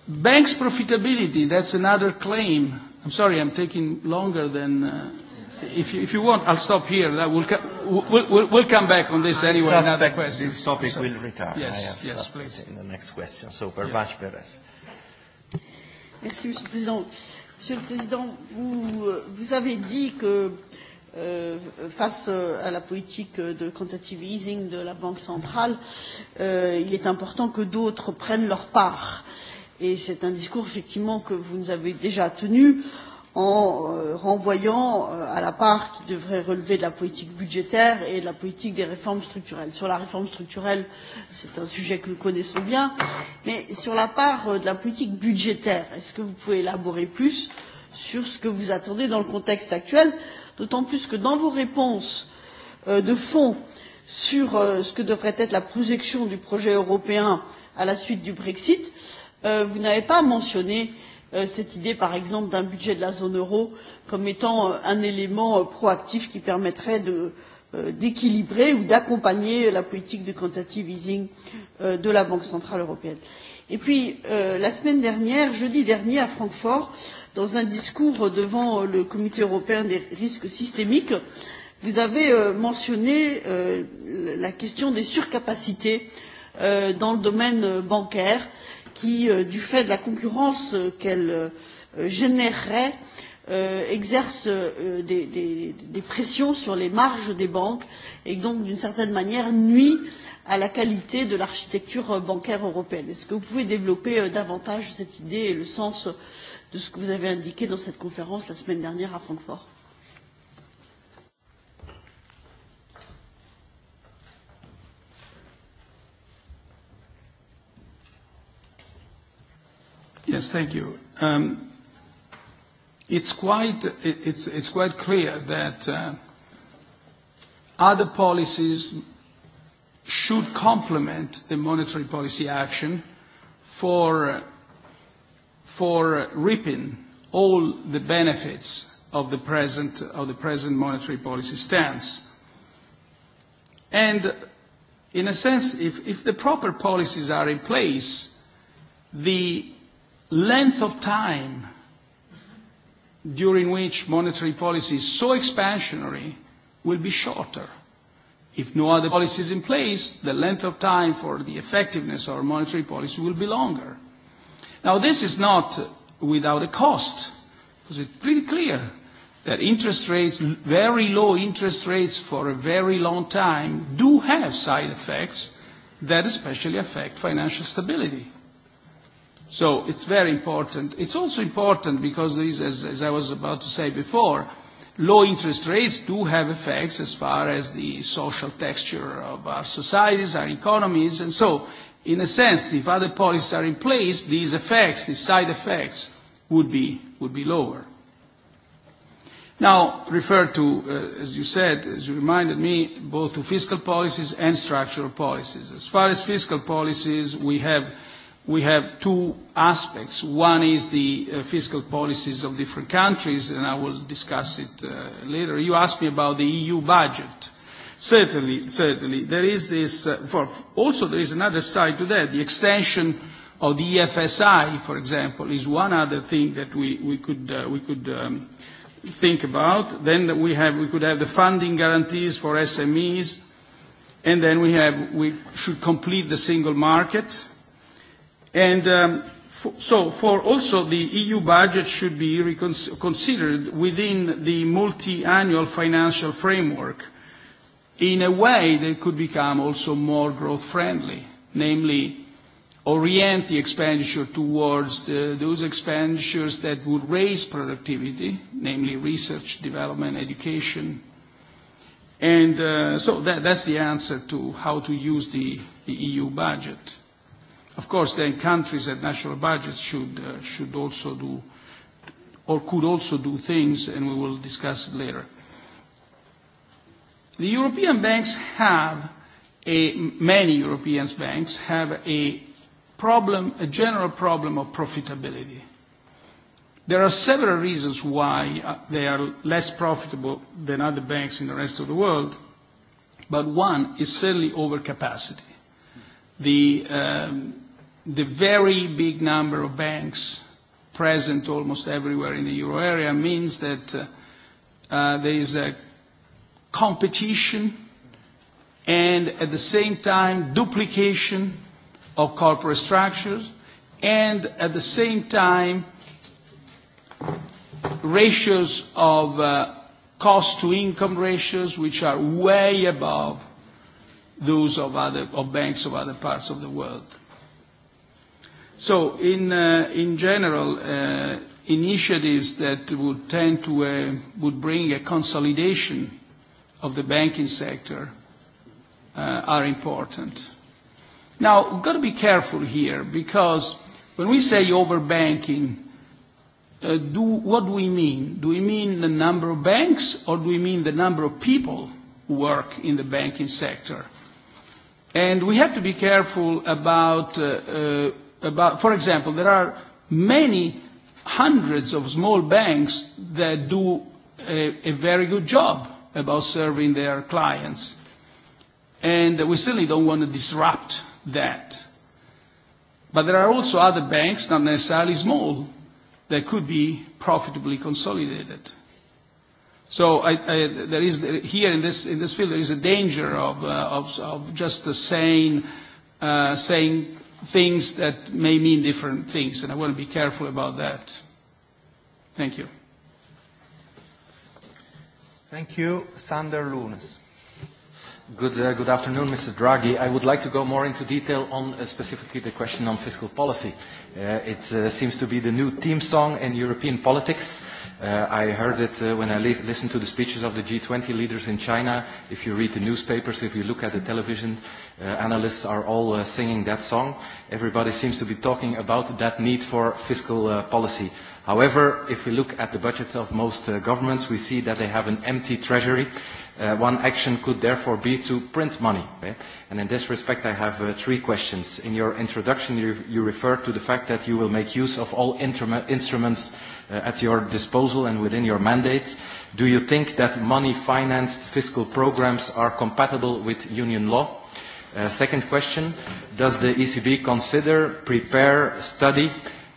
Banks' profitability, that's another claim. I'm sorry, I'm taking longer than, uh, if you, if you want, I'll stop here. That we'll, we'll, we'll, we'll come back on this anyway. I another question. This topic so, will return. Yes, yes, please. In the next question. So, Pervash yes. Perez. Merci, Monsieur le Président. Monsieur le Président, vous, euh, vous avez dit que euh, face euh, à la politique de quantitative easing de la Banque centrale, euh, il est important que d'autres prennent leur part. Et c'est un discours effectivement que vous nous avez déjà tenu. Euh, en euh, renvoyant euh, à la part qui devrait relever de la politique budgétaire et de la politique des réformes structurelles. Sur la réforme structurelle, c'est un sujet que nous connaissons bien, mais sur la part euh, de la politique budgétaire, est-ce que vous pouvez élaborer plus sur ce que vous attendez dans le contexte actuel, d'autant plus que dans vos réponses euh, de fond sur euh, ce que devrait être la projection du projet européen à la suite du Brexit, euh, vous n'avez pas mentionné euh, Euh, cette idée par exemple d'un budget de la zone euro comme étant euh, un élément euh, proactif qui permettrait d'équilibrer ou d'accompagner la politique de quantitative easing de la banque centrale européenne. et puis la semaine dernière jeudi dernier à francfort dans un discours devant le comité européen des risques systémiques vous avez mentionné la question des surcapacités dans le domaine bancaire qui, euh, du fait de la concurrence euh, qu'elle euh, générerait, exerce des, des, des pressions sur les marges des banques et donc, d'une certaine manière, nuit à la qualité de l'architecture bancaire européenne. Est-ce que vous pouvez développer davantage cette idée et le sens de ce que vous avez indiqué dans cette conférence la semaine dernière à Francfort Yes, thank you. Um, it's quite, it's, it's quite clear that uh, other policies should complement the monetary policy action for, for reaping all the benefits of the present, of the present monetary policy stance. And in a sense, if, if the proper policies are in place, the length of time during which monetary policy is so expansionary will be shorter. If no other policy is in place, the length of time for the effectiveness of monetary policy will be longer. Now, this is not without a cost, because it's pretty clear that interest rates, very low interest rates for a very long time, do have side effects that especially affect financial stability. So it's very important. It's also important because these, as, as I was about to say before, low interest rates do have effects as far as the social texture of our societies, our economies, and so in a sense, if other policies are in place, these effects, these side effects, would be, would be lower. Now, refer to, uh, as you said, as you reminded me, both to fiscal policies and structural policies. As far as fiscal policies, we have we have two aspects. One is the uh, fiscal policies of different countries, and I will discuss it uh, later. You asked me about the EU budget. Certainly, certainly. There is this, uh, for, also there is another side to that. The extension of the EFSI, for example, is one other thing that we, we could, uh, we could um, think about. Then we, have, we could have the funding guarantees for SMEs, and then we, have, we should complete the single market And um, so for also the EU budget should be considered within the multi-annual financial framework in a way that could become also more growth friendly, namely orient the expenditure towards the, those expenditures that would raise productivity, namely research, development, education. And uh, so that, that's the answer to how to use the, the EU budget. Of course, then countries and national budgets should, uh, should also do or could also do things, and we will discuss it later. The European banks have a, many European banks have a problem, a general problem of profitability. There are several reasons why uh, they are less profitable than other banks in the rest of the world, but one is certainly overcapacity. The um, the very big number of banks present almost everywhere in the euro area means that uh, uh, there is a competition and at the same time duplication of corporate structures and at the same time ratios of uh, cost to income ratios which are way above those of, other, of banks of other parts of the world. So in, uh, in general, uh, initiatives that would tend to uh, would bring a consolidation of the banking sector uh, are important. Now, we've got to be careful here because when we say overbanking, uh, do, what do we mean? Do we mean the number of banks or do we mean the number of people who work in the banking sector? And we have to be careful about uh, uh, about, for example, there are many hundreds of small banks that do a, a very good job about serving their clients. And we certainly don't want to disrupt that. But there are also other banks, not necessarily small, that could be profitably consolidated. So I, I, there is here in this in this field there is a danger of uh, of, of just saying uh, saying things that may mean different things, and I want to be careful about that. Thank you. Thank you, Sander Lunes. Good, uh, good afternoon, Mr. Draghi. I would like to go more into detail on uh, specifically the question on fiscal policy. Uh, it uh, seems to be the new theme song in European politics. Uh, I heard it uh, when I li listened to the speeches of the G20 leaders in China. If you read the newspapers, if you look at the television, uh, analysts are all uh, singing that song. Everybody seems to be talking about that need for fiscal uh, policy. However, if we look at the budgets of most uh, governments, we see that they have an empty treasury. Uh, one action could therefore be to print money. Okay? Eh? And in this respect, I have uh, three questions. In your introduction, you, you refer to the fact that you will make use of all instruments uh, at your disposal and within your mandate. Do you think that money-financed fiscal programs are compatible with union law? Uh, second question, does the ECB consider, prepare, study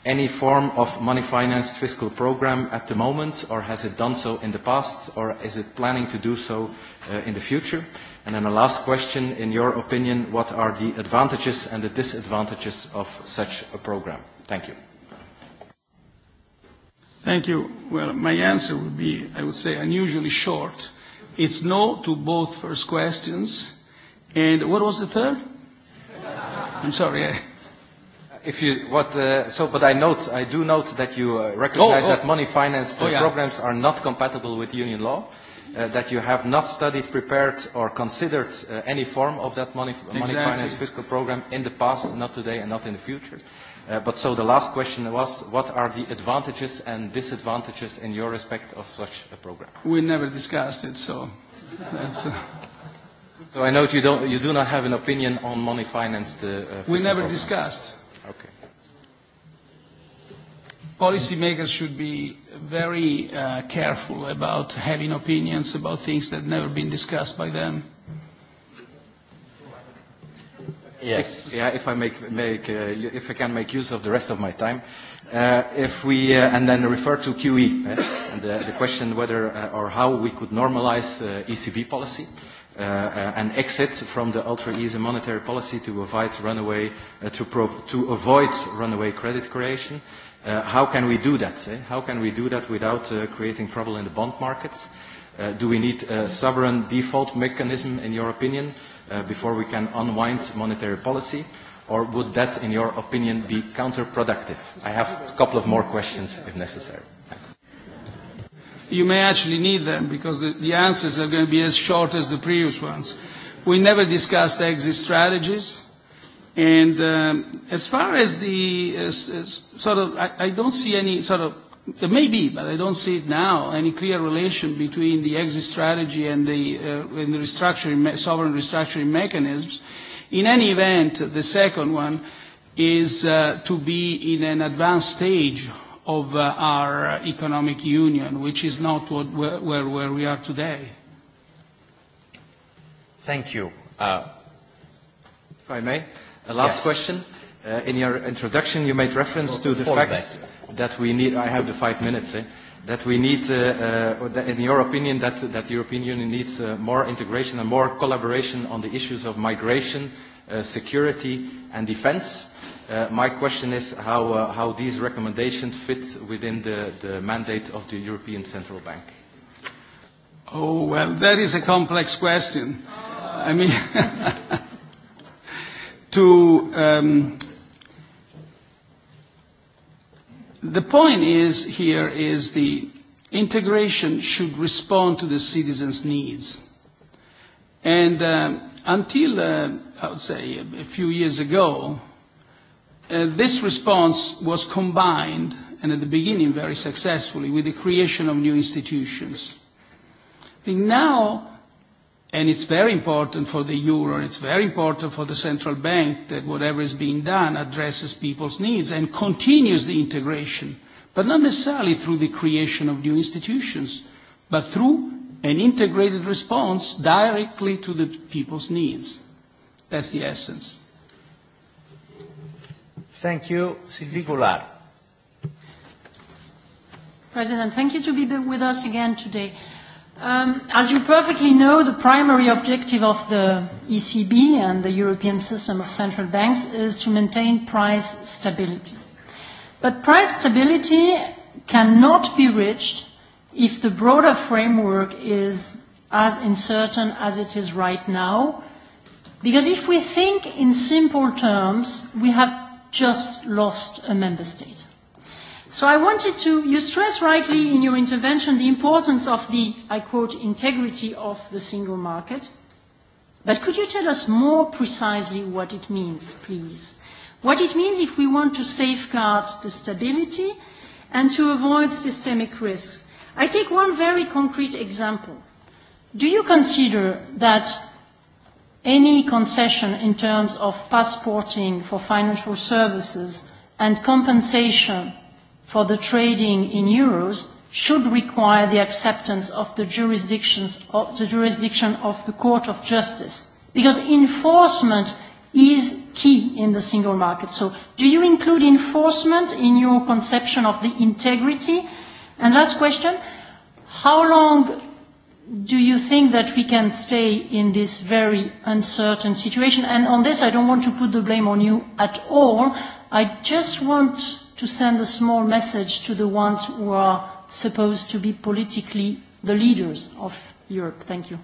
any form of money-financed fiscal program at the moment, or has it done so in the past, or is it planning to do so uh, in the future? And then a the last question, in your opinion, what are the advantages and the disadvantages of such a program? Thank you. Thank you. Well, my answer would be, I would say, unusually short. It's no to both first questions. And what was the third? I'm sorry. I if you what uh, so but I note I do note that you uh, recognize oh, oh. that money financed uh, oh, yeah. programs are not compatible with union law uh, that you have not studied prepared or considered uh, any form of that money exactly. money finance fiscal program in the past not today and not in the future uh, but so the last question was what are the advantages and disadvantages in your respect of such a program we never discussed it so that's uh, So I note you, don't, you do not have an opinion on money financed. Uh, we never programs. discussed. Okay. Policymakers should be very uh, careful about having opinions about things that have never been discussed by them. Yes. If, yeah, if I make, make uh, if I can make use of the rest of my time, uh, if we uh, and then refer to QE eh, and the, uh, the question whether uh, or how we could normalize uh, ECB policy. Uh, uh, an exit from the ultra-easy monetary policy to avoid runaway, uh, to, pro to avoid runaway credit creation. Uh, how can we do that? Eh? How can we do that without uh, creating trouble in the bond markets? Uh, do we need a sovereign default mechanism, in your opinion, uh, before we can unwind monetary policy? Or would that, in your opinion, be counterproductive? I have a couple of more questions, if necessary you may actually need them because the, the answers are going to be as short as the previous ones. We never discussed exit strategies. And um, as far as the uh, sort of, I, I don't see any sort of, there may be, but I don't see it now, any clear relation between the exit strategy and the, uh, and the restructuring, sovereign restructuring mechanisms. In any event, the second one is uh, to be in an advanced stage of uh, our economic union, which is not what, where, where we are today. Thank you. Uh, if I may, a last yes. question. Uh, in your introduction, you made reference to the fact that. that we need, I have the five minutes, eh? that we need, uh, uh, in your opinion, that, that the European Union needs uh, more integration and more collaboration on the issues of migration, uh, security and defense. Uh, my question is how, uh, how these recommendations fit within the, the mandate of the European Central Bank. Oh, well, that is a complex question. I mean, to um, the point is here is the integration should respond to the citizens' needs. And um, until, uh, I would say, a few years ago, Uh, this response was combined, and at the beginning very successfully, with the creation of new institutions. I think now, and it's very important for the euro, it's very important for the central bank that whatever is being done addresses people's needs and continues the integration, but not necessarily through the creation of new institutions, but through an integrated response directly to the people's needs. That's the essence. Thank you, Sylvie Goulard. President, thank you to be with us again today. Um, as you perfectly know, the primary objective of the ECB and the European system of central banks is to maintain price stability. But price stability cannot be reached if the broader framework is as uncertain as it is right now, because if we think in simple terms, we have just lost a member state. So I wanted to, you stress rightly in your intervention the importance of the, I quote, integrity of the single market. But could you tell us more precisely what it means, please? What it means if we want to safeguard the stability and to avoid systemic risks. I take one very concrete example. Do you consider that any concession in terms of passporting for financial services and compensation for the trading in euros should require the acceptance of the, jurisdictions of the jurisdiction of the Court of Justice. Because enforcement is key in the single market. So do you include enforcement in your conception of the integrity? And last question, how long do you think that we can stay in this very uncertain situation? And on this, I don't want to put the blame on you at all. I just want to send a small message to the ones who are supposed to be politically the leaders of Europe. Thank you.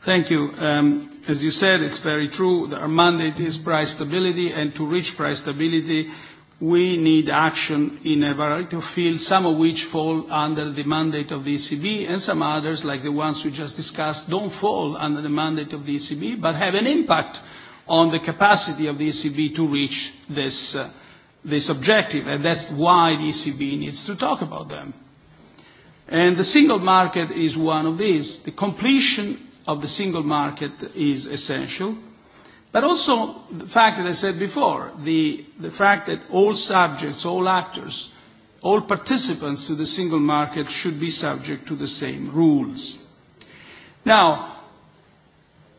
Thank you. Um, as you said, it's very true. that Our mandate is price stability, and to reach price stability, we need action in a variety of fields, some of which fall under the mandate of the ECB, and some others, like the ones we just discussed, don't fall under the mandate of the ECB, but have an impact on the capacity of the ECB to reach this, uh, this objective. And that's why the ECB needs to talk about them. And the single market is one of these. The completion of the single market is essential But also the fact that I said before, the, the fact that all subjects, all actors, all participants to the single market should be subject to the same rules. Now,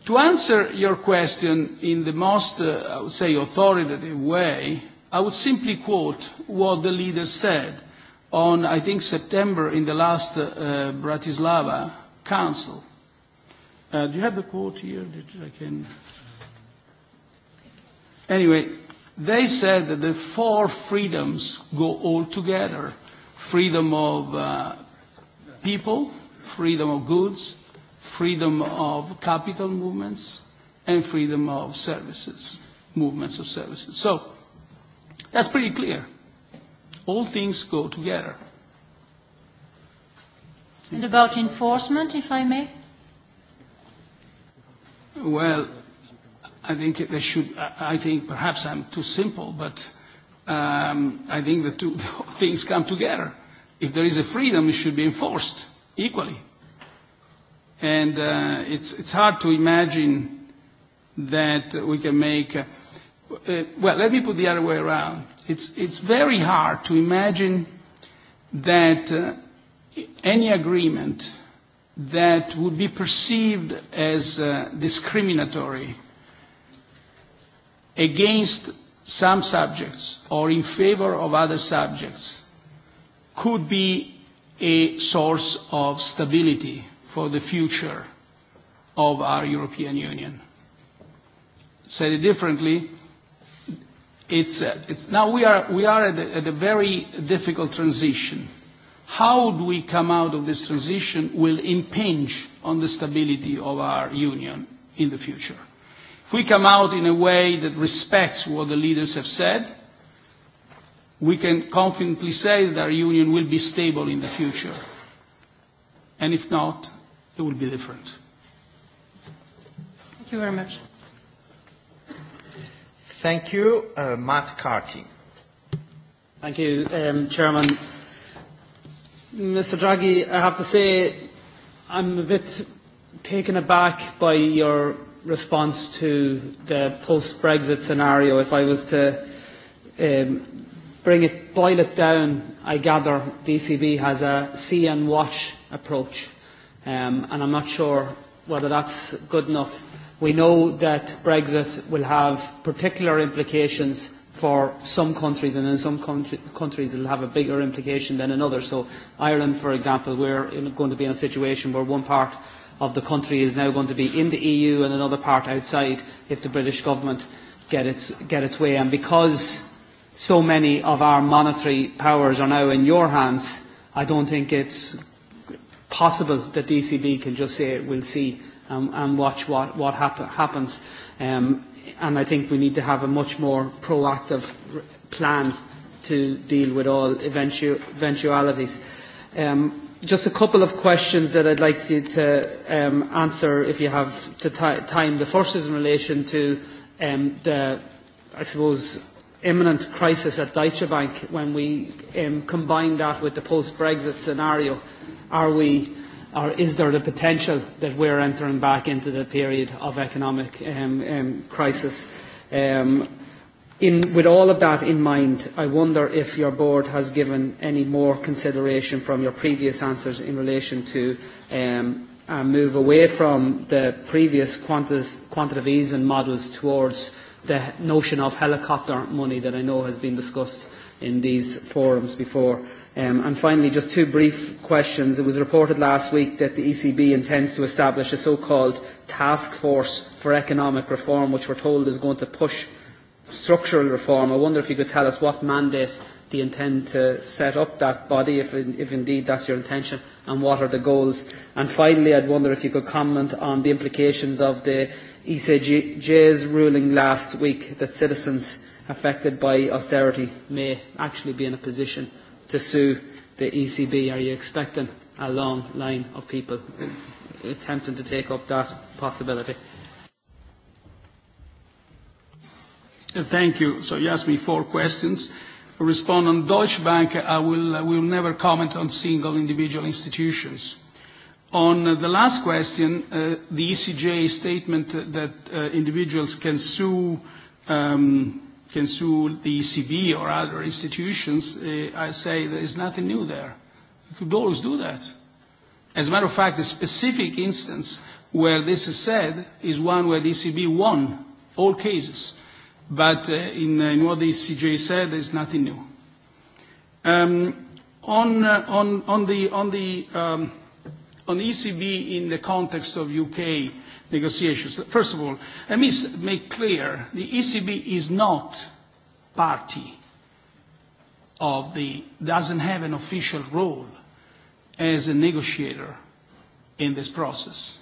to answer your question in the most, uh, I would say, authoritative way, I would simply quote what the leader said on, I think, September in the last uh, Bratislava Council. Uh, do you have the quote here? Did I can Anyway, they said that the four freedoms go all together. Freedom of uh, people, freedom of goods, freedom of capital movements, and freedom of services, movements of services. So that's pretty clear. All things go together. And about enforcement, if I may? Well, I think they should, I think perhaps I'm too simple, but um, I think the two things come together. If there is a freedom, it should be enforced equally. And uh, it's, it's hard to imagine that we can make, uh, uh, well, let me put the other way around. It's, it's very hard to imagine that uh, any agreement that would be perceived as uh, discriminatory against some subjects or in favor of other subjects could be a source of stability for the future of our European Union. Said it differently, it's, uh, it's, now we are, we are at, a, at a very difficult transition. How do we come out of this transition will impinge on the stability of our union in the future. If we come out in a way that respects what the leaders have said, we can confidently say that our union will be stable in the future. And if not, it will be different. Thank you very much. Thank you. Uh, Matt Carty. Thank you, um, Chairman. Mr Draghi, I have to say I'm a bit taken aback by your response to the post-Brexit scenario, if I was to um, bring it, boil it down, I gather the ECB has a see and watch approach, um, and I'm not sure whether that's good enough. We know that Brexit will have particular implications for some countries, and in some country, countries it will have a bigger implication than another. So Ireland, for example, we're in, going to be in a situation where one part of the country is now going to be in the EU and another part outside if the British government get its, get its way. And because so many of our monetary powers are now in your hands, I don't think it's possible that the ECB can just say we'll see and, um, and watch what, what hap- happens. Um, and I think we need to have a much more proactive plan to deal with all eventu- eventualities. Um, Just a couple of questions that I'd like you to um, answer if you have to time. The first is in relation to um, the, I suppose, imminent crisis at Deutsche Bank when we um, combine that with the post-Brexit scenario. Are we, or is there the potential that we're entering back into the period of economic um, um, crisis? Um, in, with all of that in mind, I wonder if your board has given any more consideration from your previous answers in relation to um, a move away from the previous quantis, quantitative easing models towards the notion of helicopter money that I know has been discussed in these forums before. Um, and finally, just two brief questions. It was reported last week that the ECB intends to establish a so-called task force for economic reform, which we're told is going to push structural reform. I wonder if you could tell us what mandate do you intend to set up that body, if, if indeed that's your intention, and what are the goals? And finally, I'd wonder if you could comment on the implications of the ECJ's ruling last week that citizens affected by austerity may actually be in a position to sue the ECB. Are you expecting a long line of people attempting to take up that possibility? Thank you. So you asked me four questions. To respond on Deutsche Bank, I will, I uh, will never comment on single individual institutions. On uh, the last question, uh, the ECJ statement that uh, individuals can sue, um, can sue the ECB or other institutions, uh, I say there is nothing new there. You could always do that. As a matter of fact, the specific instance where this is said is one where the ECB won all cases but uh, in, uh, in what the ECJ said, there's nothing new. Um, on, uh, on, on the, on the um, on ECB e in the context of UK negotiations, first of all, let me make clear the ECB is not party of the, doesn't have an official role as a negotiator in this process.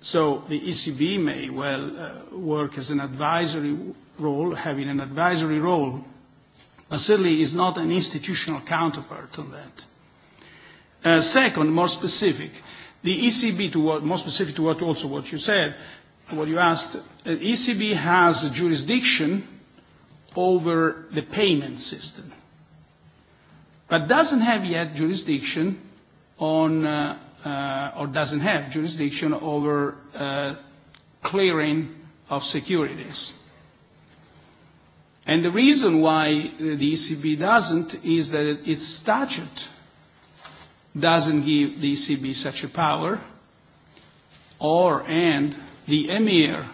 So the ECB may well uh, work as an advisory role, having an advisory role, but certainly is not an institutional counterpart on that. Uh, second, more specific, the ECB, to what, more specific to what also what you said, what you asked, the uh, ECB has jurisdiction over the payment system, but doesn't have yet jurisdiction on uh, Uh, or doesn't have jurisdiction over uh, clearing of securities. And the reason why the ECB doesn't is that its statute doesn't give the ECB such a power, or and the EMIR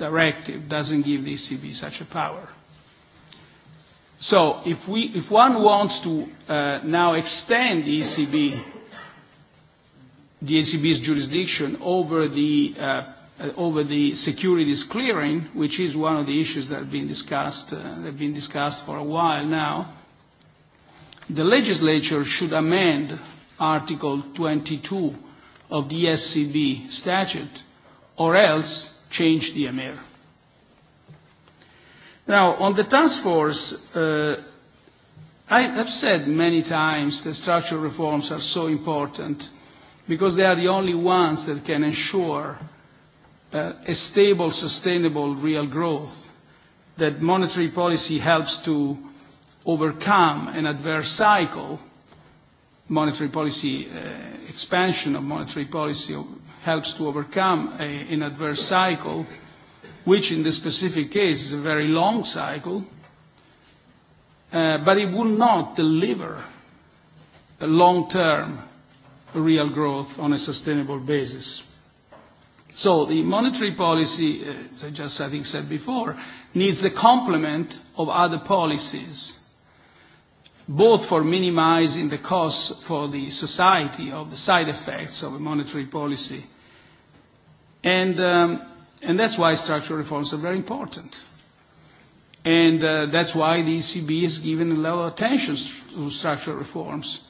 directive doesn't give the ECB such a power. So if, we, if one wants to uh, now extend the ECB the ECB's jurisdiction over the uh, uh, over the securities clearing, which is one of the issues that have been discussed uh, have been discussed for a while now. The legislature should amend Article 22 of the ECB statute, or else change the EMIR. Now, on the task force, uh, I have said many times that structural reforms are so important because they are the only ones that can ensure uh, a stable, sustainable real growth, that monetary policy helps to overcome an adverse cycle, monetary policy uh, expansion of monetary policy helps to overcome a, an adverse cycle, which in this specific case is a very long cycle, uh, but it will not deliver a long-term real growth on a sustainable basis. So the monetary policy, uh, as I just I think said before, needs the complement of other policies, both for minimizing the costs for the society of the side effects of a monetary policy. And, um, and that's why structural reforms are very important. And uh, that's why the ECB has given a lot of attention to structural reforms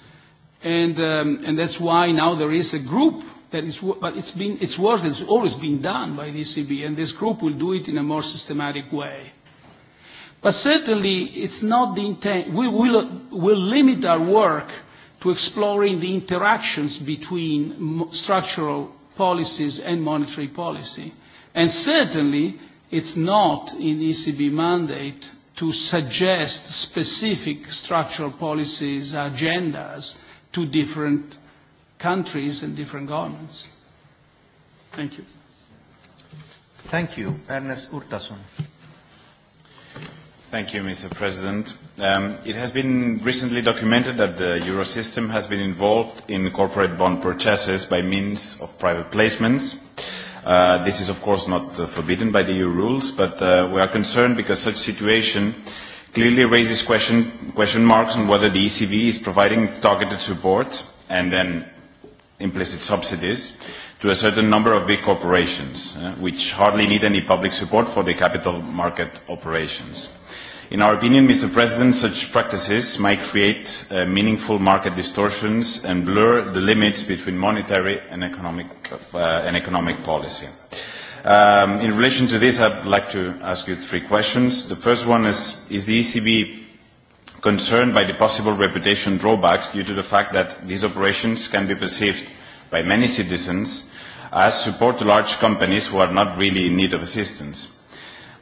and um, and that's why now there is a group that is, but it's been its work has always been done by the ECB, and this group will do it in a more systematic way. But certainly, it's not the intent. We will will limit our work to exploring the interactions between structural policies and monetary policy, and certainly. It's not in ECB mandate to suggest specific structural policies agendas to different countries and different governments. Thank you. Thank you. Ernest Urtasun. Thank you, Mr. President. Um, it has been recently documented that the Eurosystem has been involved in corporate bond purchases by means of private placements. Uh, this is, of course, not uh, forbidden by the EU rules, but uh, we are concerned because such situation uh, clearly raises question, question marks on whether the ECB is providing targeted support and then implicit subsidies to a certain number of big corporations, uh, which hardly need any public support for their capital market operations. In our opinion, Mr. President, such practices might create uh, meaningful market distortions and blur the limits between monetary and economic, uh, and economic policy. Uh, Um, in relation to this, I'd like to ask you three questions. The first one is, is the ECB concerned by the possible reputation drawbacks due to the fact that these operations can be perceived by many citizens as support to large companies who are not really in need of assistance?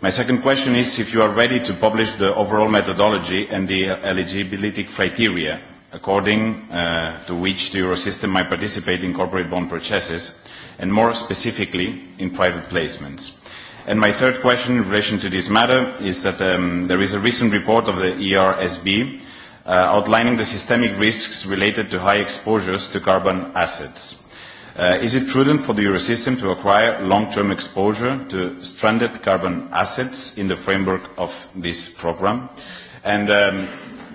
My second question is if you are ready to publish the overall methodology and the eligibility criteria according uh, to which the Eurosystem might participate in corporate bond purchases and more specifically in private placements. And my third question in relation to this matter is that um, there is a recent report of the ERSB uh, outlining the systemic risks related to high exposures to carbon assets. Uh, is it prudent for the Eurosystem to acquire long-term exposure to stranded carbon assets in the framework of this program? And um,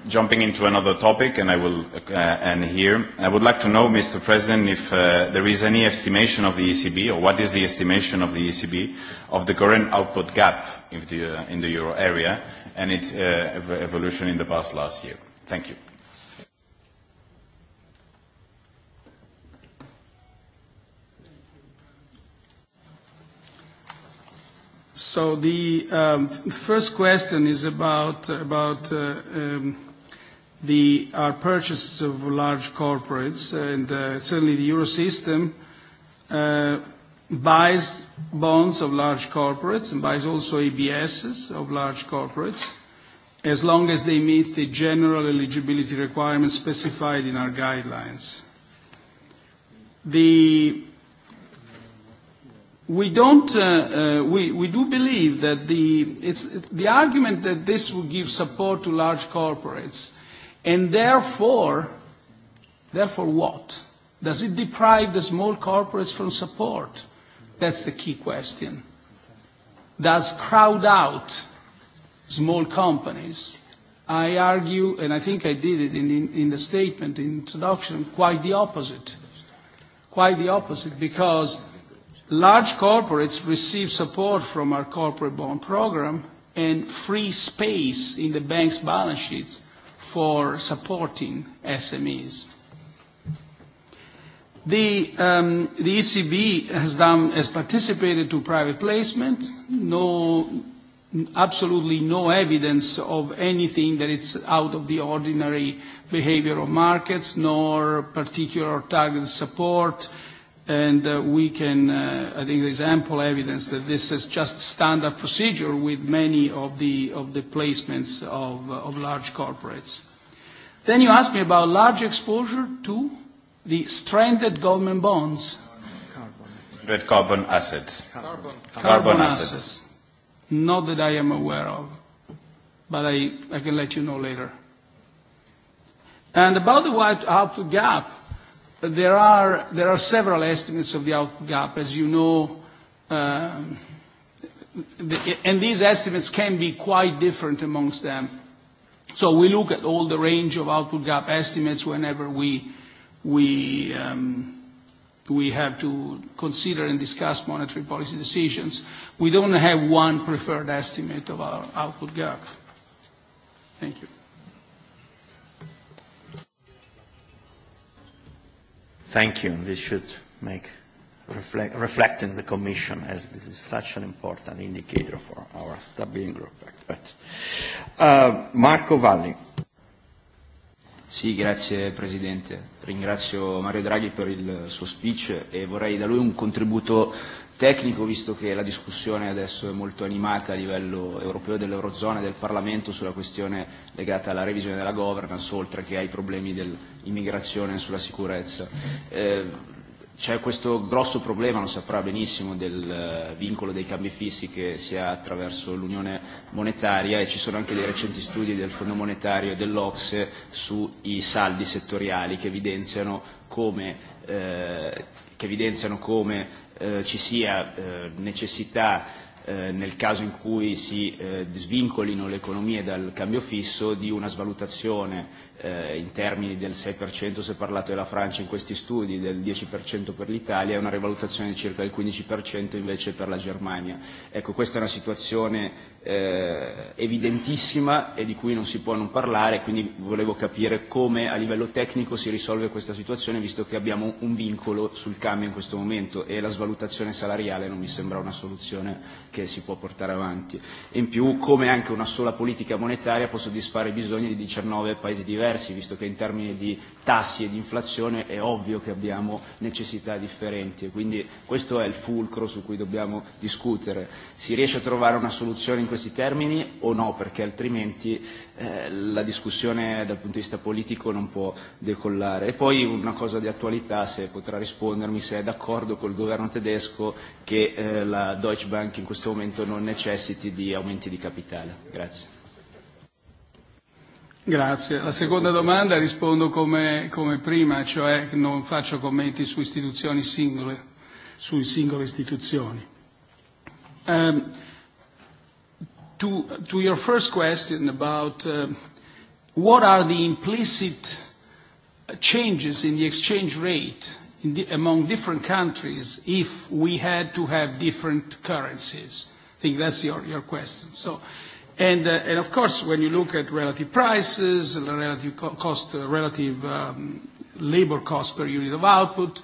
jumping into another topic, and I will uh, end here. I would like to know, Mr. President, if uh, there is any estimation of the ECB, or what is the estimation of the ECB, of the current output gap in the, uh, in the euro area and its uh, evolution in the past last year. Thank you. So the um, first question is about, about uh, um, the, purchases of large corporates, uh, and uh, certainly the Eurosystem uh, buys bonds of large corporates and buys also ABSs of large corporates, as long as they meet the general eligibility requirements specified in our guidelines. Uh, we do believe that the, the argument that this will give support to large corporates And therefore, therefore what? Does it deprive the small corporates from support? That's the key question. Does crowd out small companies? I argue, and I think I did it in, in, in the statement, in introduction, quite the opposite. Quite the opposite, because large corporates receive support from our corporate bond program and free space in the bank's balance sheets for supporting SMEs. The, um, the ECB has done has participated to private placement. No, absolutely no evidence of anything that it's out of the ordinary behavior of markets, nor particular target support, and uh, we can, uh, I think there's ample evidence that this is just standard procedure with many of the, of the placements of, uh, of large corporates. Then you ask me about large exposure to the stranded government bonds. Red carbon. carbon assets. Carbon, carbon, carbon assets. Not that I am aware of, but I, I can let you know later. And about the white out gap, there are, there are several estimates of the output gap, as you know, um, and these estimates can be quite different amongst them. So we look at all the range of output gap estimates whenever we, we, um, we have to consider and discuss monetary policy decisions. We don't have one preferred estimate of our output gap. Thank you. Thank you. This should make reflect, reflect in the Commission as this is such an important indicator for our stability group. But, uh, Marco Valli. Sì, grazie Presidente. Ringrazio Mario Draghi per il suo speech e vorrei da lui un contributo tecnico, visto che la discussione adesso è molto animata a livello europeo dell'Eurozona e del Parlamento sulla questione legata alla revisione della governance, oltre che ai problemi dell'immigrazione e sulla sicurezza. Eh, c'è questo grosso problema, lo saprà benissimo, del eh, vincolo dei cambi fissi che si ha attraverso l'unione monetaria e ci sono anche dei recenti studi del Fondo monetario e dell'Ocse sui saldi settoriali che evidenziano come, eh, che evidenziano come eh, ci sia eh, necessità Eh, nel caso in cui si eh, svincolino le economie dal cambio fisso, di una svalutazione eh, in termini del 6% se parlato della Francia in questi studi, del 10% per l'Italia e una rivalutazione di circa il 15% invece per la Germania. Ecco, questa è una situazione eh, evidentissima e di cui non si può non parlare, quindi volevo capire come a livello tecnico si risolve questa situazione, visto che abbiamo un vincolo sul cambio in questo momento e la svalutazione salariale non mi sembra una soluzione che si può portare avanti. In più, come anche una sola politica monetaria può soddisfare i bisogni di 19 paesi diversi diversi, visto che in termini di tassi e di inflazione è ovvio che abbiamo necessità differenti e quindi questo è il fulcro su cui dobbiamo discutere. Si riesce a trovare una soluzione in questi termini o no? Perché altrimenti eh, la discussione dal punto di vista politico non può decollare. E poi una cosa di attualità, se potrà rispondermi, se è d'accordo col governo tedesco che eh, la Deutsche Bank in questo momento non necessiti di aumenti di capitale. Grazie. Grazie. La seconda domanda rispondo come, come prima, cioè non faccio commenti su istituzioni singole, su singole istituzioni. Um, to, to your first question about uh, what are the implicit changes in the exchange rate in the, among different countries if we had to have different currencies, I think that's your, your question. So Uh, and, of course, when you look at relative prices, relative cost, uh, relative um, labor cost per unit of output,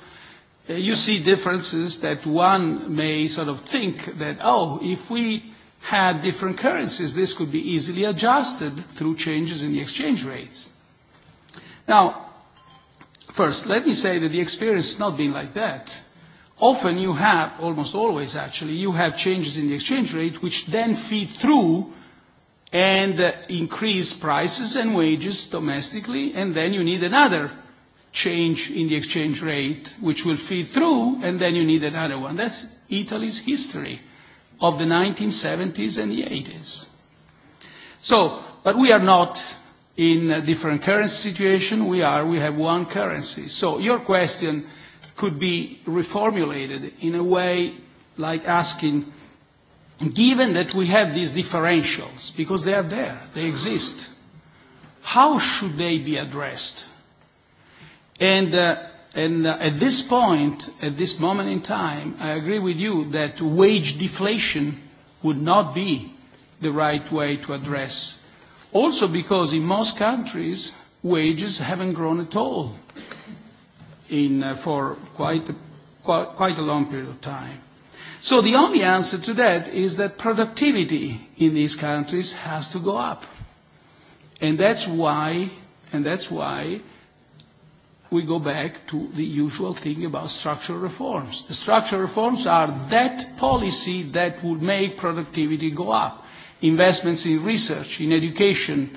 uh, you see differences that one may sort of think that, oh, if we had different currencies, this could be easily adjusted through changes in the exchange rates. Now, first, let me say that the experience has not been like that. Often you have, almost always actually, you have changes in the exchange rate which then feed through and increase prices and wages domestically, and then you need another change in the exchange rate, which will feed through, and then you need another one. That's Italy's history of the 1970s and the 80s. So, but we are not in a different currency situation. We are, we have one currency. So your question could be reformulated in a way like asking given that we have these differentials, because they are there, they exist, how should they be addressed? And, uh, and uh, at this point, at this moment in time, I agree with you that wage deflation would not be the right way to address. Also because in most countries, wages haven't grown at all in, uh, for quite a, quite a long period of time. So the only answer to that is that productivity in these countries has to go up. And that's why, and that's why we go back to the usual thing about structural reforms. The structural reforms are that policy that would make productivity go up. Investments in research, in education,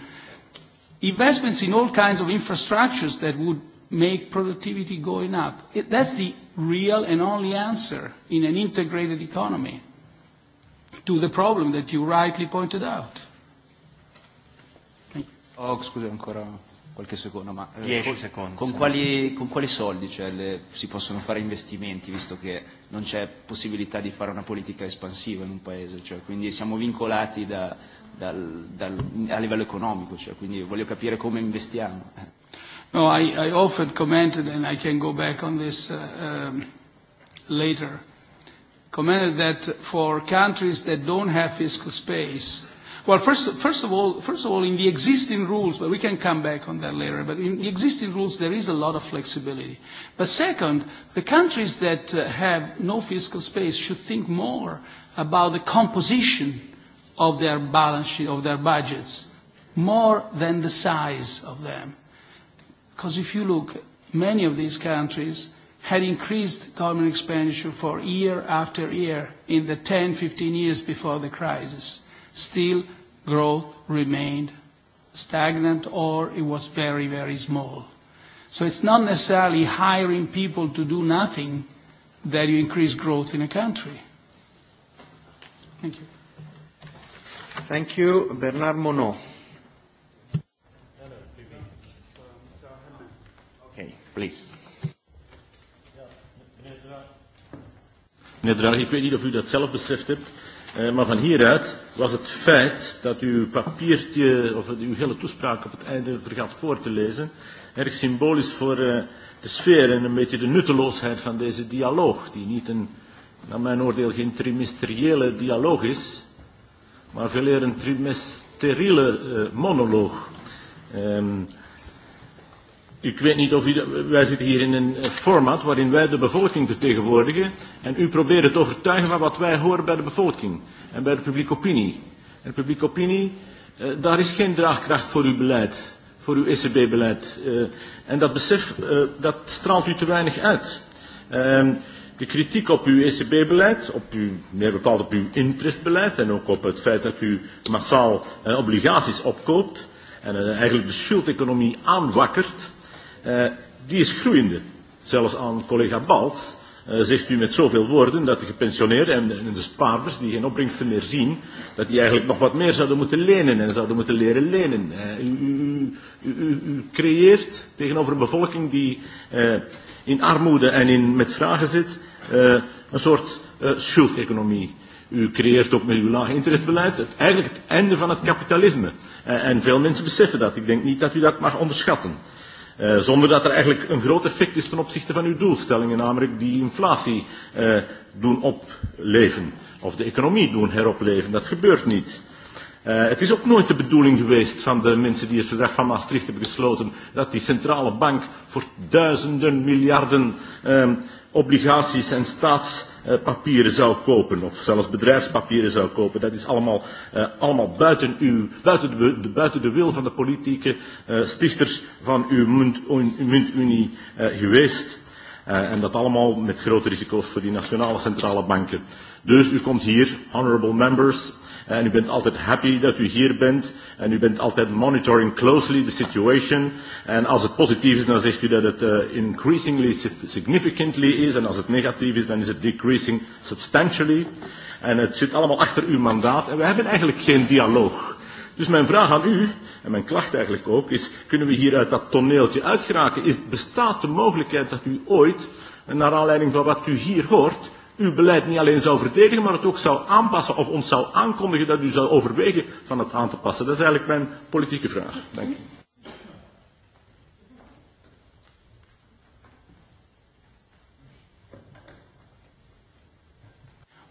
investments in all kinds of infrastructures that would make productivity going up. It, that's the real and only answer in an integrated economy to the problem that you rightly pointed out. Oh, scusa ancora qualche secondo, ma eh, con, Con quali, con quali soldi cioè, le, si possono fare investimenti, visto che non c'è possibilità di fare una politica espansiva in un paese? Cioè, quindi siamo vincolati da, dal, dal, a livello economico, cioè, quindi voglio capire come investiamo. No, I, I often commented, and I can go back on this uh, um, later, commented that for countries that don't have fiscal space, well, first, first, of all, first of all, in the existing rules, but we can come back on that later, but in the existing rules, there is a lot of flexibility. But second, the countries that uh, have no fiscal space should think more about the composition of their balance sheet, of their budgets, more than the size of them. Because if you look, many of these countries had increased government expenditure for year after year in the 10, 15 years before the crisis. Still, growth remained stagnant or it was very, very small. So it's not necessarily hiring people to do nothing that you increase growth in a country. Thank you. Thank you. Bernard Monod. please. Meneer Draghi, ik weet niet of u dat zelf beseft hebt, eh, maar van hieruit was het feit dat uw papiertje of uw hele toespraak op het einde vergat voor te lezen erg symbolisch voor eh, de sfeer en een beetje de nutteloosheid van deze dialoog, die niet een, naar mijn oordeel, geen trimesteriële dialoog is, maar veel eer een trimesteriele eh, monoloog. Ehm, Ik weet niet of u, wij zitten hier in een eh, format waarin wij de bevolking vertegenwoordigen en u probeert het overtuigen van wat wij horen bij de bevolking en bij de publieke opinie. En de publieke opinie, uh, daar is geen draagkracht voor uw beleid, voor uw ECB-beleid. Uh, eh. en dat besef, uh, dat straalt u te weinig uit. Uh, de kritiek op uw ECB-beleid, op uw, meer bepaald op uw interestbeleid en ook op het feit dat u massaal uh, obligaties opkoopt en uh, eigenlijk de schuldeconomie aanwakkert, Eh, die is groeiende. Zelfs aan collega Balts uh, zegt u met zoveel woorden dat de gepensioneerden en de spaarders die geen opbrengsten meer zien, dat die eigenlijk nog wat meer zouden moeten lenen en zouden moeten leren lenen. Uh, U, u, u, u creëert tegenover een bevolking die uh, in armoede en in, met vragen zit, uh, een soort uh, schuldeconomie. U creëert ook met uw lage interestbeleid het, eigenlijk het einde van het kapitalisme. Uh, en veel mensen beseffen dat. Ik denk niet dat u dat mag onderschatten. Uh, zonder dat er eigenlijk een groot effect is ten opzichte van uw doelstellingen, namelijk die inflatie uh, doen opleven. Of de economie doen heropleven. Dat gebeurt niet. Uh, het is ook nooit de bedoeling geweest van de mensen die het verdrag van Maastricht hebben gesloten, dat die centrale bank voor duizenden miljarden uh, obligaties en staats Eh, papieren zou kopen of zelfs bedrijfspapieren zou kopen. Dat is allemaal, uh, allemaal buiten, uw, buiten, de, de, buiten de wil van de politieke uh, stichters van uw muntunie munt uh, geweest. Uh, en dat allemaal met grote risico's voor die nationale centrale banken. Dus u komt hier, honorable members, En u bent altijd happy dat u hier bent. En u bent altijd monitoring closely the situation. En als het positief is, dan zegt u dat het uh, increasingly significantly is. En als het negatief is, dan is het decreasing substantially. En het zit allemaal achter uw mandaat. En we hebben eigenlijk geen dialoog. Dus mijn vraag aan u, en mijn klacht eigenlijk ook, is kunnen we hier uit dat toneeltje uitgeraken? Is, bestaat de mogelijkheid dat u ooit, naar aanleiding van wat u hier hoort, uw beleid niet alleen zou verdedigen, maar het ook zou aanpassen of ons zou aankondigen dat u zou overwegen van het aan te passen. Dat is eigenlijk mijn politieke vraag. Dank u.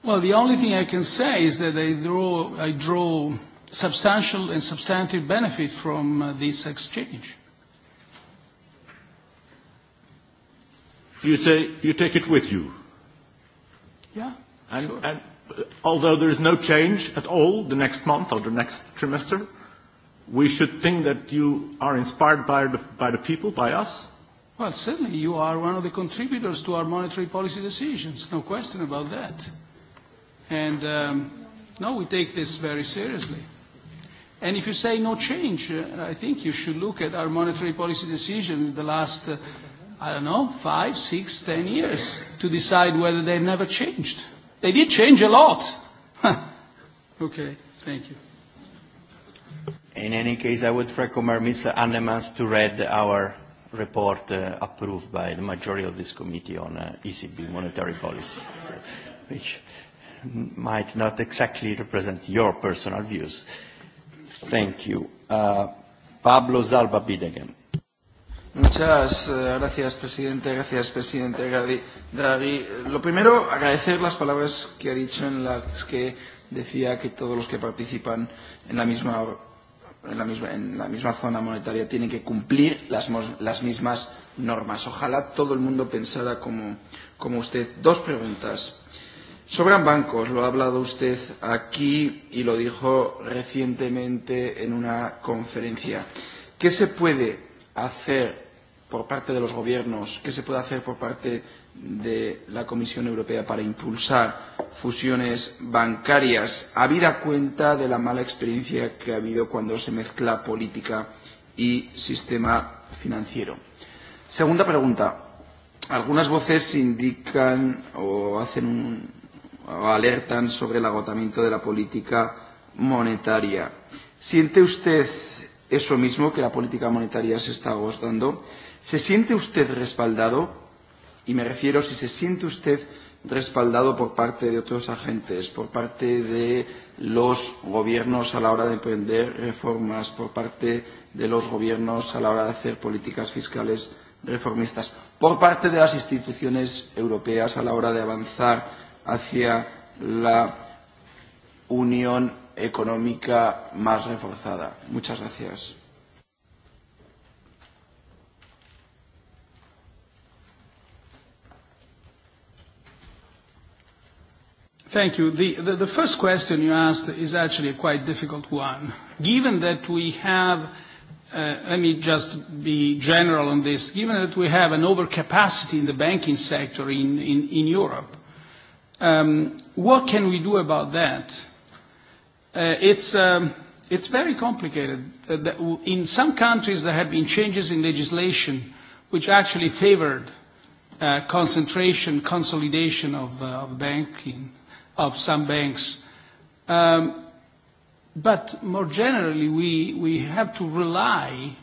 Well, the only thing I can say is that I draw, I draw substantial and substantive benefit from uh, this exchange. You say you take it with you. Yeah. And, sure. Uh, although there is no change at all the next month or the next trimester, we should think that you are inspired by the, by the people, by us. Well, certainly you are one of the contributors to our monetary policy decisions, no question about that. And um, no, we take this very seriously. And if you say no change, uh, I think you should look at our monetary policy decisions the last uh, I don't know, five, six, ten years to decide whether they've never changed. They did change a lot. okay, thank you. In any case, I would recommend Mr. Annemans to read our report uh, approved by the majority of this committee on uh, ECB monetary policy, so, which might not exactly represent your personal views. Thank you. Uh, Pablo Zalba Bidegan. Muchas eh, gracias, presidente. Gracias, presidente Draghi. Eh, lo primero, agradecer las palabras que ha dicho en las que decía que todos los que participan en la misma, en la misma, en la misma zona monetaria tienen que cumplir las, las mismas normas. Ojalá todo el mundo pensara como, como usted. Dos preguntas. Sobran bancos, lo ha hablado usted aquí y lo dijo recientemente en una conferencia. ¿Qué se puede hacer por parte de los gobiernos, qué se puede hacer por parte de la Comisión Europea para impulsar fusiones bancarias, habida cuenta de la mala experiencia que ha habido cuando se mezcla política y sistema financiero. Segunda pregunta. Algunas voces indican o hacen un, o alertan sobre el agotamiento de la política monetaria. ¿Siente usted eso mismo, que la política monetaria se está agotando? ¿Se siente usted respaldado? Y me refiero si se siente usted respaldado por parte de otros agentes, por parte de los gobiernos a la hora de emprender reformas, por parte de los gobiernos a la hora de hacer políticas fiscales reformistas, por parte de las instituciones europeas a la hora de avanzar hacia la unión económica más reforzada. Muchas gracias. Thank you. The, the, the first question you asked is actually a quite difficult one. Given that we have Uh, let me just be general on this. Given that we have an overcapacity in the banking sector in, in, in Europe, um, what can we do about that? Uh, it's, um, it's very complicated. Uh, in some countries, there have been changes in legislation which actually favored uh, concentration, consolidation of, uh, of banking of some banks. Um, but more generally, we, we have to rely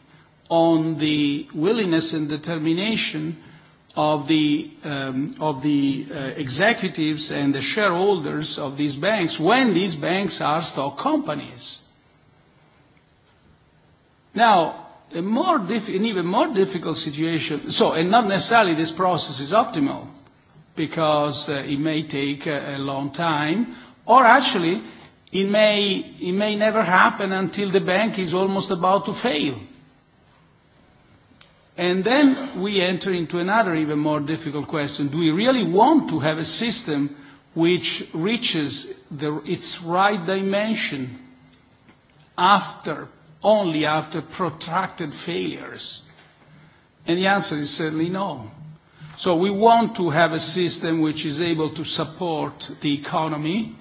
on the willingness and determination of the, um, of the uh, executives and the shareholders of these banks when these banks are stock companies. Now, a more diff- an even more difficult situation, so, and not necessarily this process is optimal because uh, it may take a, a long time, or actually it may, it may never happen until the bank is almost about to fail. And then we enter into another even more difficult question. Do we really want to have a system which reaches the, its right dimension after, only after protracted failures? And the answer is certainly no. So we want to have a system which is able to support the economy.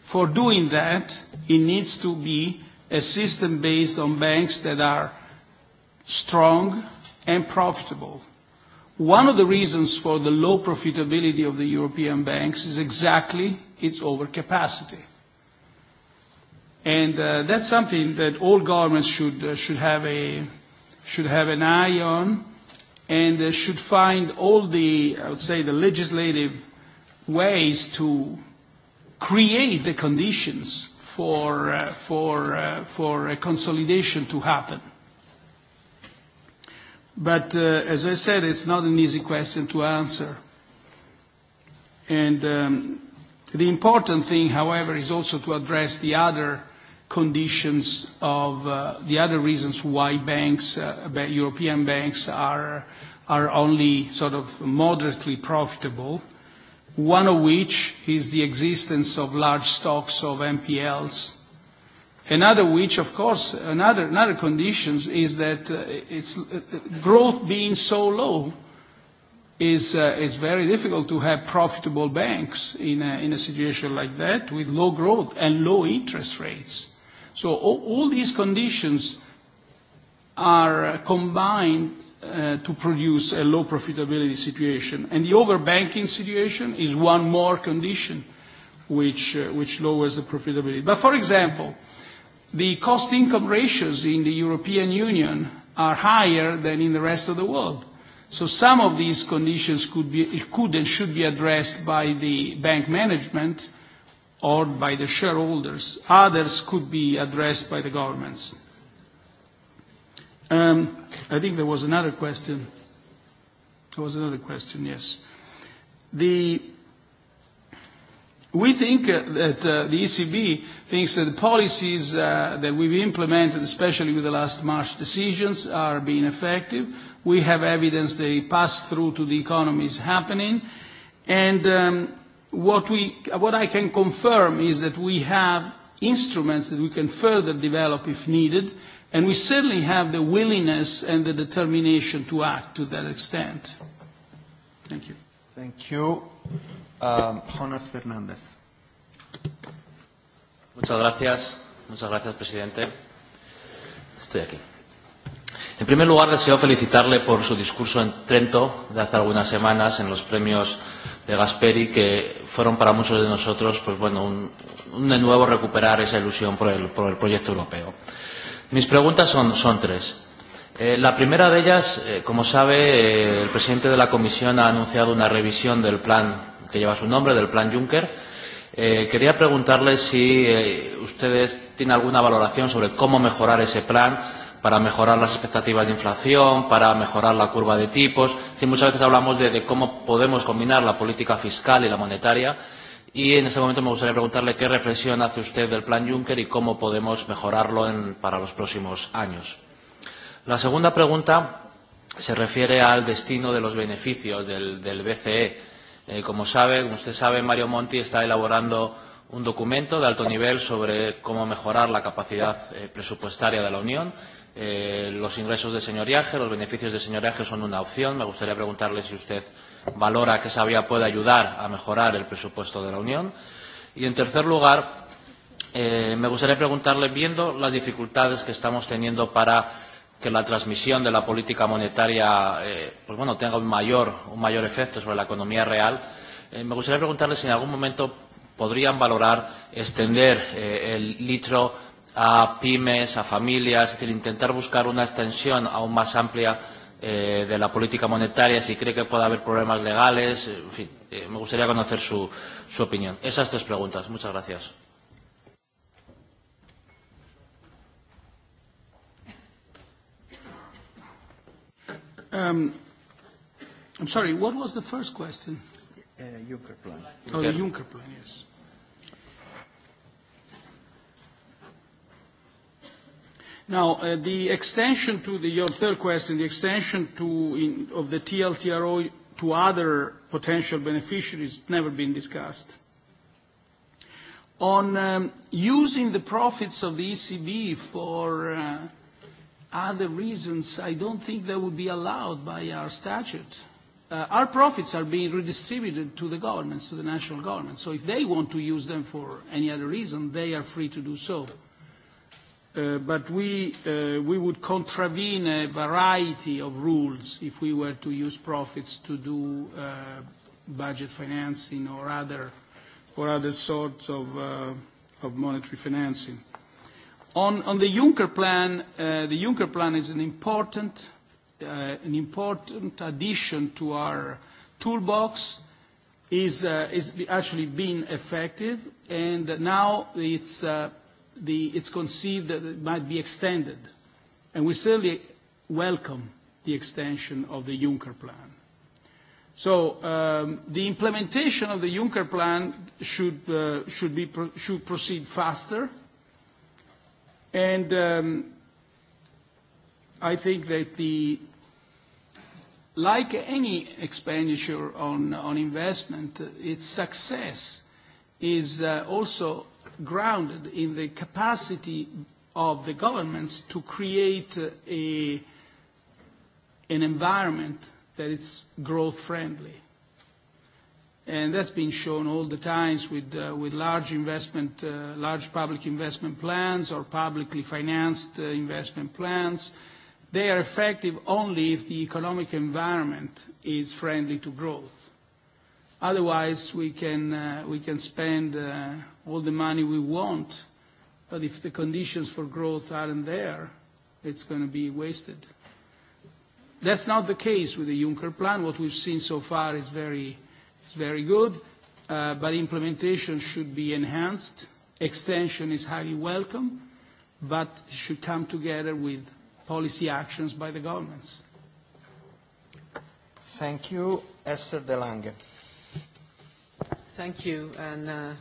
For doing that, it needs to be a system based on banks that are strong and profitable. One of the reasons for the low profitability of the European banks is exactly its overcapacity. And uh, that's something that all governments should, uh, should, have a, should have an eye on and uh, should find all the, I would say, the legislative ways to create the conditions for, uh, for, uh, for a consolidation to happen. But uh, as I said, it's not an easy question to answer. And um, the important thing, however, is also to address the other conditions of uh, the other reasons why banks, uh, European banks are, are only sort of moderately profitable, one of which is the existence of large stocks of NPLs. Another which, of course, another, another conditions is that uh, it's, uh, growth being so low is, uh, is very difficult to have profitable banks in a, in a situation like that with low growth and low interest rates. So all, all these conditions are combined uh, to produce a low profitability situation. And the overbanking situation is one more condition which, uh, which lowers the profitability. But for example, the cost-income ratios in the European Union are higher than in the rest of the world. So some of these conditions could, be, could and should be addressed by the bank management or by the shareholders. Others could be addressed by the governments. Um, I think there was another question. There was another question, yes. The, we think uh, that uh, the ECB thinks that the policies uh, that we've implemented, especially with the last March decisions, are being effective. We have evidence they pass through to the economy is happening. And um, What, we, what I can confirm is that we have instruments that we can further develop if needed, and we certainly have the willingness and the determination to act to that extent. Thank you. Thank you. Um, Jonas Fernandez. Muchas gracias. Muchas gracias, presidente. Estoy aquí. En primer lugar, deseo felicitarle por su discurso en Trento de hace algunas semanas en los premios de Gasperi, que fueron para muchos de nosotros, pues bueno, un, un de nuevo recuperar esa ilusión por el, por el proyecto europeo. Mis preguntas son, son tres. Eh, la primera de ellas, eh, como sabe, eh, el presidente de la Comisión ha anunciado una revisión del plan que lleva su nombre, del plan Juncker. Eh, quería preguntarle si eh, ustedes tienen alguna valoración sobre cómo mejorar ese plan para mejorar las expectativas de inflación, para mejorar la curva de tipos. Sí, muchas veces hablamos de, de cómo podemos combinar la política fiscal y la monetaria. Y en este momento me gustaría preguntarle qué reflexión hace usted del plan Juncker y cómo podemos mejorarlo en, para los próximos años. La segunda pregunta se refiere al destino de los beneficios del, del BCE. Eh, como sabe, como usted sabe, Mario Monti está elaborando un documento de alto nivel sobre cómo mejorar la capacidad eh, presupuestaria de la Unión Eh, los ingresos de Iaje, los beneficios de Iaje son una opción. Me gustaría preguntarle si usted valora que esa vía puede ayudar a mejorar el presupuesto de la Unión. Y, en tercer lugar, eh, me gustaría preguntarle, viendo las dificultades que estamos teniendo para que la transmisión de la política monetaria eh, pues bueno, tenga un mayor, un mayor efecto sobre la economía real, eh, me gustaría preguntarle si en algún momento podrían valorar extender eh, el litro a pymes, a familias, es decir, intentar buscar una extensión aún más amplia eh, de la política monetaria, si cree que puede haber problemas legales, en fin, eh, me gustaría conocer su, su opinión. Esas tres preguntas. Muchas gracias. Um, I'm sorry, what was the first question? Uh, Juncker plan. Oh, the Juncker plan, yes. Now, uh, the extension to the, your third question, the extension to, in, of the TLTRO to other potential beneficiaries never been discussed. On um, using the profits of the ECB for uh, other reasons, I don't think that would be allowed by our statute. Uh, our profits are being redistributed to the governments, to the national governments. So if they want to use them for any other reason, they are free to do so. Uh, but we, uh, we would contravene a variety of rules if we were to use profits to do uh, budget financing or other, or other sorts of, uh, of monetary financing. On, on the Juncker plan, uh, the Juncker plan is an important, uh, an important addition to our toolbox. Is, uh, is actually been effective, and now it's uh, the, it's conceived that it might be extended. And we certainly welcome the extension of the Juncker plan. So um, the implementation of the Juncker plan should, uh, should, be, pro should proceed faster. And um, I think that the, like any expenditure on, on investment, its success is uh, also grounded in the capacity of the governments to create a, an environment that is growth friendly. And that's been shown all the times with, uh, with large investment, uh, large public investment plans or publicly financed uh, investment plans. They are effective only if the economic environment is friendly to growth. Otherwise, we can, uh, we can spend uh, all the money we want, but if the conditions for growth aren't there, it's going to be wasted. That's not the case with the Juncker plan. What we've seen so far is very, is very good, uh, but implementation should be enhanced. Extension is highly welcome, but should come together with policy actions by the governments. Thank you. Esther De Lange. Thank you, and uh,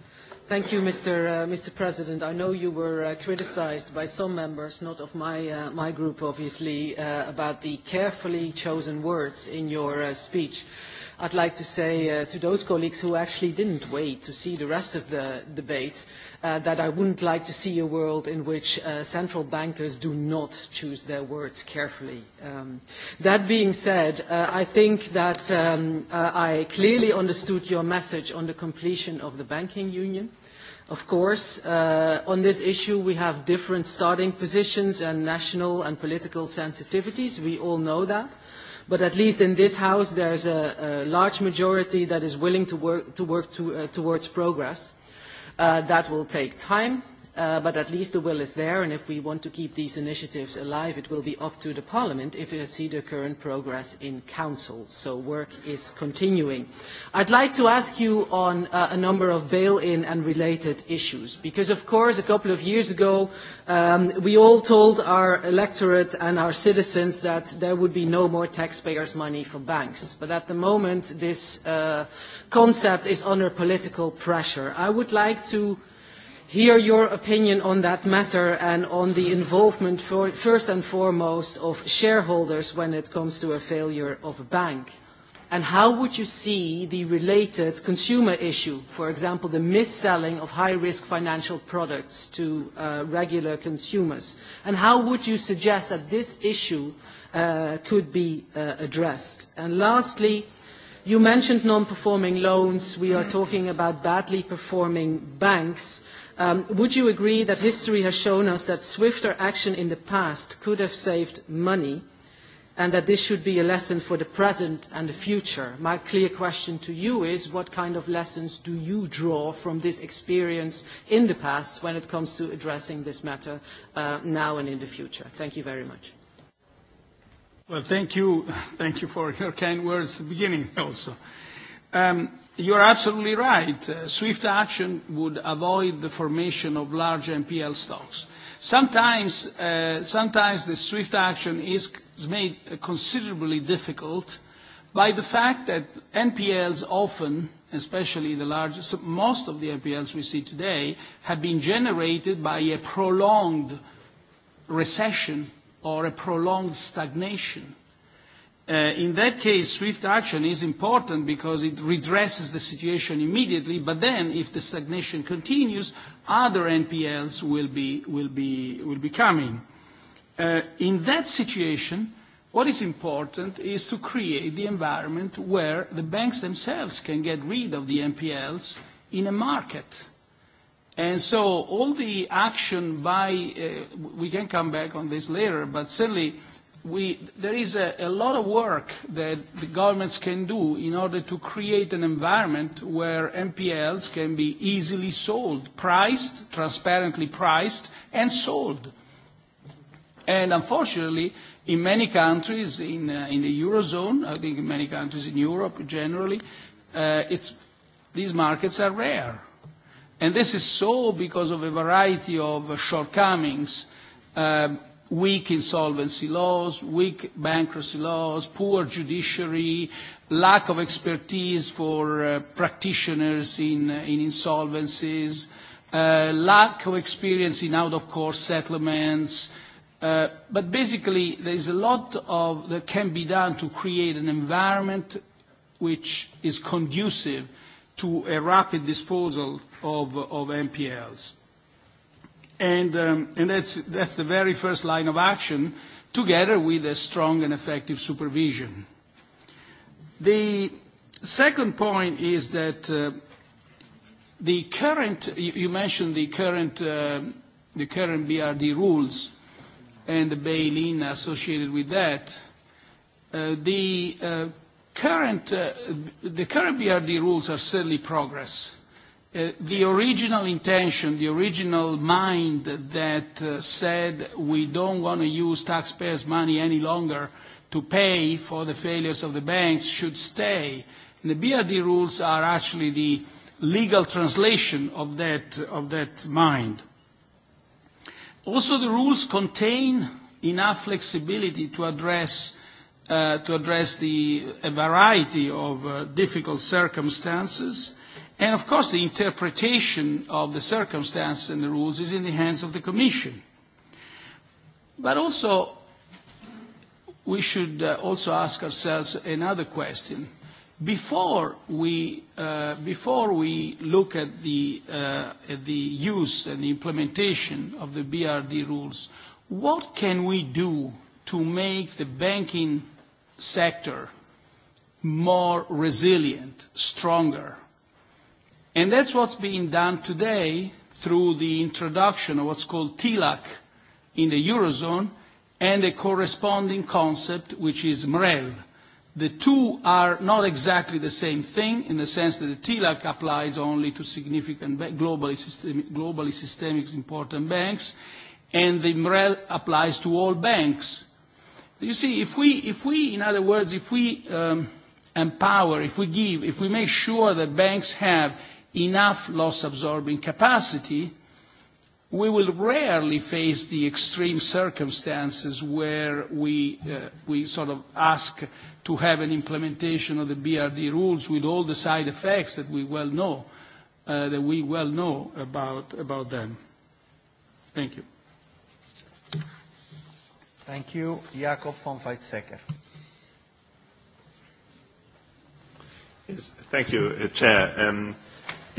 Thank you, Mr. Uh, Mr. President. I know you were uh, criticized by some members, not of my, uh, my group obviously, uh, about the carefully chosen words in your uh, speech. I'd like to say uh, to those colleagues who actually didn't wait to see the rest of the debate uh, that I wouldn't like to see a world in which uh, central bankers do not choose their words carefully. Um, that being said, uh, I think that um, uh, I clearly understood your message on the completion of the banking union. Of course, uh, on this issue we have different starting positions and national and political sensitivities. We all know that. But at least in this House there's a, a large majority that is willing to work, to work to, uh, towards progress. Uh, that will take time. Uh, but at least the will is there, and if we want to keep these initiatives alive, it will be up to the Parliament if you see the current progress in Council. So work is continuing. I'd like to ask you on uh, a number of bail-in and related issues, because of course a couple of years ago um, we all told our electorate and our citizens that there would be no more taxpayers' money for banks. But at the moment this uh, concept is under political pressure. I would like to hear your opinion on that matter and on the involvement for, first and foremost of shareholders when it comes to a failure of a bank. And how would you see the related consumer issue, for example, the mis-selling of high-risk financial products to uh, regular consumers? And how would you suggest that this issue uh, could be uh, addressed? And lastly, you mentioned non-performing loans. We are talking about badly performing banks. Um, would you agree that history has shown us that swifter action in the past could have saved money and that this should be a lesson for the present and the future? My clear question to you is what kind of lessons do you draw from this experience in the past when it comes to addressing this matter uh, now and in the future? Thank you very much. Well, thank you. Thank you for your kind words at the beginning also. Um, You're absolutely right. Uh, swift action would avoid the formation of large NPL stocks. Sometimes, uh, sometimes the swift action is made considerably difficult by the fact that NPLs often, especially the largest, most of the NPLs we see today, have been generated by a prolonged recession or a prolonged stagnation Uh, in that case, swift action is important because it redresses the situation immediately, but then if the stagnation continues, other NPLs will be, will be, will be coming. Uh, in that situation, what is important is to create the environment where the banks themselves can get rid of the NPLs in a market. And so all the action by, uh, we can come back on this later, but certainly we, there is a, a lot of work that the governments can do in order to create an environment where MPLs can be easily sold, priced, transparently priced, and sold. And unfortunately, in many countries in, uh, in the Eurozone, I think in many countries in Europe generally, uh, it's, these markets are rare. And this is so because of a variety of shortcomings. Uh, weak insolvency laws, weak bankruptcy laws, poor judiciary, lack of expertise for uh, practitioners in, uh, in insolvencies, uh, lack of experience in out-of-court settlements. Uh, but basically, there is a lot of, that can be done to create an environment which is conducive to a rapid disposal of, of MPLs. And, um, and that's, that's the very first line of action, together with a strong and effective supervision. The second point is that uh, the current, you, you mentioned the current, uh, the current BRD rules and the bail-in associated with that. Uh, the, uh, current, uh, the current BRD rules are certainly progress Uh, the original intention, the original mind that uh, said we don't want to use taxpayers' money any longer to pay for the failures of the banks should stay. And the BRD rules are actually the legal translation of that, of that mind. Also, the rules contain enough flexibility to address, uh, to address the, a variety of uh, difficult circumstances And of course, the interpretation of the circumstance and the rules is in the hands of the Commission. But also, we should uh, also ask ourselves another question. Before we, uh, before we look at the, uh, at the use and the implementation of the BRD rules, what can we do to make the banking sector more resilient, stronger, And that's what's being done today through the introduction of what's called TLAC in the Eurozone and a corresponding concept which is MREL. The two are not exactly the same thing in the sense that the TLAC applies only to significant globally, system, globally systemic important banks and the MREL applies to all banks. You see, if we, if we in other words, if we um, empower, if we give, if we make sure that banks have enough loss-absorbing capacity, we will rarely face the extreme circumstances where we, uh, we sort of ask to have an implementation of the BRD rules with all the side effects that we well know, uh, that we well know about, about them. Thank you. Thank you. Jakob von Weizsäcker. Yes, thank you, uh, Chair. Um,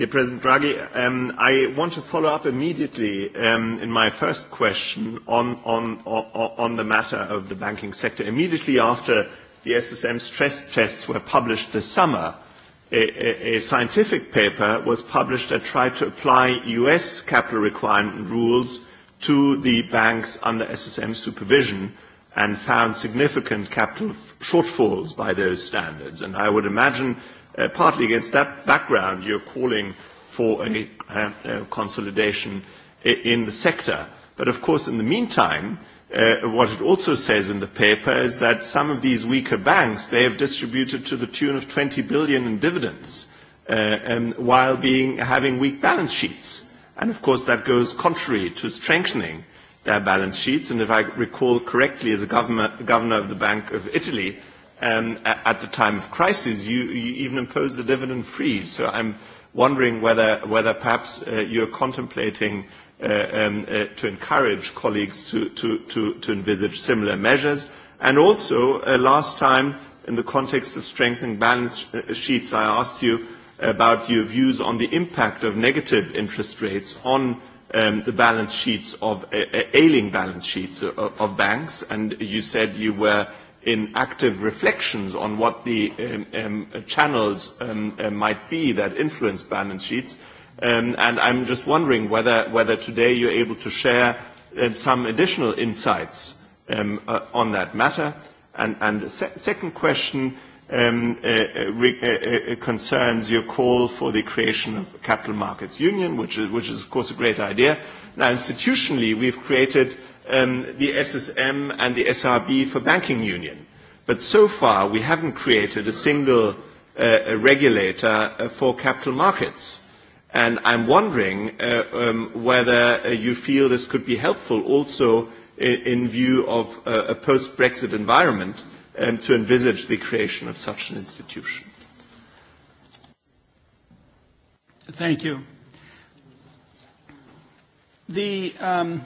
Dear President Draghi, um, I want to follow up immediately um, in my first question on, on, on, on the matter of the banking sector. Immediately after the SSM stress tests were published this summer, a, a, a scientific paper was published that tried to apply US capital requirement rules to the banks under SSM supervision and found significant capital shortfalls by those standards. And I would imagine Uh, partly against that background, you're calling for a, consolidation in the sector. But of course, in the meantime, uh, what it also says in the paper is that some of these weaker banks, they have distributed to the tune of 20 billion in dividends uh, and um, while being, having weak balance sheets. And of course, that goes contrary to strengthening their balance sheets. And if I recall correctly, as a governor, governor of the Bank of Italy, um, at the time of crisis. You, you even imposed the dividend freeze. So I'm wondering whether, whether perhaps uh, you're contemplating uh, um, uh, to encourage colleagues to, to, to, to envisage similar measures. And also, uh, last time, in the context of strengthening balance uh, sheets, I asked you about your views on the impact of negative interest rates on um, the balance sheets of uh, uh ailing balance sheets uh, of, of banks, and you said you were in active reflections on what the um, um, channels um, uh, might be that influence balance sheets. Um, and I'm just wondering whether, whether today you're able to share uh, some additional insights um, uh, on that matter. And, and the se second question um, uh, uh, uh, uh, concerns your call for the creation of a capital markets union, which is, which is of course a great idea. Now, institutionally, we've created – um, the SSM and the SRB for banking union. But so far, we haven't created a single uh, a regulator uh, for capital markets. And I'm wondering uh, um, whether uh, you feel this could be helpful also in, in view of uh, a post-Brexit environment um, to envisage the creation of such an institution. Thank you. The um,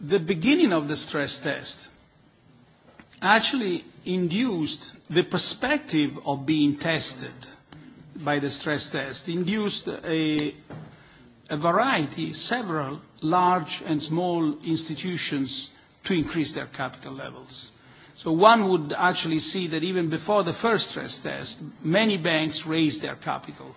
the beginning of the stress test actually induced the perspective of being tested by the stress test, induced a, a variety, several large and small institutions to increase their capital levels. So one would actually see that even before the first stress test, many banks raised their capital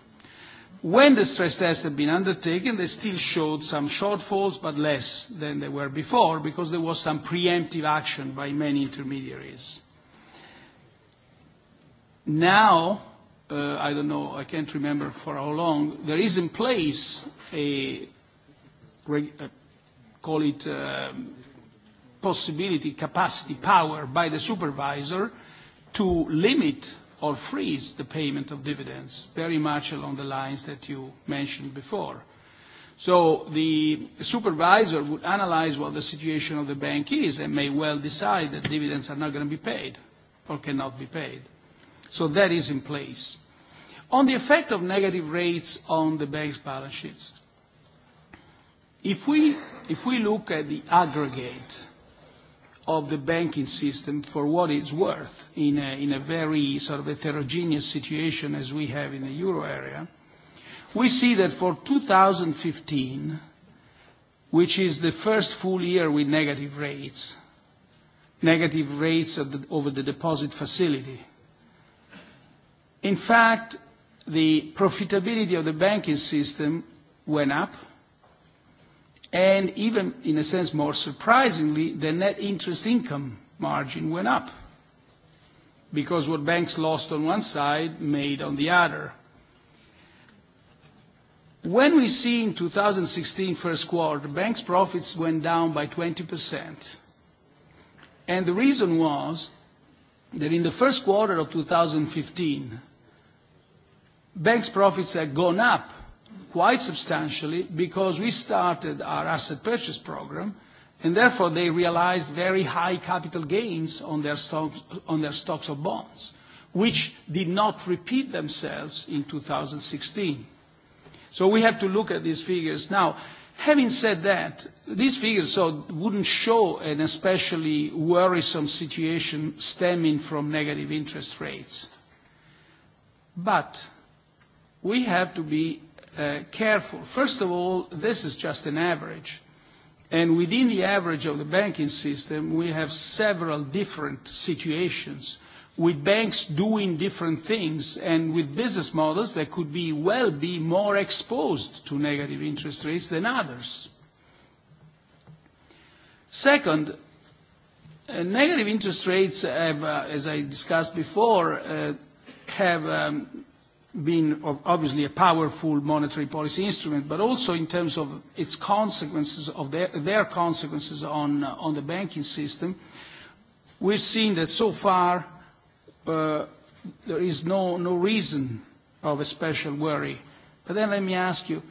When the stress tests had been undertaken, they still showed some shortfalls, but less than they were before, because there was some preemptive action by many intermediaries. Now, uh, I don't know, I can't remember for how long, there is in place a, a uh, call it, a um, possibility, capacity, power by the supervisor to limit or freeze the payment of dividends, very much along the lines that you mentioned before. So the supervisor would analyze what the situation of the bank is and may well decide that dividends are not going to be paid or cannot be paid. So that is in place. On the effect of negative rates on the bank's balance sheets, if we, if we look at the aggregate of the banking system for what it's worth in a, in a very sort of heterogeneous situation as we have in the euro area, we see that for 2015, which is the first full year with negative rates, negative rates the, over the deposit facility. In fact, the profitability of the banking system went up and even, in a sense, more surprisingly, the net interest income margin went up because what banks lost on one side made on the other. When we see in 2016 first quarter, banks' profits went down by 20%. And the reason was that in the first quarter of 2015, banks' profits had gone up quite substantially because we started our asset purchase program, and therefore they realized very high capital gains on their stocks, on their stocks of bonds, which did not repeat themselves in 2016. So we have to look at these figures. Now, having said that, these figures so wouldn't show an especially worrisome situation stemming from negative interest rates. But we have to be Uh, careful. First of all, this is just an average. And within the average of the banking system, we have several different situations with banks doing different things and with business models that could be well be more exposed to negative interest rates than others. Second, uh, negative interest rates have, uh, as I discussed before, uh, have um, been obviously a powerful monetary policy instrument, but also in terms of its consequences, of their, their consequences on, uh, on the banking system, we've seen that so far uh, there is no, no reason of a special worry. But then let me ask you,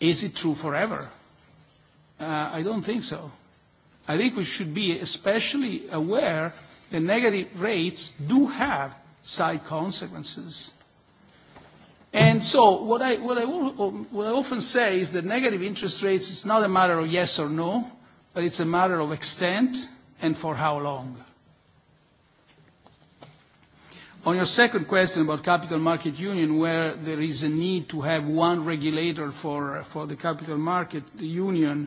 is it true forever? Uh, I don't think so. I think we should be especially aware that negative rates do have side consequences And so what I, what, I, what I often say is that negative interest rates is not a matter of yes or no, but it's a matter of extent and for how long. On your second question about capital market union, where there is a need to have one regulator for, for the capital market the union,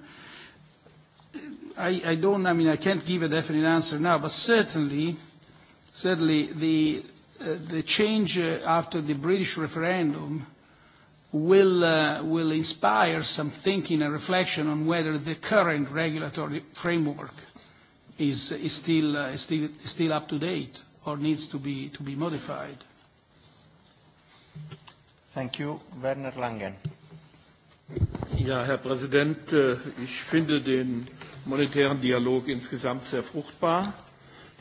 I, I don't, I mean, I can't give a definite answer now, but certainly, certainly the the change uh, after the British referendum will, uh, will inspire some thinking and reflection on whether the current regulatory framework is, is, still, uh, is still, is still up to date or needs to be, to be modified. Thank you. Werner Langen. Ja, Herr Präsident, äh, ich finde den monetären Dialog insgesamt sehr fruchtbar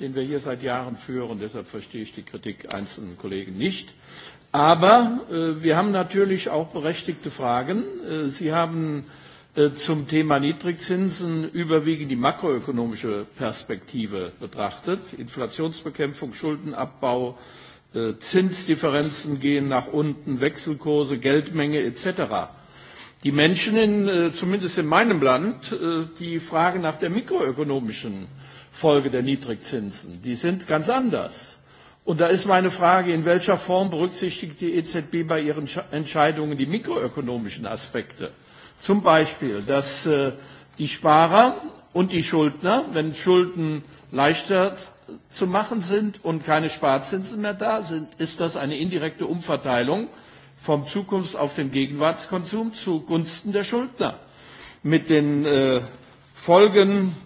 den wir hier seit Jahren führen. Deshalb verstehe ich die Kritik einzelnen Kollegen nicht. Aber äh, wir haben natürlich auch berechtigte Fragen. Äh, Sie haben äh, zum Thema Niedrigzinsen überwiegend die makroökonomische Perspektive betrachtet. Inflationsbekämpfung, Schuldenabbau, äh, Zinsdifferenzen gehen nach unten, Wechselkurse, Geldmenge etc. Die Menschen, in, äh, zumindest in meinem Land, äh, die fragen nach der mikroökonomischen äh, Folge der Niedrigzinsen. Die sind ganz anders. Und da ist meine Frage, in welcher Form berücksichtigt die EZB bei ihren Entscheidungen die mikroökonomischen Aspekte? Zum Beispiel, dass äh, die Sparer und die Schuldner, wenn Schulden leichter zu machen sind und keine Sparzinsen mehr da sind, ist das eine indirekte Umverteilung vom Zukunfts- auf den Gegenwartskonsum zugunsten der Schuldner mit den äh, Folgen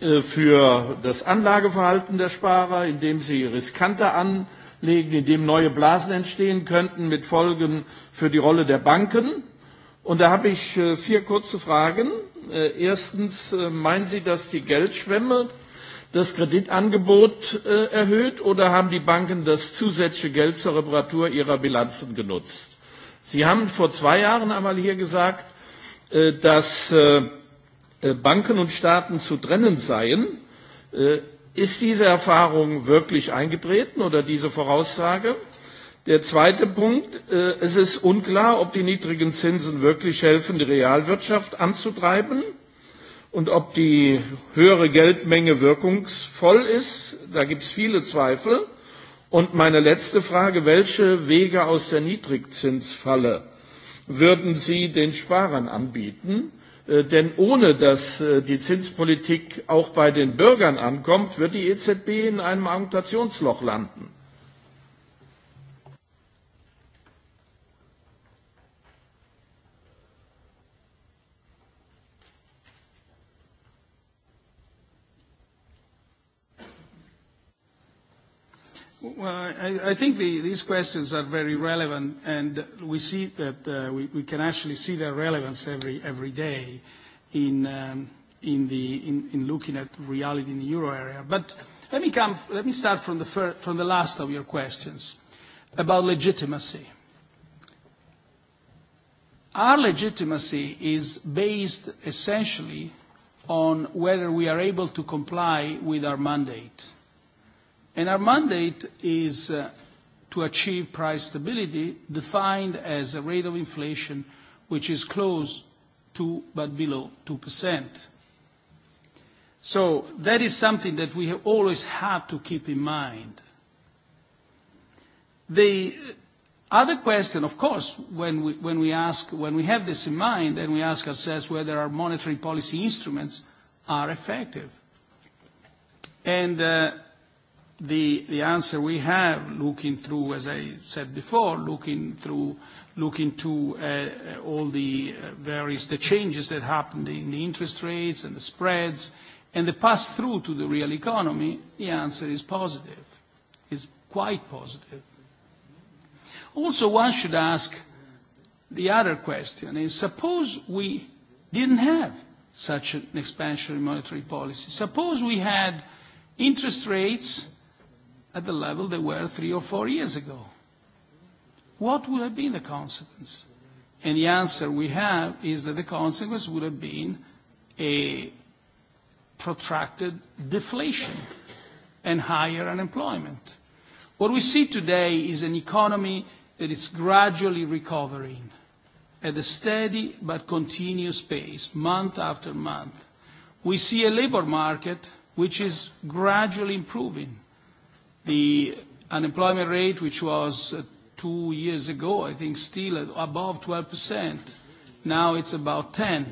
Äh, für das Anlageverhalten der Sparer, indem sie riskanter anlegen, indem neue Blasen entstehen könnten mit Folgen für die Rolle der Banken. Und da habe ich äh, vier kurze Fragen. Äh, erstens, meinen Sie, dass die Geldschwemme das Kreditangebot erhöht oder haben die Banken das zusätzliche Geld zur Reparatur ihrer Bilanzen genutzt? Sie haben vor zwei Jahren einmal hier gesagt, dass Äh, Banken und Staaten zu trennen seien. Äh, ist diese Erfahrung wirklich eingetreten oder diese Voraussage? Der zweite Punkt. Äh, es ist unklar, ob die niedrigen Zinsen wirklich helfen, die Realwirtschaft anzutreiben und ob die höhere Geldmenge wirkungsvoll ist. Da gibt es viele Zweifel. Und meine letzte Frage, welche Wege aus der Niedrigzinsfalle würden Sie den Sparern anbieten? Äh, denn ohne dass äh, die Zinspolitik auch bei den Bürgern ankommt, wird die EZB in einem Amputationsloch landen. Well, I, I think the, these questions are very relevant, and we see that uh, we, we can actually see their relevance every, every day in, um, in, the, in, in looking at reality in the euro area. But let me, come, let me start from the, first, from the last of your questions about legitimacy. Our legitimacy is based essentially on whether we are able to comply with our mandate And our mandate is uh, to achieve price stability defined as a rate of inflation which is close to but below 2%. So that is something that we have always have to keep in mind. The other question, of course, when we, when we, ask, when we have this in mind, then we ask ourselves whether our monetary policy instruments are effective. And uh, the, answer we have, looking through, as I said before, looking through, looking to uh, uh, all the uh, various changes that happened in the interest rates and the spreads and the pass-through to the real economy, the answer is positive, It's quite positive. Also, one should ask the other question is, suppose we didn't have such an expansionary monetary policy. Suppose we had interest rates at the level they were three or four years ago. What would have been the consequence? And the answer we have is that the consequence would have been a protracted deflation and higher unemployment. What we see today is an economy that is gradually recovering at a steady but continuous pace, month after month. We see a labor market which is gradually improving The unemployment rate, which was uh, two years ago, I think still above 12%, now it's about 10.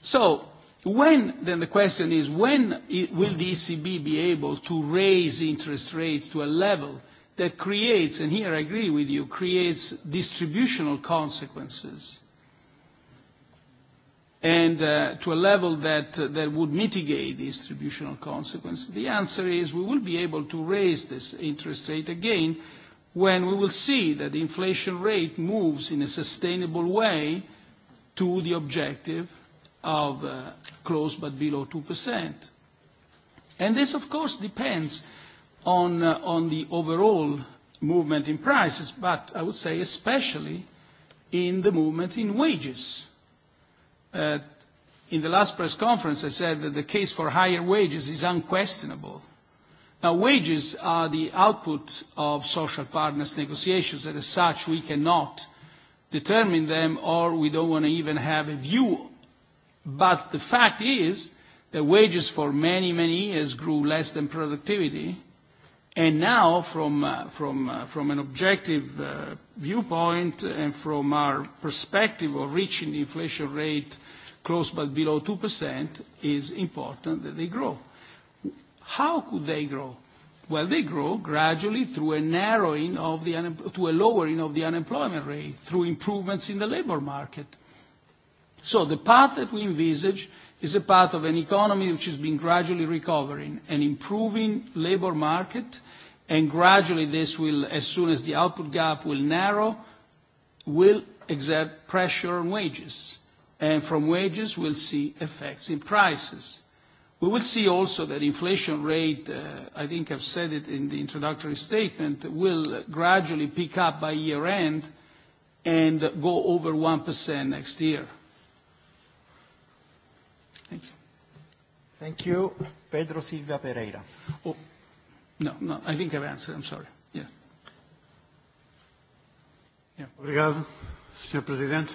So when, then the question is, when will the ECB be able to raise interest rates to a level that creates, and here I agree with you, creates distributional consequences and uh, to a level that, uh, that would mitigate the distributional consequence? The answer is we will be able to raise this interest rate again when we will see that the inflation rate moves in a sustainable way to the objective of uh, close but below 2%. And this, of course, depends on, uh, on the overall movement in prices, but I would say especially in the movement in wages uh, in the last press conference, I said that the case for higher wages is unquestionable. Now, wages are the output of social partners' negotiations, and as such, we cannot determine them or we don't want to even have a view. But the fact is that wages for many, many years grew less than productivity And now, from, uh, from, uh, from an objective uh, viewpoint and from our perspective of reaching the inflation rate close but below 2%, is important that they grow. How could they grow? Well, they grow gradually through a narrowing of the to a lowering of the unemployment rate, through improvements in the labor market. So the path that we envisage is a path of an economy which has been gradually recovering and improving labor market, and gradually this will, as soon as the output gap will narrow, will exert pressure on wages. And from wages, we'll see effects in prices. We will see also that inflation rate, uh, I think I've said it in the introductory statement, will gradually pick up by year end and go over 1% next year. Thank you. Thank you. Pedro Silva Pereira. Oh, no, no, I think I've answered. I'm sorry. Yeah. yeah. Obrigado, Sr. Presidente.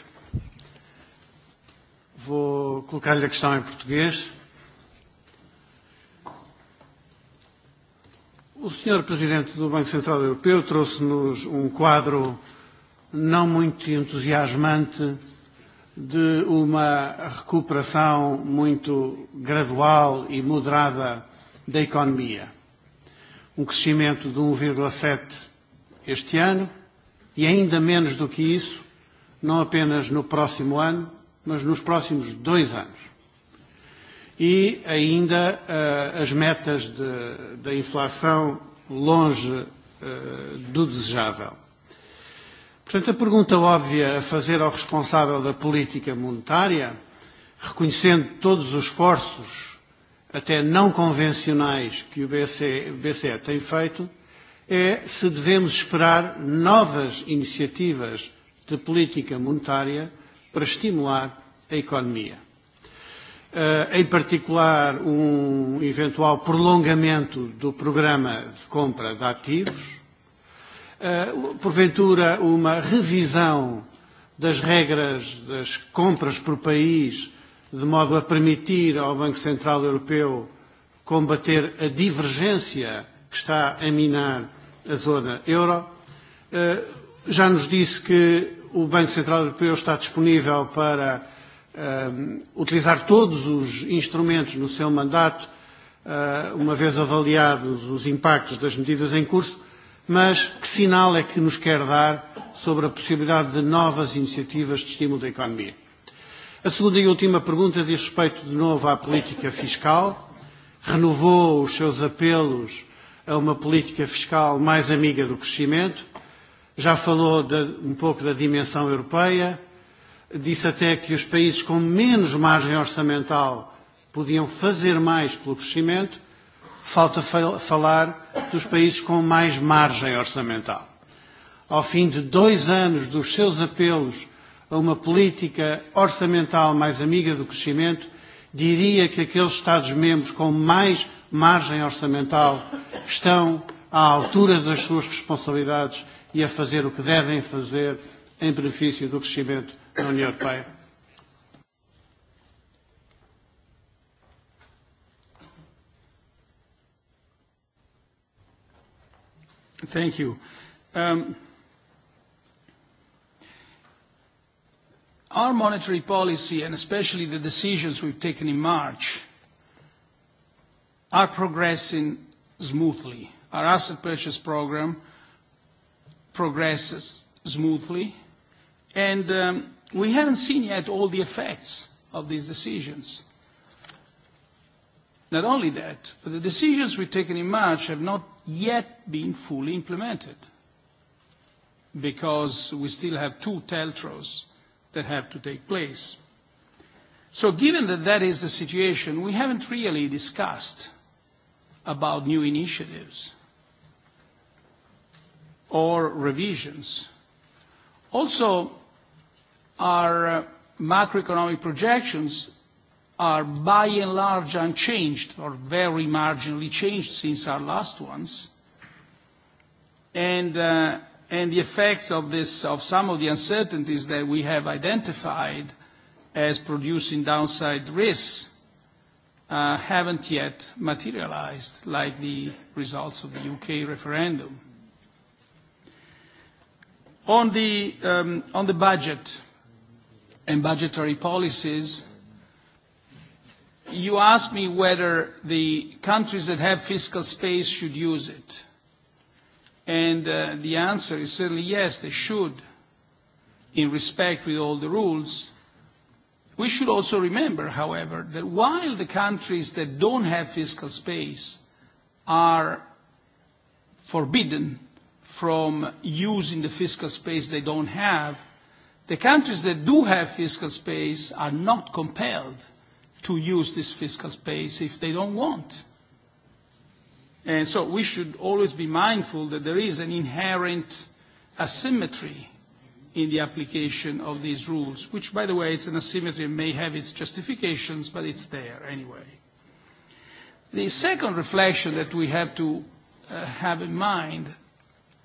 Vou colocar-lhe a questão em português. O Sr. Presidente do Banco Central Europeu trouxe-nos um quadro não muito entusiasmante de uma recuperação muito gradual e moderada da economia. Um crescimento de 1,7 um este ano e ainda menos do que isso, não apenas no próximo ano, mas nos próximos dois anos. E ainda uh, as metas da inflação longe uh, do desejável. Portanto, a pergunta óbvia a fazer ao responsável da política monetária, reconhecendo todos os esforços, até não convencionais, que o BCE, o BCE tem feito, é se devemos esperar novas iniciativas de política monetária para estimular a economia. Uh, em particular, um eventual prolongamento do programa de compra de ativos, Eh, porventura, uma revisão das regras das compras por país, de modo a permitir ao Banco Central Europeu combater a divergência que está a minar a zona euro. Eh, já nos disse que o Banco Central Europeu está disponível para eh, utilizar todos os instrumentos no seu mandato, uma vez avaliados os impactos das medidas em curso, mas que sinal é que nos quer dar sobre a possibilidade de novas iniciativas de estímulo da economia? A segunda e última pergunta diz respeito de novo à política fiscal. Renovou os seus apelos a uma política fiscal mais amiga do crescimento. Já falou de, um pouco da dimensão europeia. Disse até que os países com menos margem orçamental podiam fazer mais pelo crescimento falta falar dos países com mais margem orçamental. Ao fim de dois anos dos seus apelos a uma política orçamental mais amiga do crescimento, diria que aqueles Estados-membros com mais margem orçamental estão à altura das suas responsabilidades e a fazer o que devem fazer em benefício do crescimento na União Europeia. Thank you. Um, our monetary policy, and especially the decisions we've taken in March, are progressing smoothly. Our asset purchase program progresses smoothly, and um, we haven't seen yet all the effects of these decisions. Not only that, but the decisions we've taken in March have not yet been fully implemented because we still have two TELTROs that have to take place. So given that that is the situation, we haven't really discussed about new initiatives or revisions. Also, our uh, macroeconomic projections are by and large unchanged or very marginally changed since our last ones. And, uh, and the effects of, this, of some of the uncertainties that we have identified as producing downside risks uh, haven't yet materialized, like the results of the UK referendum. On the, um, on the budget and budgetary policies, You asked me whether the countries that have fiscal space should use it. And uh, the answer is certainly yes, they should, in respect with all the rules. We should also remember, however, that while the countries that don't have fiscal space are forbidden from using the fiscal space they don't have, the countries that do have fiscal space are not compelled – to use this fiscal space if they don't want. And so we should always be mindful that there is an inherent asymmetry in the application of these rules, which, by the way, it's an asymmetry may have its justifications, but it's there anyway. The second reflection that we have to uh, have in mind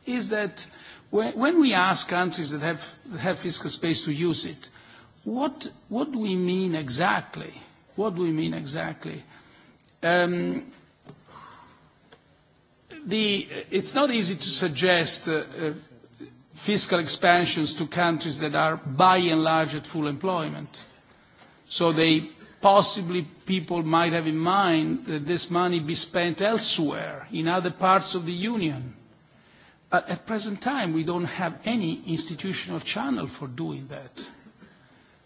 is that when, when we ask countries that have, that have fiscal space to use it, what, what do we mean exactly? What do we mean exactly? Um, the, it's not easy to suggest uh, uh, fiscal expansions to countries that are by and large at full employment. So they possibly people might have in mind that this money be spent elsewhere, in other parts of the union. But at present time, we don't have any institutional channel for doing that.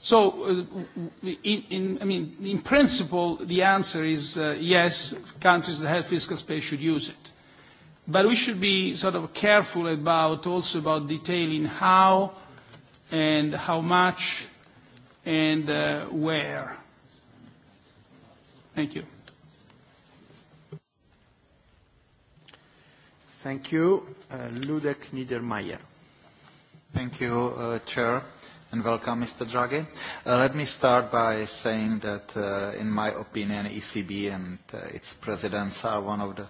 So, uh, in, in, I mean, in principle, the answer is uh, yes, countries that have fiscal space should use it. But we should be sort of careful about also about detailing how and how much and uh, where. Thank you. Thank you. Uh, Ludek Niedermayer. Thank you, uh, Chair and welcome, Mr. Draghi. Uh, let me start by saying that, uh, in my opinion, ECB and uh, its presidents are one of the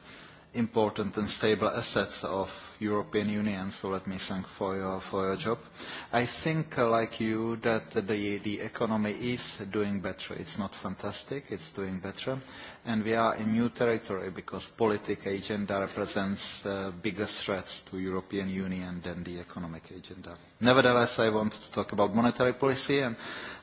important and stable assets of European Union, so let me thank for your, for your job. I think, uh, like you, that the, the economy is doing better. It's not fantastic, it's doing better. And we are in new territory because politic agenda represents uh, bigger threats to European Union than the economic agenda. Nevertheless, I want to talk about monetary policy and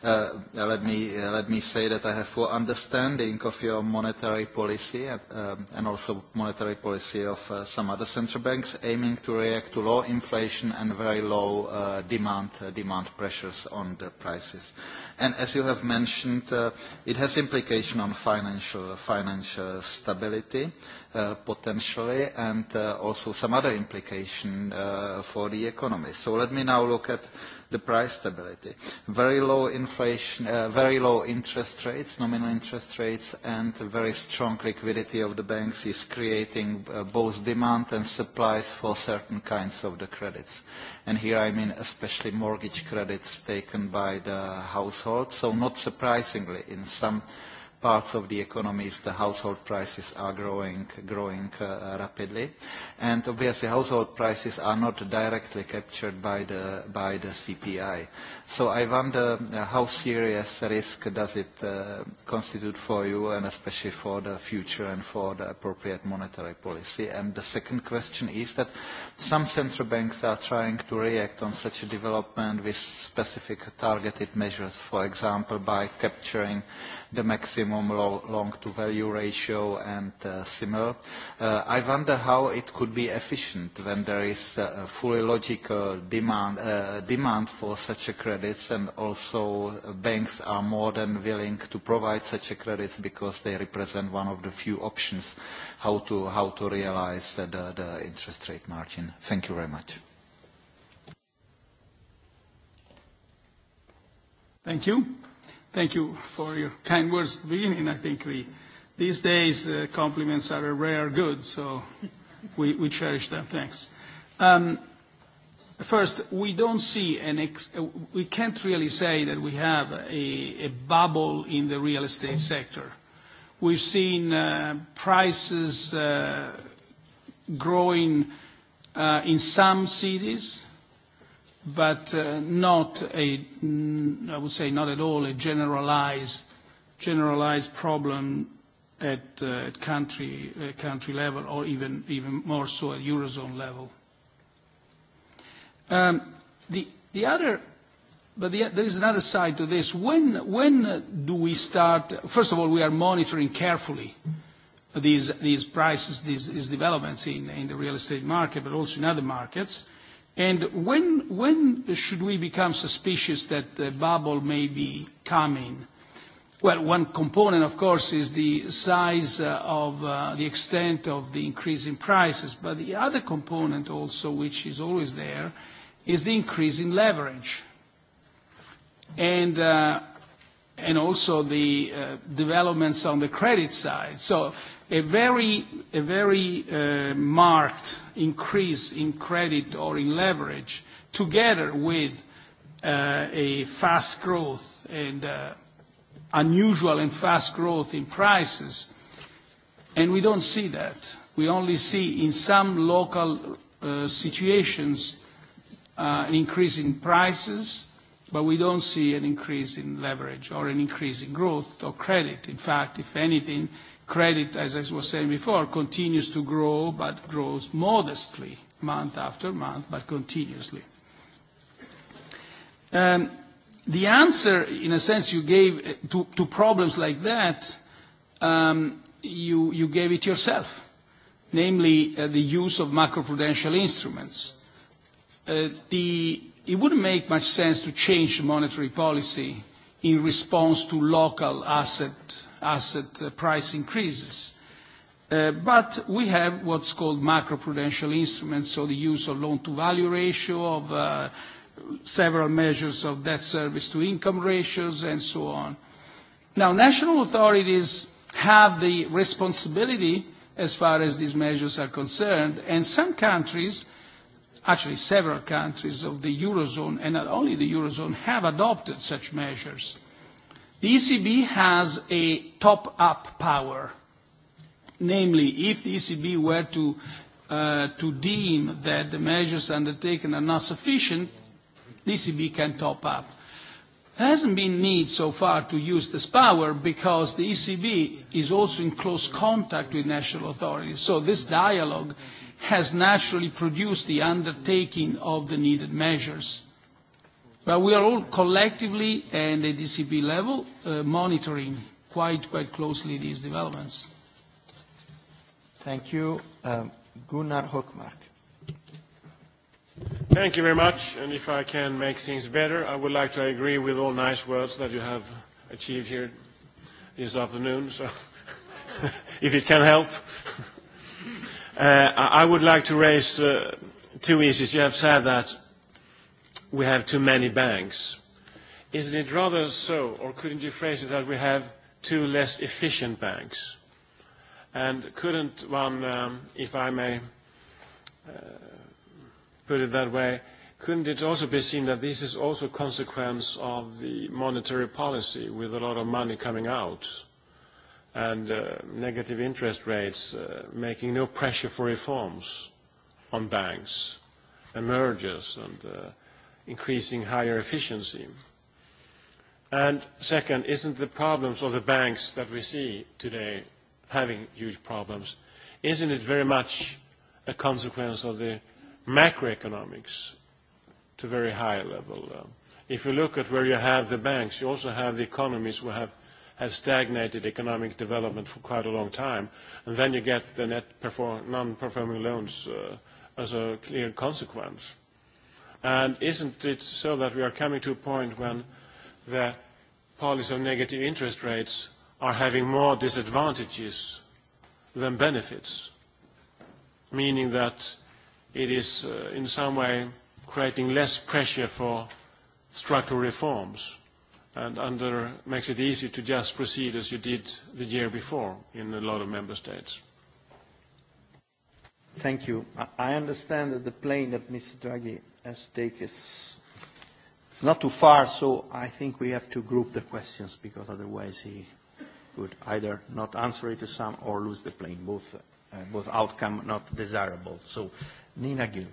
Uh, let, me, uh, let me say that I have full understanding of your monetary policy and, uh, um, and also monetary policy of uh, some other central banks aiming to react to low inflation and very low uh, demand, uh, demand pressures on the prices. And as you have mentioned, uh, it has implication on financial, financial stability. Uh, potentially and uh, also some other implication uh, for the economy. So let me now look at the price stability. Very low inflation, uh, very low interest rates, nominal interest rates, and very strong liquidity of the banks is creating uh, both demand and supplies for certain kinds of the credits. And here I mean especially mortgage credits taken by the households. So not surprisingly, in some parts of the economies, the household prices are growing, growing uh, rapidly. And obviously, household prices are not directly captured by the, by the CPI. So I wonder uh, how serious a risk does it uh, constitute for you, and especially for the future and for the appropriate monetary policy. And the second question is that some central banks are trying to react on such a development with specific targeted measures, for example, by capturing the maximum long-to-value ratio and uh, similar. Uh, I wonder how it could be efficient when there is uh, a fully logical demand, uh, demand for such a credits and also uh, banks are more than willing to provide such a credits because they represent one of the few options how to, how to realize uh, the, the interest rate margin. Thank you very much. Thank you. Thank you for your kind words at the beginning. I think the, these days uh, compliments are a rare good, so we, we cherish them. Thanks. Um, First, we don't see an ex uh, we can't really say that we have a, a bubble in the real estate sector. We've seen uh, prices uh, growing uh, in some cities, but uh, not a, I would say not at all a generalized, generalized problem at, uh, at country, uh, country level or even, even more so at Eurozone level. Um, the, the other, but the, there is another side to this. When, when do we start, first of all, we are monitoring carefully these, these prices, these, these developments in, in the real estate market, but also in other markets. Uh, And when, when should we become suspicious that the uh, bubble may be coming? Well, one component, of course, is the size uh, of uh, the extent of the increase in prices. But the other component also, which is always there, is the increase in leverage. And uh, and also the uh, developments on the credit side. So a very, a very uh, marked increase in credit or in leverage, together with uh, a fast growth and uh, unusual and fast growth in prices, and we don't see that. We only see in some local uh, situations uh, an increase in prices, but we don't see an increase in leverage or an increase in growth or credit. In fact, if anything, credit, as I was saying before, continues to grow, but grows modestly month after month, but continuously. Um, the answer, in a sense, you gave uh, to, problems like that, um, you, gave it yourself, namely uh, the use of macroprudential instruments. Uh, the it wouldn't make much sense to change monetary policy in response to local asset, asset uh, price increases. Uh, but we have what's called macroprudential instruments, so the use of loan-to-value ratio, of uh, several measures of debt service to income ratios, and so on. Now, national authorities have the responsibility as far as these measures are concerned, and some countries – actually several countries of the Eurozone, and not only the Eurozone, have adopted such measures. The ECB has a top-up power. Namely, if the ECB were to, uh, to deem that the measures undertaken are not sufficient, the ECB can top up. There hasn't been need so far to use this power because the ECB is also in close contact with national authorities. So this dialogue has naturally produced the undertaking of the needed measures. But we are all collectively and at ECB level uh, monitoring quite, quite closely these developments. Thank you. Um, Gunnar Hochmark. Thank you very much. And if I can make things better, I would like to agree with all nice words that you have achieved here this afternoon. So if it can help. Uh, I would like to raise uh, two issues. You have said that we have too many banks. Isn't it rather so, or couldn't you phrase it that we have two less efficient banks? And couldn't one, um, if I may uh, put it that way, couldn't it also be seen that this is also a consequence of the monetary policy with a lot of money coming out? and uh, negative interest rates uh, making no pressure for reforms on banks and mergers and uh, increasing higher efficiency. And second, isn't the problems of the banks that we see today having huge problems, isn't it very much a consequence of the macroeconomics to very high level? Uh, if you look at where you have the banks, you also have the economies who have has stagnated economic development for quite a long time. And then you get the net non-performing loans uh, as a clear consequence. And isn't it so that we are coming to a point when the policy of negative interest rates are having more disadvantages than benefits, meaning that it is uh, in some way creating less pressure for structural reforms? and under makes it easy to just proceed as you did the year before in a lot of member states. Thank you. I understand that the plane that Mr. Draghi has take is it's not too far, so I think we have to group the questions because otherwise he could either not answer it to some or lose the plane. Both, uh, both outcome not desirable. So, Nina Gill.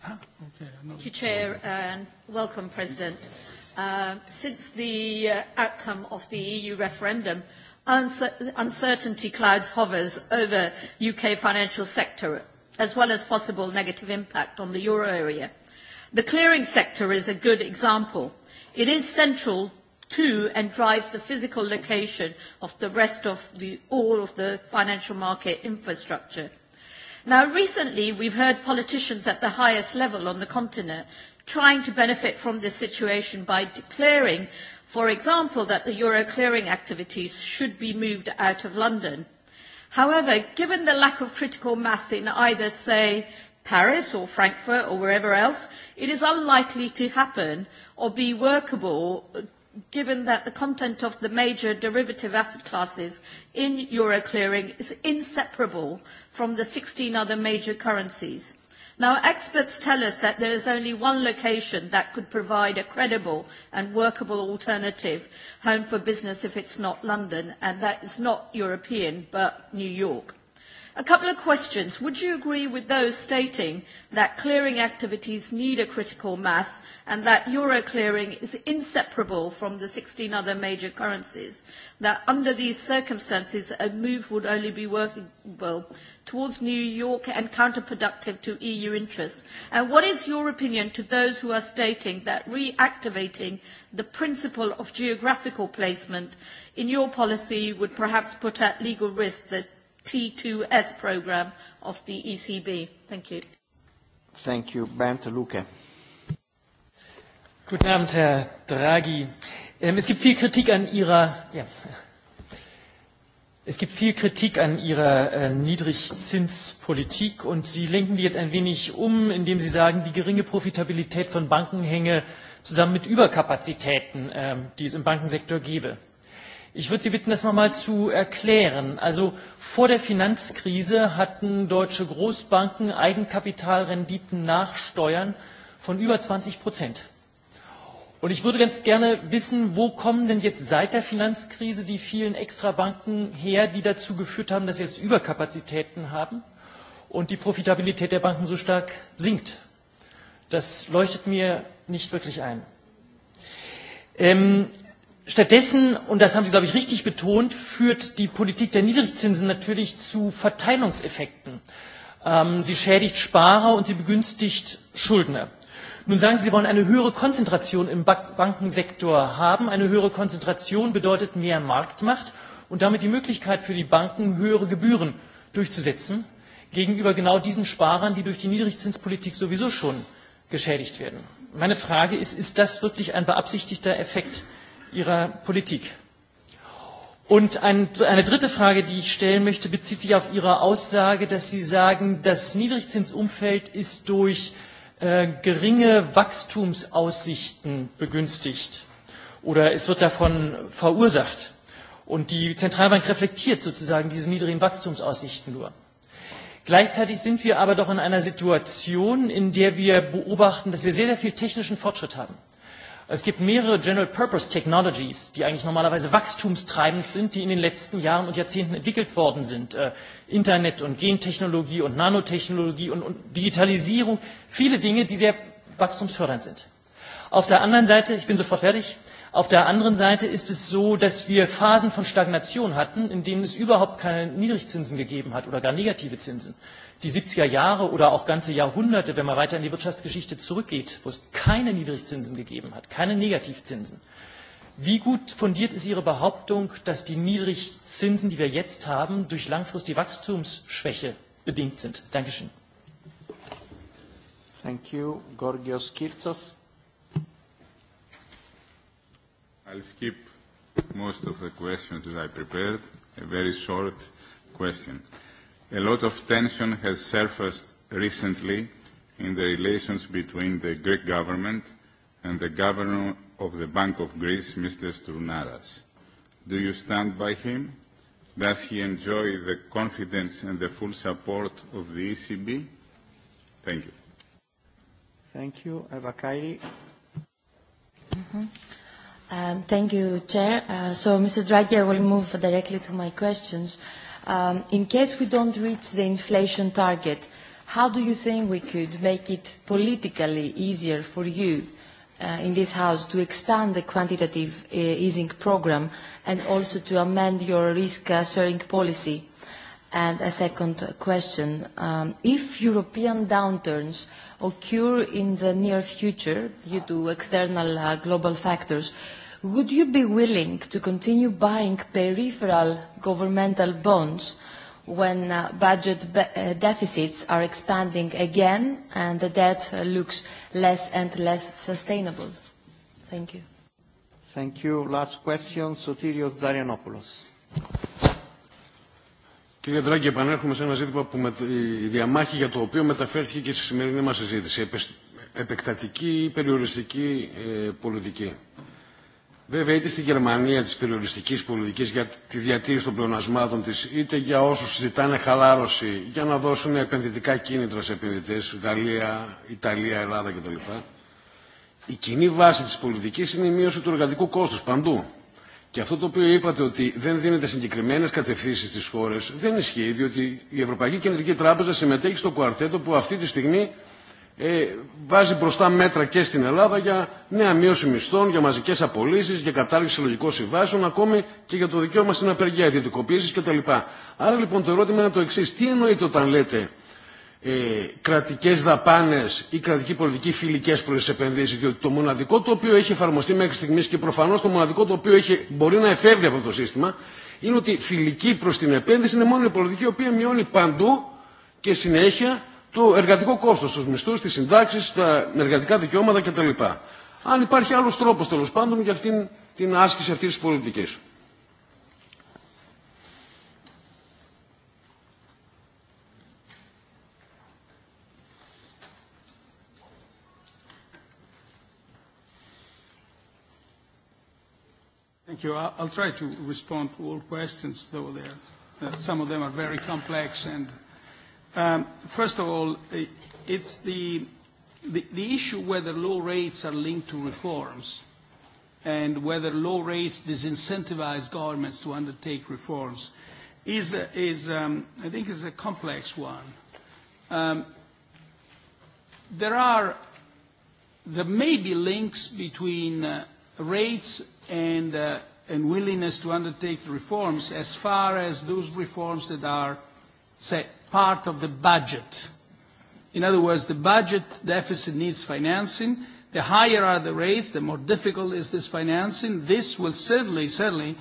Huh? Ah, okay, Thank you, Chair, and welcome, President. Uh, since the uh, outcome of the EU referendum, uncertainty clouds hovers over UK financial sector, as well as possible negative impact on the euro area. The clearing sector is a good example. It is central to and drives the physical location of the rest of the, all of the financial market infrastructure. Now, recently, we've heard politicians at the highest level on the continent trying to benefit from this situation by declaring, for example, that the euro clearing activities should be moved out of London. However, given the lack of critical mass in either, say, Paris or Frankfurt or wherever else, it is unlikely to happen or be workable given that the content of the major derivative asset classes in euro clearing is inseparable from the 16 other major currencies. Now, experts tell us that there is only one location that could provide a credible and workable alternative home for business if it's not London, and that is not European, but New York. A couple of questions. Would you agree with those stating that clearing activities need a critical mass and that euro clearing is inseparable from the 16 other major currencies? That under these circumstances, a move would only be workable towards New York and counterproductive to EU interests? And what is your opinion to those who are stating that reactivating the principle of geographical placement in your policy would perhaps put at legal risk the T2S programme of the ECB? Thank you. Thank you. Bernd Lucke. Guten Abend, Herr Draghi. Ähm, es gibt viel Kritik an Ihrer, ja, Es gibt viel Kritik an Ihrer äh, Niedrigzinspolitik und Sie lenken die jetzt ein wenig um, indem Sie sagen, die geringe Profitabilität von Banken hänge zusammen mit Überkapazitäten, äh, die es im Bankensektor gebe. Ich würde Sie bitten, das nochmal zu erklären. Also vor der Finanzkrise hatten deutsche Großbanken Eigenkapitalrenditen nach Steuern von über 20 Prozent. Und ich würde ganz gerne wissen, wo kommen denn jetzt seit der Finanzkrise die vielen Extrabanken her, die dazu geführt haben, dass wir jetzt Überkapazitäten haben und die Profitabilität der Banken so stark sinkt. Das leuchtet mir nicht wirklich ein. Ähm, stattdessen, und das haben Sie, glaube ich, richtig betont, führt die Politik der Niedrigzinsen natürlich zu Verteilungseffekten. Ähm, sie schädigt Sparer und sie begünstigt Schuldner. Nun sagen Sie, Sie wollen eine höhere Konzentration im Bankensektor haben. Eine höhere Konzentration bedeutet mehr Marktmacht und damit die Möglichkeit für die Banken, höhere Gebühren durchzusetzen gegenüber genau diesen Sparern, die durch die Niedrigzinspolitik sowieso schon geschädigt werden. Meine Frage ist, ist das wirklich ein beabsichtigter Effekt Ihrer Politik? Und eine dritte Frage, die ich stellen möchte, bezieht sich auf Ihre Aussage, dass Sie sagen, das Niedrigzinsumfeld ist durch Äh, geringe Wachstumsaussichten begünstigt oder es wird davon verursacht. Und die Zentralbank reflektiert sozusagen diese niedrigen Wachstumsaussichten nur. Gleichzeitig sind wir aber doch in einer Situation, in der wir beobachten, dass wir sehr, sehr viel technischen Fortschritt haben. Es gibt mehrere General-Purpose-Technologies, die eigentlich normalerweise wachstumstreibend sind, die in den letzten Jahren und Jahrzehnten entwickelt worden sind. Äh, Internet und Gentechnologie und Nanotechnologie und, und Digitalisierung, viele Dinge, die sehr wachstumsfördernd sind. Auf der anderen Seite, ich bin sofort fertig, auf der anderen Seite ist es so, dass wir Phasen von Stagnation hatten, in denen es überhaupt keine Niedrigzinsen gegeben hat oder gar negative Zinsen die 70er Jahre oder auch ganze Jahrhunderte, wenn man weiter in die Wirtschaftsgeschichte zurückgeht, wo es keine Niedrigzinsen gegeben hat, keine Negativzinsen. Wie gut fundiert ist Ihre Behauptung, dass die Niedrigzinsen, die wir jetzt haben, durch langfristige Wachstumsschwäche bedingt sind? Dankeschön. Thank you. Gorgios Kirtsas. I'll skip most of the questions that I prepared. A very short question. Uh, a lot of tension has surfaced recently in the relations between the Greek government and the governor of the Bank of Greece, Mr. Strunaras. Do you stand by him? Does he enjoy the confidence and the full support of the ECB? Thank you. Thank you. Eva Kairi. Mm-hmm. Um, thank you, Chair. Uh, so, Mr. Draghi, I will move directly to my questions. Uh, Um, in case we don't reach the inflation target, how do you think we could make it politically easier for you uh, in this House to expand the quantitative uh, easing program and also to amend your risk-sharing uh, policy? And a second question, um, if European downturns occur in the near future due to external uh, global factors, would you be willing to continue buying peripheral governmental bonds when uh, budget be- uh, deficits are expanding again and the debt uh, looks less and less sustainable? Thank you. Thank you. Last question, Sotirios Zarianopoulos. Κύριε Δράγκη, επανέρχομαι σε ένα ζήτημα που με, η διαμάχη για το οποίο μεταφέρθηκε και στη σημερινή μας συζήτηση. Επεκτατική ή περιοριστική ε, πολιτική. Βέβαια, είτε στη Γερμανία τη περιοριστική πολιτική για τη διατήρηση των πλεονασμάτων τη, είτε για όσου ζητάνε χαλάρωση για να δώσουν επενδυτικά κίνητρα σε επενδυτέ, Γαλλία, Ιταλία, Ελλάδα κτλ. Η κοινή βάση τη πολιτική είναι η μείωση του εργατικού κόστου παντού. Και αυτό το οποίο είπατε ότι δεν δίνεται συγκεκριμένε κατευθύνσει στι χώρε δεν ισχύει, διότι η Ευρωπαϊκή Κεντρική Τράπεζα συμμετέχει στο κουαρτέτο που αυτή τη στιγμή ε, βάζει μπροστά μέτρα και στην Ελλάδα για νέα μείωση μισθών, για μαζικέ απολύσει, για κατάργηση συλλογικών συμβάσεων, ακόμη και για το δικαίωμα στην απεργία, ιδιωτικοποίηση κτλ. Άρα λοιπόν το ερώτημα είναι το εξή. Τι εννοείται όταν λέτε ε, κρατικέ δαπάνε ή κρατική πολιτική φιλικέ προ τι επενδύσει, διότι το μοναδικό το οποίο έχει εφαρμοστεί μέχρι στιγμή και προφανώ το μοναδικό το οποίο έχει, μπορεί να εφεύρει από το σύστημα είναι ότι φιλική προ την επένδυση είναι μόνο η πολιτική η οποία μειώνει παντού και συνέχεια το εργατικό κόστο, τους μισθού, τις συντάξει, τα εργατικά δικαιώματα κτλ. Αν υπάρχει άλλο τρόπο τέλο πάντων για αυτήν την άσκηση αυτή τη πολιτική. Thank you. I'll try to respond to all questions, though there, uh, some of them are very complex and Um, first of all, uh, it's the, the, the issue whether low rates are linked to reforms and whether low rates disincentivize governments to undertake reforms is, is um, I think, is a complex one. Um, there are, there may be links between uh, rates and, uh, and willingness to undertake reforms as far as those reforms that are, say, part of the budget. In other words, the budget deficit needs financing. The higher are the rates, the more difficult is this financing. This will certainly, certainly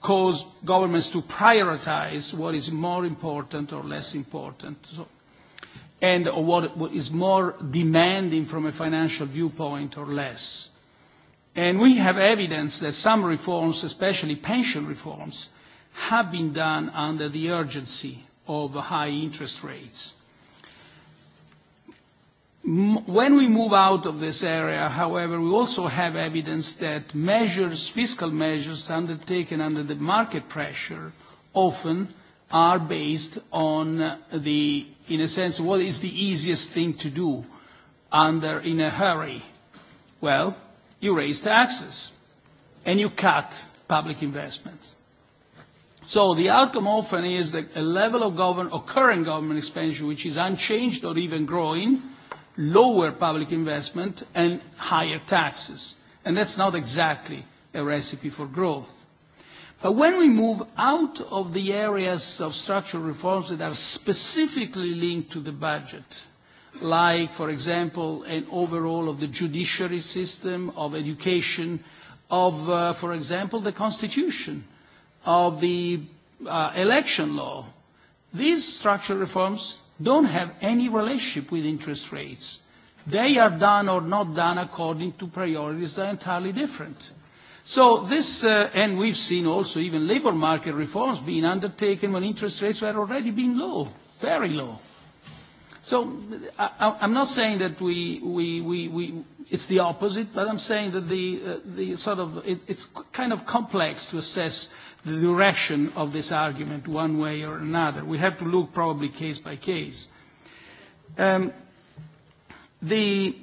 cause governments to prioritize what is more important or less important, so, and or what, what is more demanding from a financial viewpoint or less. And we have evidence that some reforms, especially pension reforms, have been done under the urgency of high interest rates. When we move out of this area, however, we also have evidence that measures, fiscal measures undertaken under the market pressure often are based on the, in a sense, what is the easiest thing to do under, in a hurry? Well, you raise taxes and you cut public investments So the outcome often is that a level of government or current government expansion which is unchanged or even growing, lower public investment and higher taxes. And that's not exactly a recipe for growth. But when we move out of the areas of structural reforms that are specifically linked to the budget, like, for example, an overhaul of the judiciary system, of education, of, uh, for example, the Constitution – of the uh, election law, these structural reforms don't have any relationship with interest rates. They are done or not done according to priorities that are entirely different. So this, uh, and we've seen also even labor market reforms being undertaken when interest rates were already being low, very low. So I, I'm not saying that we, we, we, we, it's the opposite, but I'm saying that the, uh, the sort of, it, it's kind of complex to assess the direction of this argument one way or another. We have to look probably case by case. Um, the,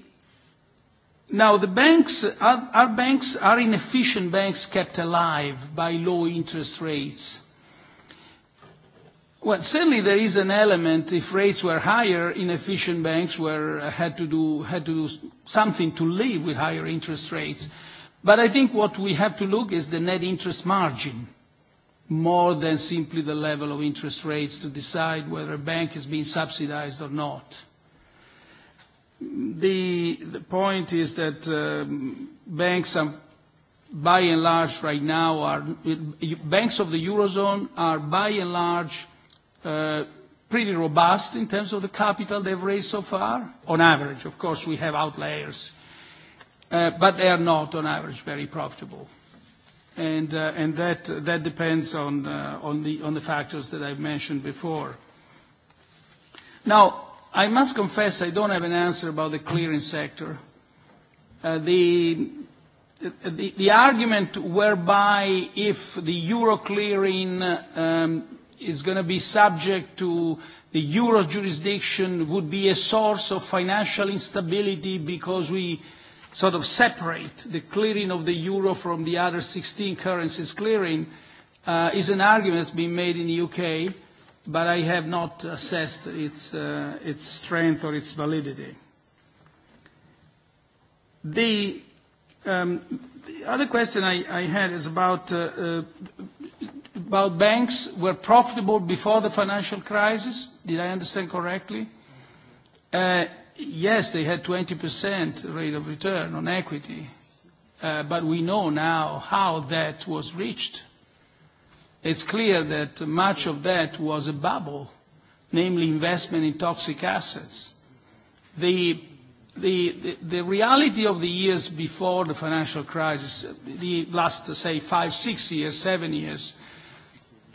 now the banks, our, our banks are inefficient banks kept alive by low interest rates. Well, certainly there is an element, if rates were higher, inefficient banks were, uh, had, to do, had to do something to live with higher interest rates. But I think what we have to look is the net interest margin more than simply the level of interest rates to decide whether a bank is being subsidized or not. The, the point is that um, banks are, by and large right now are, banks of the Eurozone are by and large uh, pretty robust in terms of the capital they've raised so far, on average. Of course, we have outliers. Uh, but they are not, on average, very profitable. Uh, and, that, depends uh, on, the, factors that I've mentioned before. Now, I must confess I don't have an answer about the clearing sector. Uh, the, argument whereby if the euro clearing um, is going to be subject to the euro jurisdiction would be a source of financial instability because we sort of separate the clearing of the euro from the other 16 currencies clearing uh, is an argument that's been made in the UK, but I have not assessed its, uh, its strength or its validity. The, um, the other question I, I had is about, uh, uh, about banks were profitable before the financial crisis. Did I understand correctly? Uh, yes, they had 20% rate of return on equity, uh, but we know now how that was reached. It's clear that much of that was a bubble, namely investment in toxic assets. The, the, the, the reality of the years before the financial crisis, the last, say, five, six years, seven years,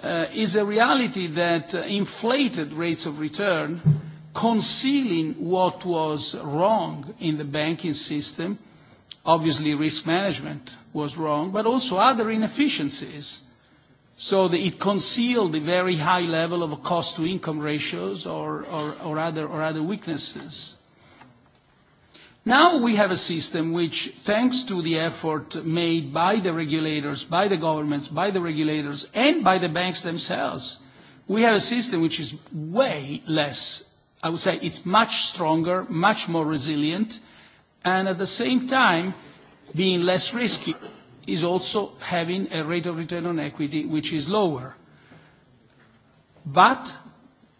uh, is a reality that uh, inflated rates of return uh, concealing what was wrong in the banking system. Obviously, risk management was wrong, but also other inefficiencies. So the, it concealed the very high level of cost-to-income ratios or, or, or, other, or other weaknesses. Now we have a system which, thanks to the effort made by the regulators, by the governments, by the regulators, and by the banks themselves, we have a system which is way less I would say it's much stronger, much more resilient, and at the same time, being less risky is also having a rate of return on equity which is lower. But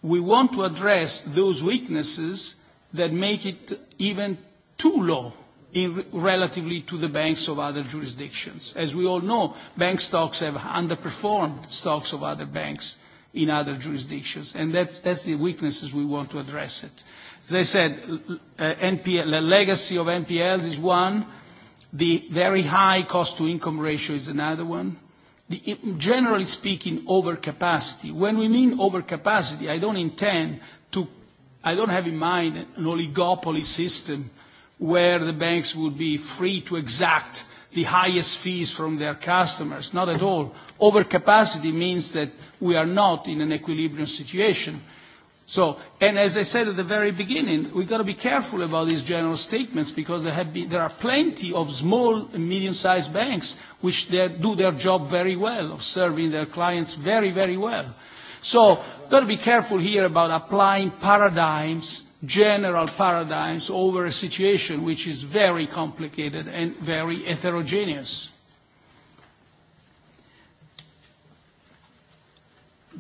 we want to address those weaknesses that make it even too low in relatively to the banks of other jurisdictions. As we all know, bank stocks have underperformed stocks of other banks in other jurisdictions. And that's, that's the weaknesses we want to address it. As I said, uh, NPL, the legacy of NPLs is one. The very high cost-to-income ratio is another one. The, generally speaking, overcapacity. When we mean overcapacity, I don't intend to, I don't have in mind an oligopoly system where the banks would be free to exact the highest fees from their customers. Not at all. Overcapacity means that we are not in an equilibrium situation. So, and as I said at the very beginning, we've got to be careful about these general statements because there, have been, there are plenty of small and medium-sized banks which do their job very well, of serving their clients very, very well. So, we've got to be careful here about applying paradigms, general paradigms, over a situation which is very complicated and very heterogeneous.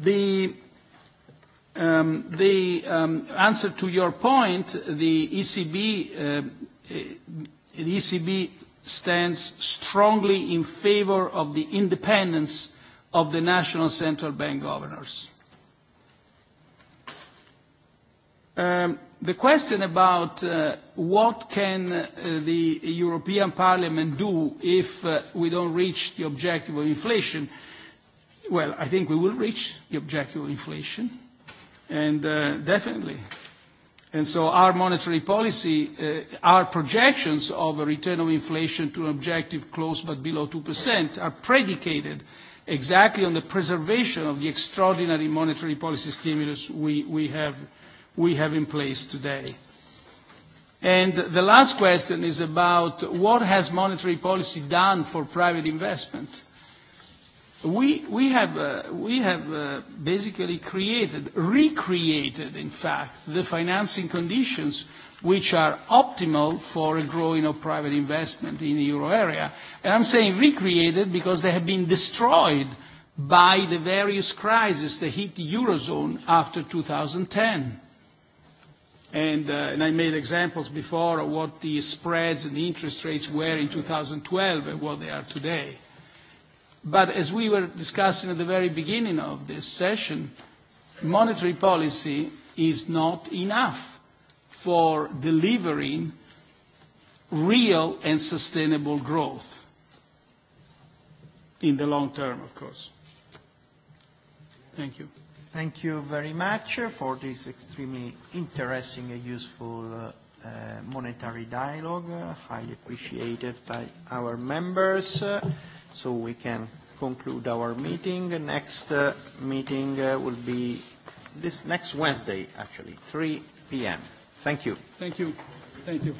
The, um, the um, answer to your point, the ECB, uh, uh, the ECB stands strongly in favor of the independence of the national central bank governors. Um, the question about uh, what can uh, the European Parliament do if uh, we don't reach the objective of inflation – uh, Well, I think we will reach the objective of inflation, and uh, definitely. And so our monetary policy, uh, our projections of a return of inflation to an objective close but below 2% are predicated exactly on the preservation of the extraordinary monetary policy stimulus we, we, have, we have in place today. And the last question is about what has monetary policy done for private investment? we, we have, uh, we have uh, basically created, recreated, in fact, the financing conditions which are optimal for a growing of private investment in the euro area. And I'm saying recreated because they have been destroyed by the various crises that hit the eurozone after 2010. And, uh, and I made examples before of what the spreads and the interest rates were in 2012 and what they are today. But as we were discussing at the very beginning of this session, monetary policy is not enough for delivering real and sustainable growth in the long term, of course. Thank you. Thank you very much for this extremely interesting and useful uh, uh monetary dialogue, uh, highly appreciated by our members. Uh, so we can conclude our meeting. The next uh, meeting uh, will be this next Wednesday, actually, 3 p.m. Thank you. Thank you. Thank you.